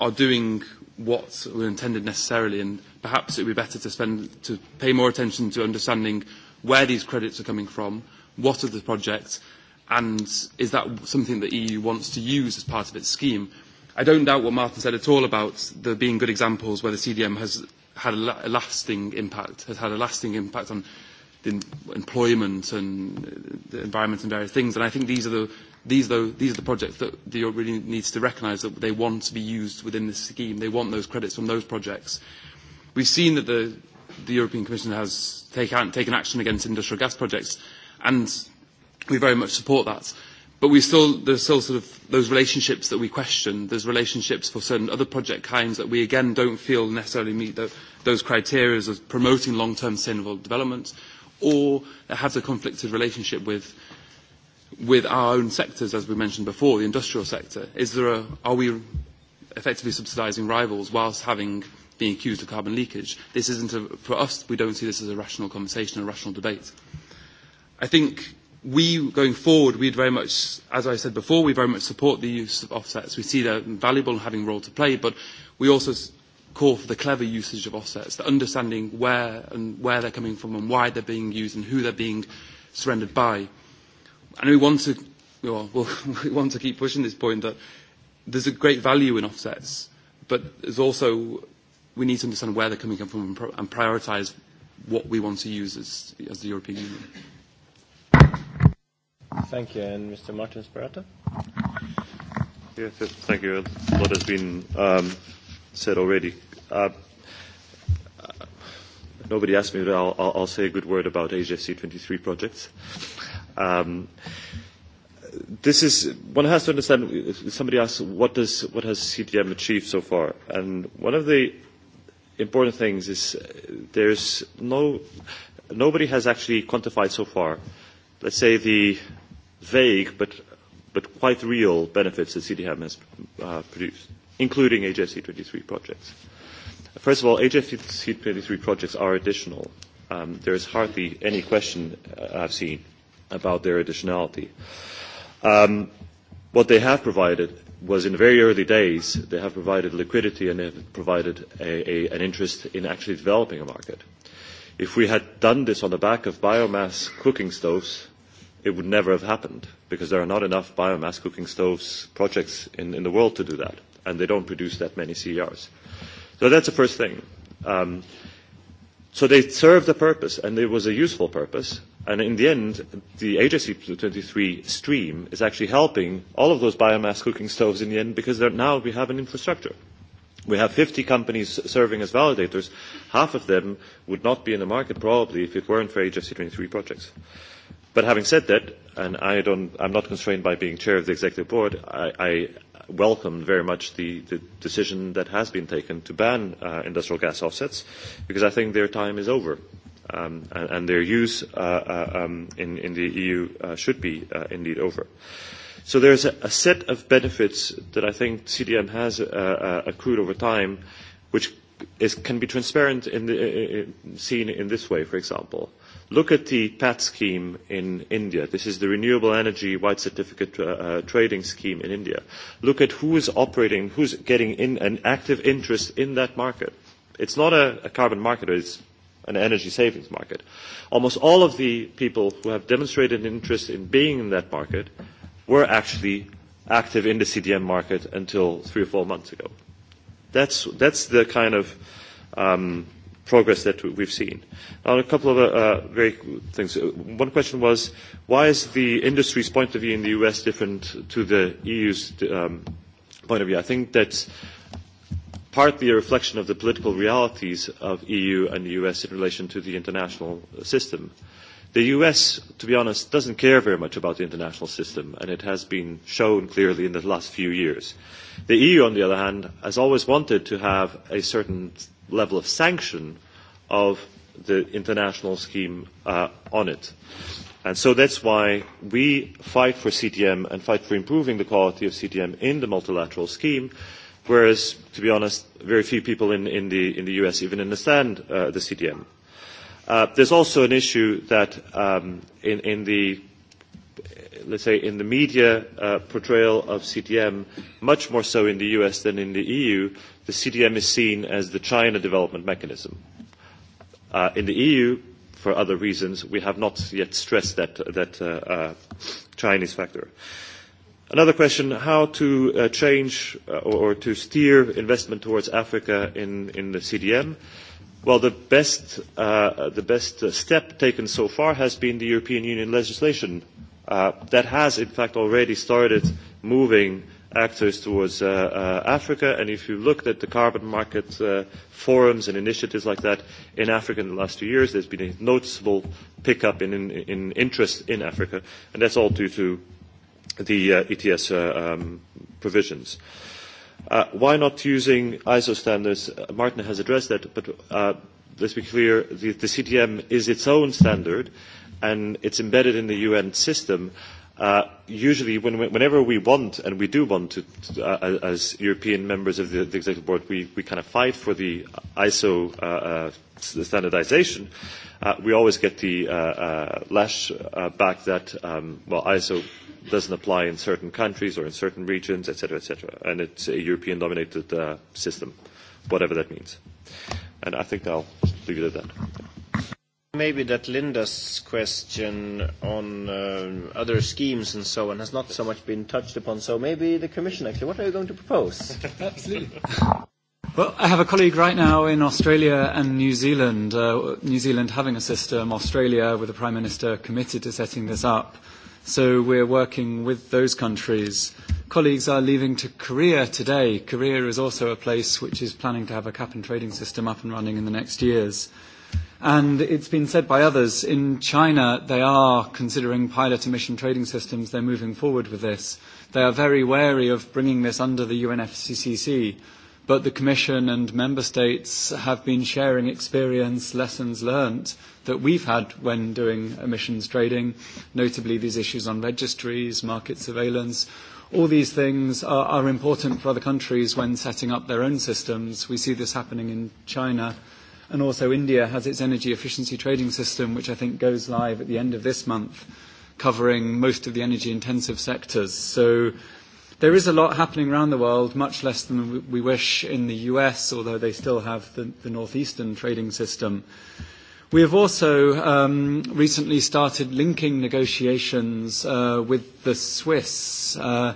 are doing what were intended necessarily, and perhaps it would be better to to pay more attention to understanding where these credits are coming from, what are the projects, and is that something the EU wants to use as part of its scheme. I don't doubt what Martin said at all about there being good examples where the CDM has had a lasting impact, has had a lasting impact on the employment and the environment and various things. And I think these are the projects that the Europe really needs to recognise that they want to be used within this scheme. They want those credits from those projects. We've seen that the European Commission has taken action against industrial gas projects, and we very much support that. But we still, there's still sort of those relationships that we question. There's relationships for certain other project kinds that we, again, don't feel necessarily meet those criteria of promoting long-term sustainable development or that has a conflicted relationship with with our own sectors, as we mentioned before, the industrial sector. Is there a, are we effectively subsidising rivals whilst having being accused of carbon leakage? This isn't, for us, we don't see this as a rational conversation, a rational debate. I think we, going forward, we'd very much, as I said before, we very much support the use of offsets. We see they're valuable and having a role to play, but we also call for the clever usage of offsets, the understanding where and where they're coming from and why they're being used and who they're being surrendered by. And we want to, we want to keep pushing this point that there's a great value in offsets, but there's also we need to understand where they're coming from and prioritise what we want to use as, as the European Union. Thank you. And Mr. Martin Sperata? Yes, thank you. A lot has been um, said already. nobody asked me, but I'll, I'll, say a good word about HFC 23 projects. Um, this is one has to understand. Somebody asks, what does what has CDM achieved so far? And one of the important things is there's no nobody has actually quantified so far. Let's say the vague but quite real benefits that CDM has produced, including HFC23 projects. First of all, HFC23 projects are additional. There is hardly any question I've seen about their additionality. What they have provided was in the very early days, they have provided liquidity and they have provided an interest in actually developing a market. If we had done this on the back of biomass cooking stoves, it would never have happened because there are not enough biomass cooking stoves projects in, in the world to do that, and they don't produce that many CERs. So that's the first thing. Um, so they served a purpose, and it was a useful purpose. And in the end, the HSC23 stream is actually helping all of those biomass cooking stoves in the end because now we have an infrastructure. We have 50 companies serving as validators. Half of them would not be in the market probably if it weren't for HSC23 projects. But having said that, and I am I'm not constrained by being chair of the executive board, I, welcome very much the, decision that has been taken to ban industrial gas offsets, because I think their time is over. and, their use in, the EU should be indeed over. So there's a, set of benefits that I think CDM has accrued over time, which can be transparent in seen in this way, for example Look at the PAT scheme in India. This is the Renewable Energy White Certificate Trading Scheme in India. Look at who is operating, who is getting an active interest in that market. It's not a carbon market, it's an energy savings market. Almost all of the people who have demonstrated an interest in being in that market were actually active in the CDM market until three or four months ago. That's the kind of progress that we've seen. Now, a couple of very things. One question was, why is the industry's point of view in the U.S. different to the EU's point of view? I think that's partly a reflection of the political realities of EU and the U.S. in relation to the international system. The US, to be honest, doesn't care very much about the international system, and it has been shown clearly in the last few years. The EU, on the other hand, has always wanted to have a certain level of sanction of the international scheme on it. And so is why we fight for CTM and fight for improving the quality of CTM in the multilateral scheme, whereas, to be honest, very few people in the US even understand the CTM. There's also an issue that in the, let's say, in the media portrayal of CDM, much more so in the US than in the EU, the CDM is seen as the China development mechanism. In the EU, for other reasons, we have not yet stressed that Chinese factor. Another question, how to change or to steer investment towards Africa in the CDM. Well, the best step taken so far has been the European Union legislation that has, in fact, already started moving actors towards Africa. And if you look at the carbon market forums and initiatives like that in Africa in the last two years, there's been a noticeable pickup in interest in Africa, and that's all due to the ETS provisions. Why not using ISO standards? Martin has addressed that, but let's be clear, the CTM is its own standard, and it's embedded in the UN system usually whenever we want, and we do want to, as European members of the Executive Board, we we kind of fight for the ISO standardisation, we always get the lash back that, well, ISO doesn't apply in certain countries or in certain regions, etc., etc., and it's a European-dominated system, whatever that means. And I think I'll leave it at that maybe that Linda's question on other schemes and so on has not so much been touched upon. So maybe the Commission, actually, what are you going to propose? Absolutely. Well, I have a colleague right now in Australia and New Zealand. New Zealand having a system, Australia with the Prime Minister committed to setting this up. So we're working with those countries. Colleagues are leaving to Korea today. Korea is also a place which is planning to have a cap and trading system up and running in the next years. And it's been said by others, in China they are considering pilot emission trading systems, they're moving forward with this. They are very wary of bringing this under the UNFCCC, but the Commission and Member States have been sharing experience, lessons learnt that we've had when doing emissions trading, notably these issues on registries, market surveillance. All these things are important for other countries when setting up their own systems. We see this happening in China And also India has its energy efficiency trading system, which I think goes live at the end of this month, covering most of the energy intensive sectors. So there is a lot happening around the world, much less than we wish in the US, although they still have the northeastern trading system. We have also recently started linking negotiations with the Swiss. The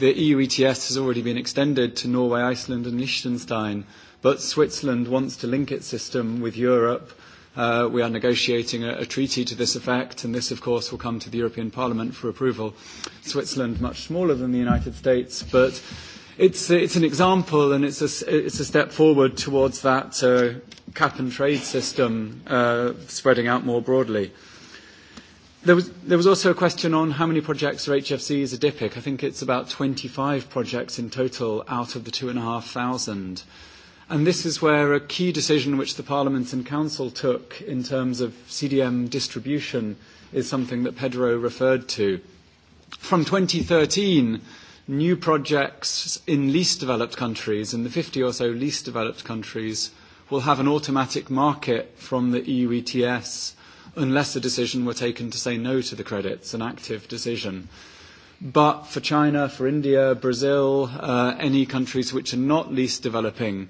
EU ETS has already been extended to Norway, Iceland, and Liechtenstein but Switzerland wants to link its system with Europe. We are negotiating a treaty to this effect, and this, of course, will come to the European Parliament for approval. Switzerland, much smaller than the United States, but it's an example, and it's a step forward towards that cap-and-trade system spreading out more broadly. There was also a question on how many projects are HFCs a DIPIC. I think it's about 25 projects in total out of the 2,500. And this is where a key decision which the Parliament and Council took in terms of CDM distribution is something that Pedro referred to. From 2013, new projects in least developed countries, in the 50 or so least developed countries, will have an automatic market from the EU ETS unless a decision were taken to say no to the credits, an active decision. But for China, for India, Brazil, any countries which are not least developing,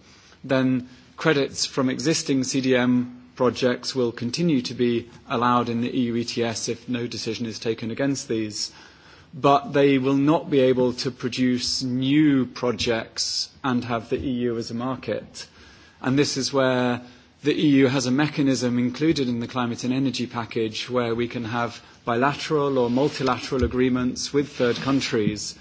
then credits from existing CDM projects will continue to be allowed in the EU ETS if no decision is taken against these. But they will not be able to produce new projects and have the EU as a market. And this is where the EU has a mechanism included in the climate and energy package where we can have bilateral or multilateral agreements with third countries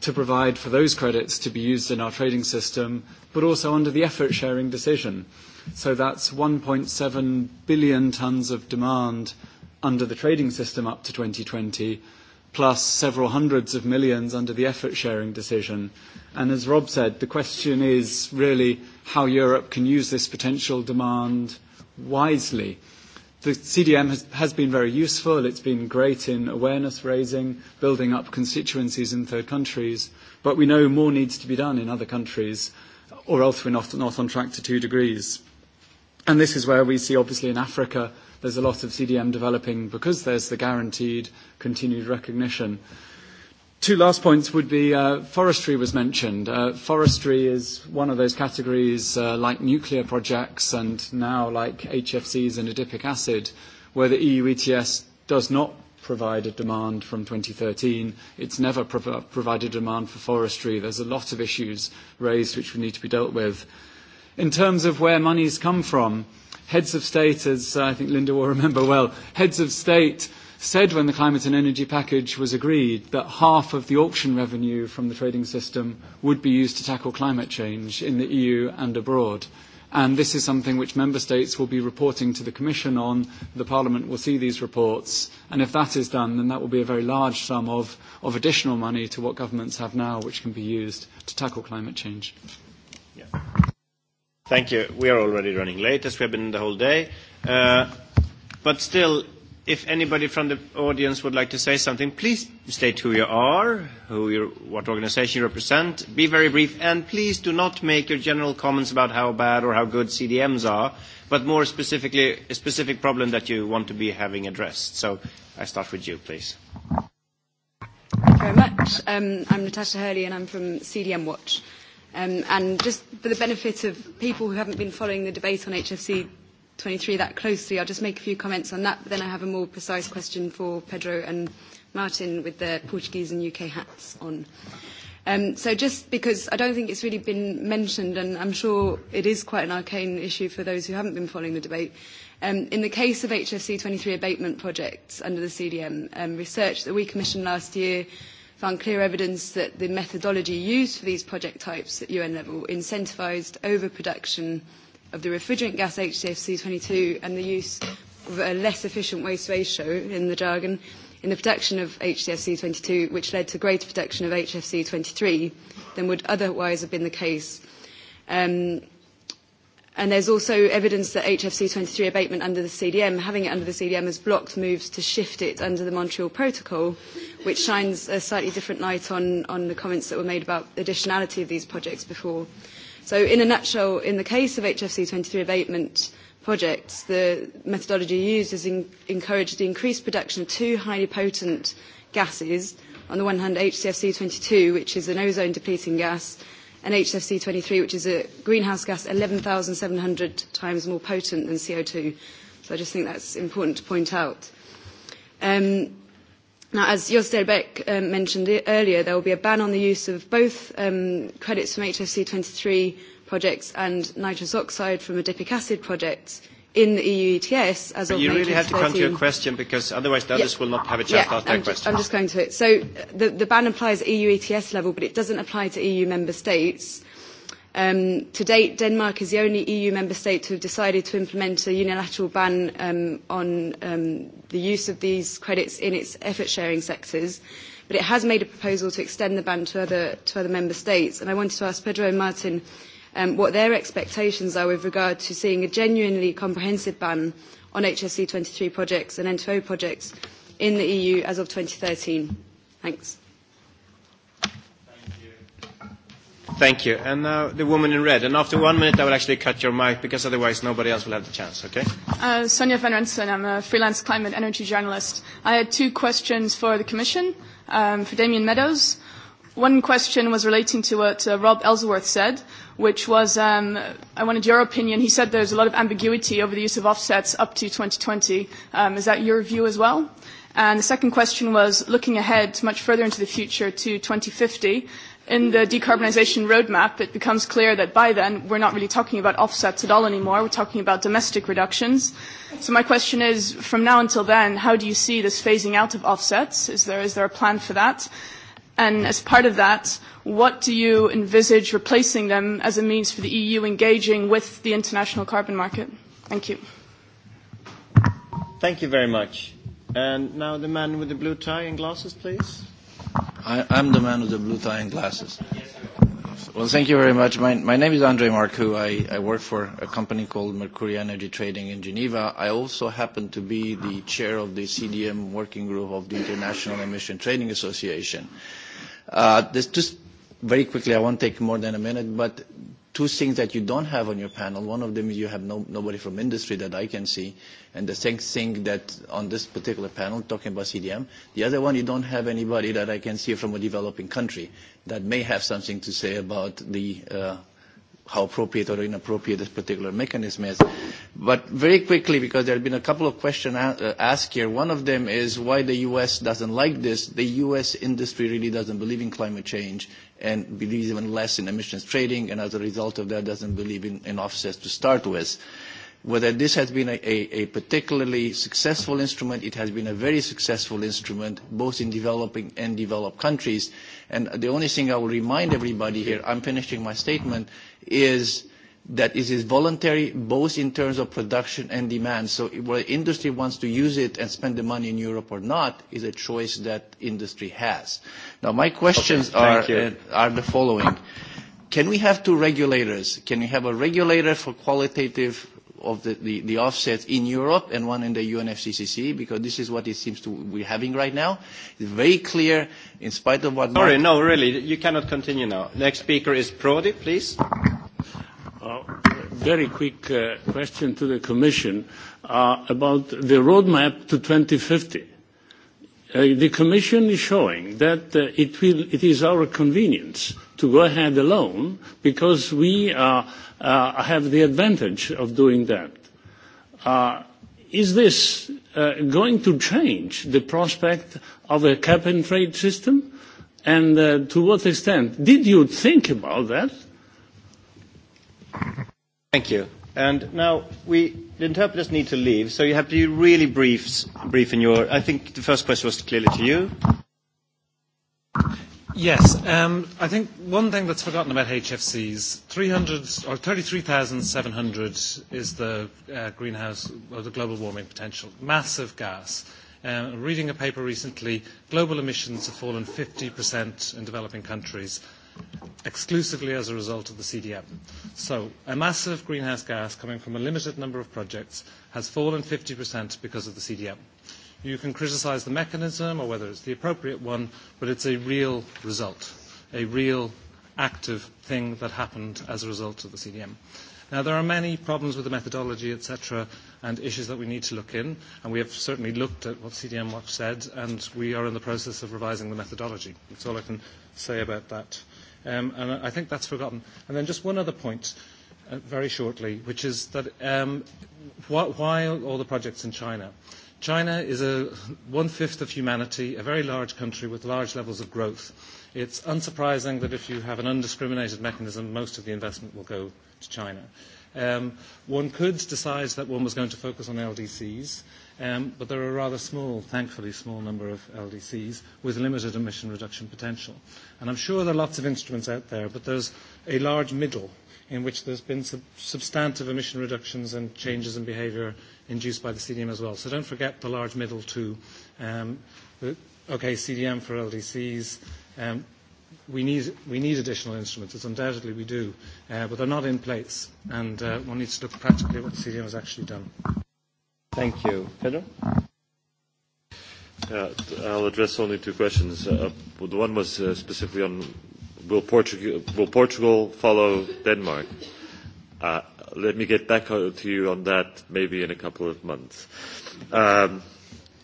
to provide for those credits to be used in our trading system, but also under the effort-sharing decision. So that's 1.7 billion tons of demand under the trading system up to 2020, plus several hundreds of millions under the effort-sharing decision. And as Rob said, the question is really how Europe can use this potential demand wisely The CDM has been very useful. It's been great in awareness raising, building up constituencies in third countries, but we know more needs to be done in other countries, or else we're not on track to two degrees. And this is where we see, obviously, in Africa, there's a lot of CDM developing because there's the guaranteed continued recognition. Two last points would be forestry was mentioned. Forestry is one of those categories like nuclear projects and now like HFCs and adipic acid, where the EU ETS does not provide a demand from 2013. It's never provided demand for forestry. There's a lot of issues raised which would need to be dealt with. In terms of where monies come from, heads of state, as I think Linda will remember well, heads of state said when the climate and energy package was agreed that half of the auction revenue from the trading system would be used to tackle climate change in the EU and abroad. And this is something which member states will be reporting to the Commission on. The Parliament will see these reports. And if that is done, then that will be a very large sum of additional money to what governments have now, which can be used to tackle climate change. Thank you. We are already running late, as we have been the whole day. But still, if anybody from the audience would like to say something, please state who you are, who what organization you represent. Be very brief, and please do not make your general comments about how bad or how good CDMs are, but more specifically, a specific problem that you want to be having addressed. So I start with you, please. Thank you very much. I'm Natasha Hurley, and I'm from CDM Watch. and just for the benefit of people who haven't been following the debate on HFC 23 that closely. I'll just make a few comments on that, but then I have a more precise question for Pedro and Martin with their Portuguese and UK hats on. So just because I don't think it's really been mentioned, and I'm sure it is quite an arcane issue for those who haven't been following the debate, in the case of HFC 23 abatement projects under the CDM, research that we commissioned last year found clear evidence that the methodology used for these project types at UN level incentivised overproduction of the refrigerant gas HCFC22 and the use of a less efficient waste ratio in the jargon in the production of HCFC22, which led to greater production of HFC23 than would otherwise have been the case. And there's also evidence that HFC23 abatement under the CDM, having it under the CDM, has blocked moves to shift it under the Montreal Protocol, which shines a slightly different light on the comments that were made about the additionality of these projects before. So in a nutshell, in the case of HFC 23 abatement projects, the methodology used has encouraged the increased production of two highly potent gases. On the one hand, HCFC 22, which is an ozone-depleting gas, and HFC 23, which is a greenhouse gas 11,700 times more potent than CO2. So I just think that's important to point out. Um, Now, as Jos Beck mentioned earlier, there will be a ban on the use of both credits from HFC23 projects and nitrous oxide from adipic acid projects in the EU ETS as of You really have to come to your question because otherwise the others will not have a chance to ask their questions. I'm just going to it. So the ban applies at EU ETS level, but it doesn't apply to EU member states To date, Denmark is the only EU member state to have decided to implement a unilateral ban on the use of these credits in its effort-sharing sectors, but it has made a proposal to extend the ban to other member states. And I wanted to ask Pedro and Martin what their expectations are with regard to seeing a genuinely comprehensive ban on HSC 23 projects and N2O projects in the EU as of 2013. Thanks. Thank you. And now the woman in red. And after one minute, I will actually cut your mic because otherwise nobody else will have the chance, okay? Uh, Sonja van Rensen, I'm a freelance climate energy journalist. I had two questions for the Commission, um, for Damien Meadows. One question was relating to what Rob Ellsworth said, which was, um, I wanted your opinion. He said there's a lot of ambiguity over the use of offsets up to 2020. Um, is that your view as well? And the second question was, looking ahead much further into the future to 2050, in the decarbonisation roadmap, it becomes clear that by then we're not really talking about offsets at all anymore. We're talking about domestic reductions. So my question is, from now until then, how do you see this phasing out of offsets? Is there a plan for that? And as part of that, what do you envisage replacing them as a means for the EU engaging with the international carbon market? Thank you. Thank you very much. And now the man with the blue tie and glasses, please. I, I'm the man with the blue tie and glasses. Well, thank you very much. My, my name is Andre Marcoux. I, I work for a company called Mercury Energy Trading in Geneva. I also happen to be the chair of the CDM working group of the International Emission Trading Association. Uh, this just very quickly, I won't take more than a minute, but two things that you don't have on your panel. One of them is you have no nobody from industry that I can see, and the same thing that on this particular panel talking about CDM. The other one, you don't have anybody that I can see from a developing country that may have something to say about the how appropriate or inappropriate this particular mechanism is. But very quickly, because there have been a couple of questions asked here, one of them is why the U.S. doesn't like this. The U.S. industry really doesn't believe in climate change and believes even less in emissions trading, and as a result of that doesn't believe in offsets to start with. Whether this has been a particularly successful instrument, it has been a very successful instrument, both in developing and developed countries. And the only thing I will remind everybody here, I'm finishing my statement, is that it is voluntary both in terms of production and demand. So whether industry wants to use it and spend the money in Europe or not is a choice that industry has. Now, my questions are the following. Can we have two regulators? Can we have a regulator for qualitative of the offsets in Europe and one in the UNFCCC, because this is what it seems to be having right now. It's very clear, in spite of what. Sorry, no, really, you cannot continue now. Next speaker is Prodi, please. Very quick question to the Commission about the roadmap to 2050. The Commission is showing that it is our convenience to go ahead alone because we have the advantage of doing that. Is this going to change the prospect of a cap and trade system? And to what extent? Did you think about that? Thank you. And now we, the interpreters need to leave, so you have to be really brief in your, I think the first question was clearly to you. Yes. I think one thing that's forgotten about HFCs, 300 or 33,700 is the greenhouse or the global warming potential. Massive gas. Reading a paper recently, global emissions have fallen 50% in developing countries exclusively as a result of the CDM. So a massive greenhouse gas coming from a limited number of projects has fallen 50% because of the CDM. You can criticise the mechanism or whether it's the appropriate one, but it's a real result, a real active thing that happened as a result of the CDM. Now, there are many problems with the methodology, etc., and issues that we need to look in, and we have certainly looked at what CDM Watch said, and we are in the process of revising the methodology. That's all I can say about that. And I think that's forgotten. And then just one other point, very shortly, which is that why all the projects in China? China is one-fifth of humanity, a very large country with large levels of growth. It's unsurprising that if you have an undiscriminated mechanism, most of the investment will go to China. One could decide that one was going to focus on LDCs, but there are a rather small, thankfully small number of LDCs with limited emission reduction potential. And I'm sure there are lots of instruments out there, but there's a large middle in which there's been substantive emission reductions and changes in behaviour induced by the CDM as well. So don't forget the large middle two. Okay, CDM for LDCs. We need additional instruments. undoubtedly we do, but they're not in place, and one needs to look practically at what the CDM has actually done. Thank you. Pedro? I'll address only two questions. The one was specifically on will Portugal follow Denmark? Let me get back to you on that maybe in a couple of months,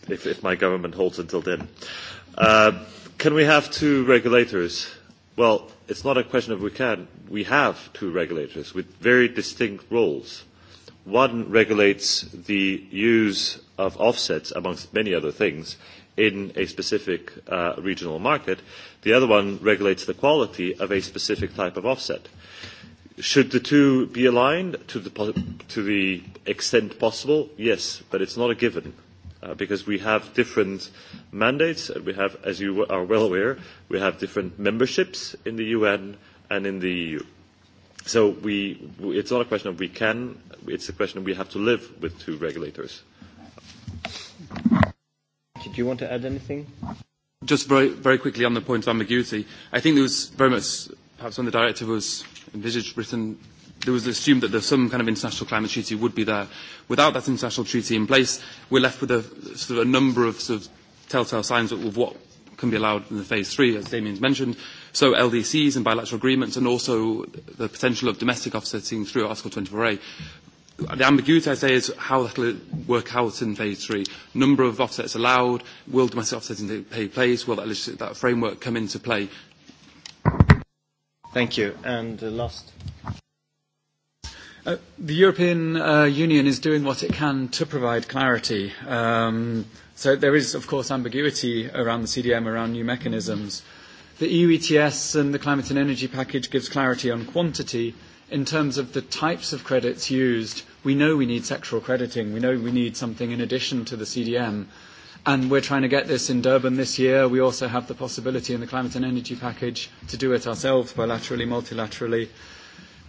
if my government holds until then. Can we have two regulators? Well, it's not a question of we can. We have two regulators with very distinct roles. One regulates the use of offsets, amongst many other things, in a specific regional market. The other one regulates the quality of a specific type of offset. Should the two be aligned to the extent possible? Yes, but it's not a given, because we have different mandates and we have, as you are well aware, we have different memberships in the UN and in the EU. So we, it's not a question of we can, it's a question of we have to live with two regulators. Did you want to add anything? Just very, very quickly on the point of ambiguity, I think there was very much perhaps when the directive was envisaged, Britain, there was assumed that some kind of international climate treaty would be there. Without that international treaty in place, we're left with a, sort of a number of sort of telltale signs of what can be allowed in the phase three, as Damien's mentioned. So LDCs and bilateral agreements, and also the potential of domestic offsetting through Article 24A. The ambiguity, I say, is how that will work out in phase three. Number of offsets allowed, will domestic offsetting take place, will that framework come into play? Thank you. And the last. The European Union is doing what it can to provide clarity. So there is, of course, ambiguity around the CDM, around new mechanisms. The EU ETS and the Climate and Energy Package gives clarity on quantity. In terms of the types of credits used, we know we need sectoral crediting. We know we need something in addition to the CDM. And we're trying to get this in Durban this year. We also have the possibility in the climate and energy package to do it ourselves, bilaterally, multilaterally.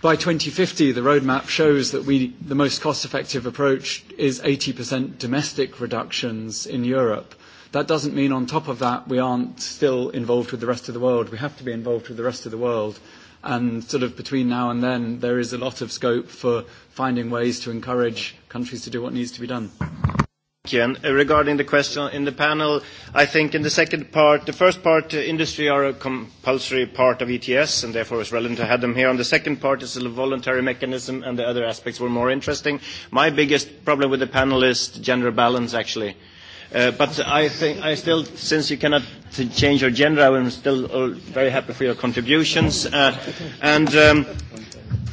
By 2050, the roadmap shows that the most cost-effective approach is 80% domestic reductions in Europe. That doesn't mean on top of that we aren't still involved with the rest of the world. We have to be involved with the rest of the world. And sort of between now and then, there is a lot of scope for finding ways to encourage countries to do what needs to be done. Regarding the question in the panel, I think in the second part, the first part, industry are a compulsory part of ETS, and therefore it's relevant to have them here. On the second part is a voluntary mechanism, and the other aspects were more interesting. My biggest problem with the panel is gender balance, actually. But I think I still, since you cannot change your gender, I am still very happy for your contributions.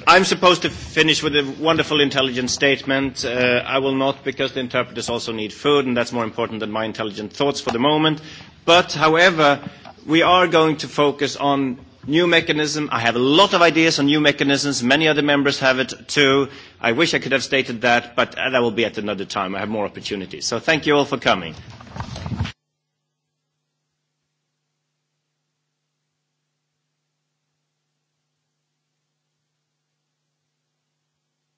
I'm supposed to finish with a wonderful intelligent statement. I will not because the interpreters also need food and that's more important than my intelligent thoughts for the moment. But, however, we are going to focus on new mechanism. I have a lot of ideas on new mechanisms. Many other members have it too. I wish I could have stated that, but that will be at another time. I have more opportunities. So thank you all for coming.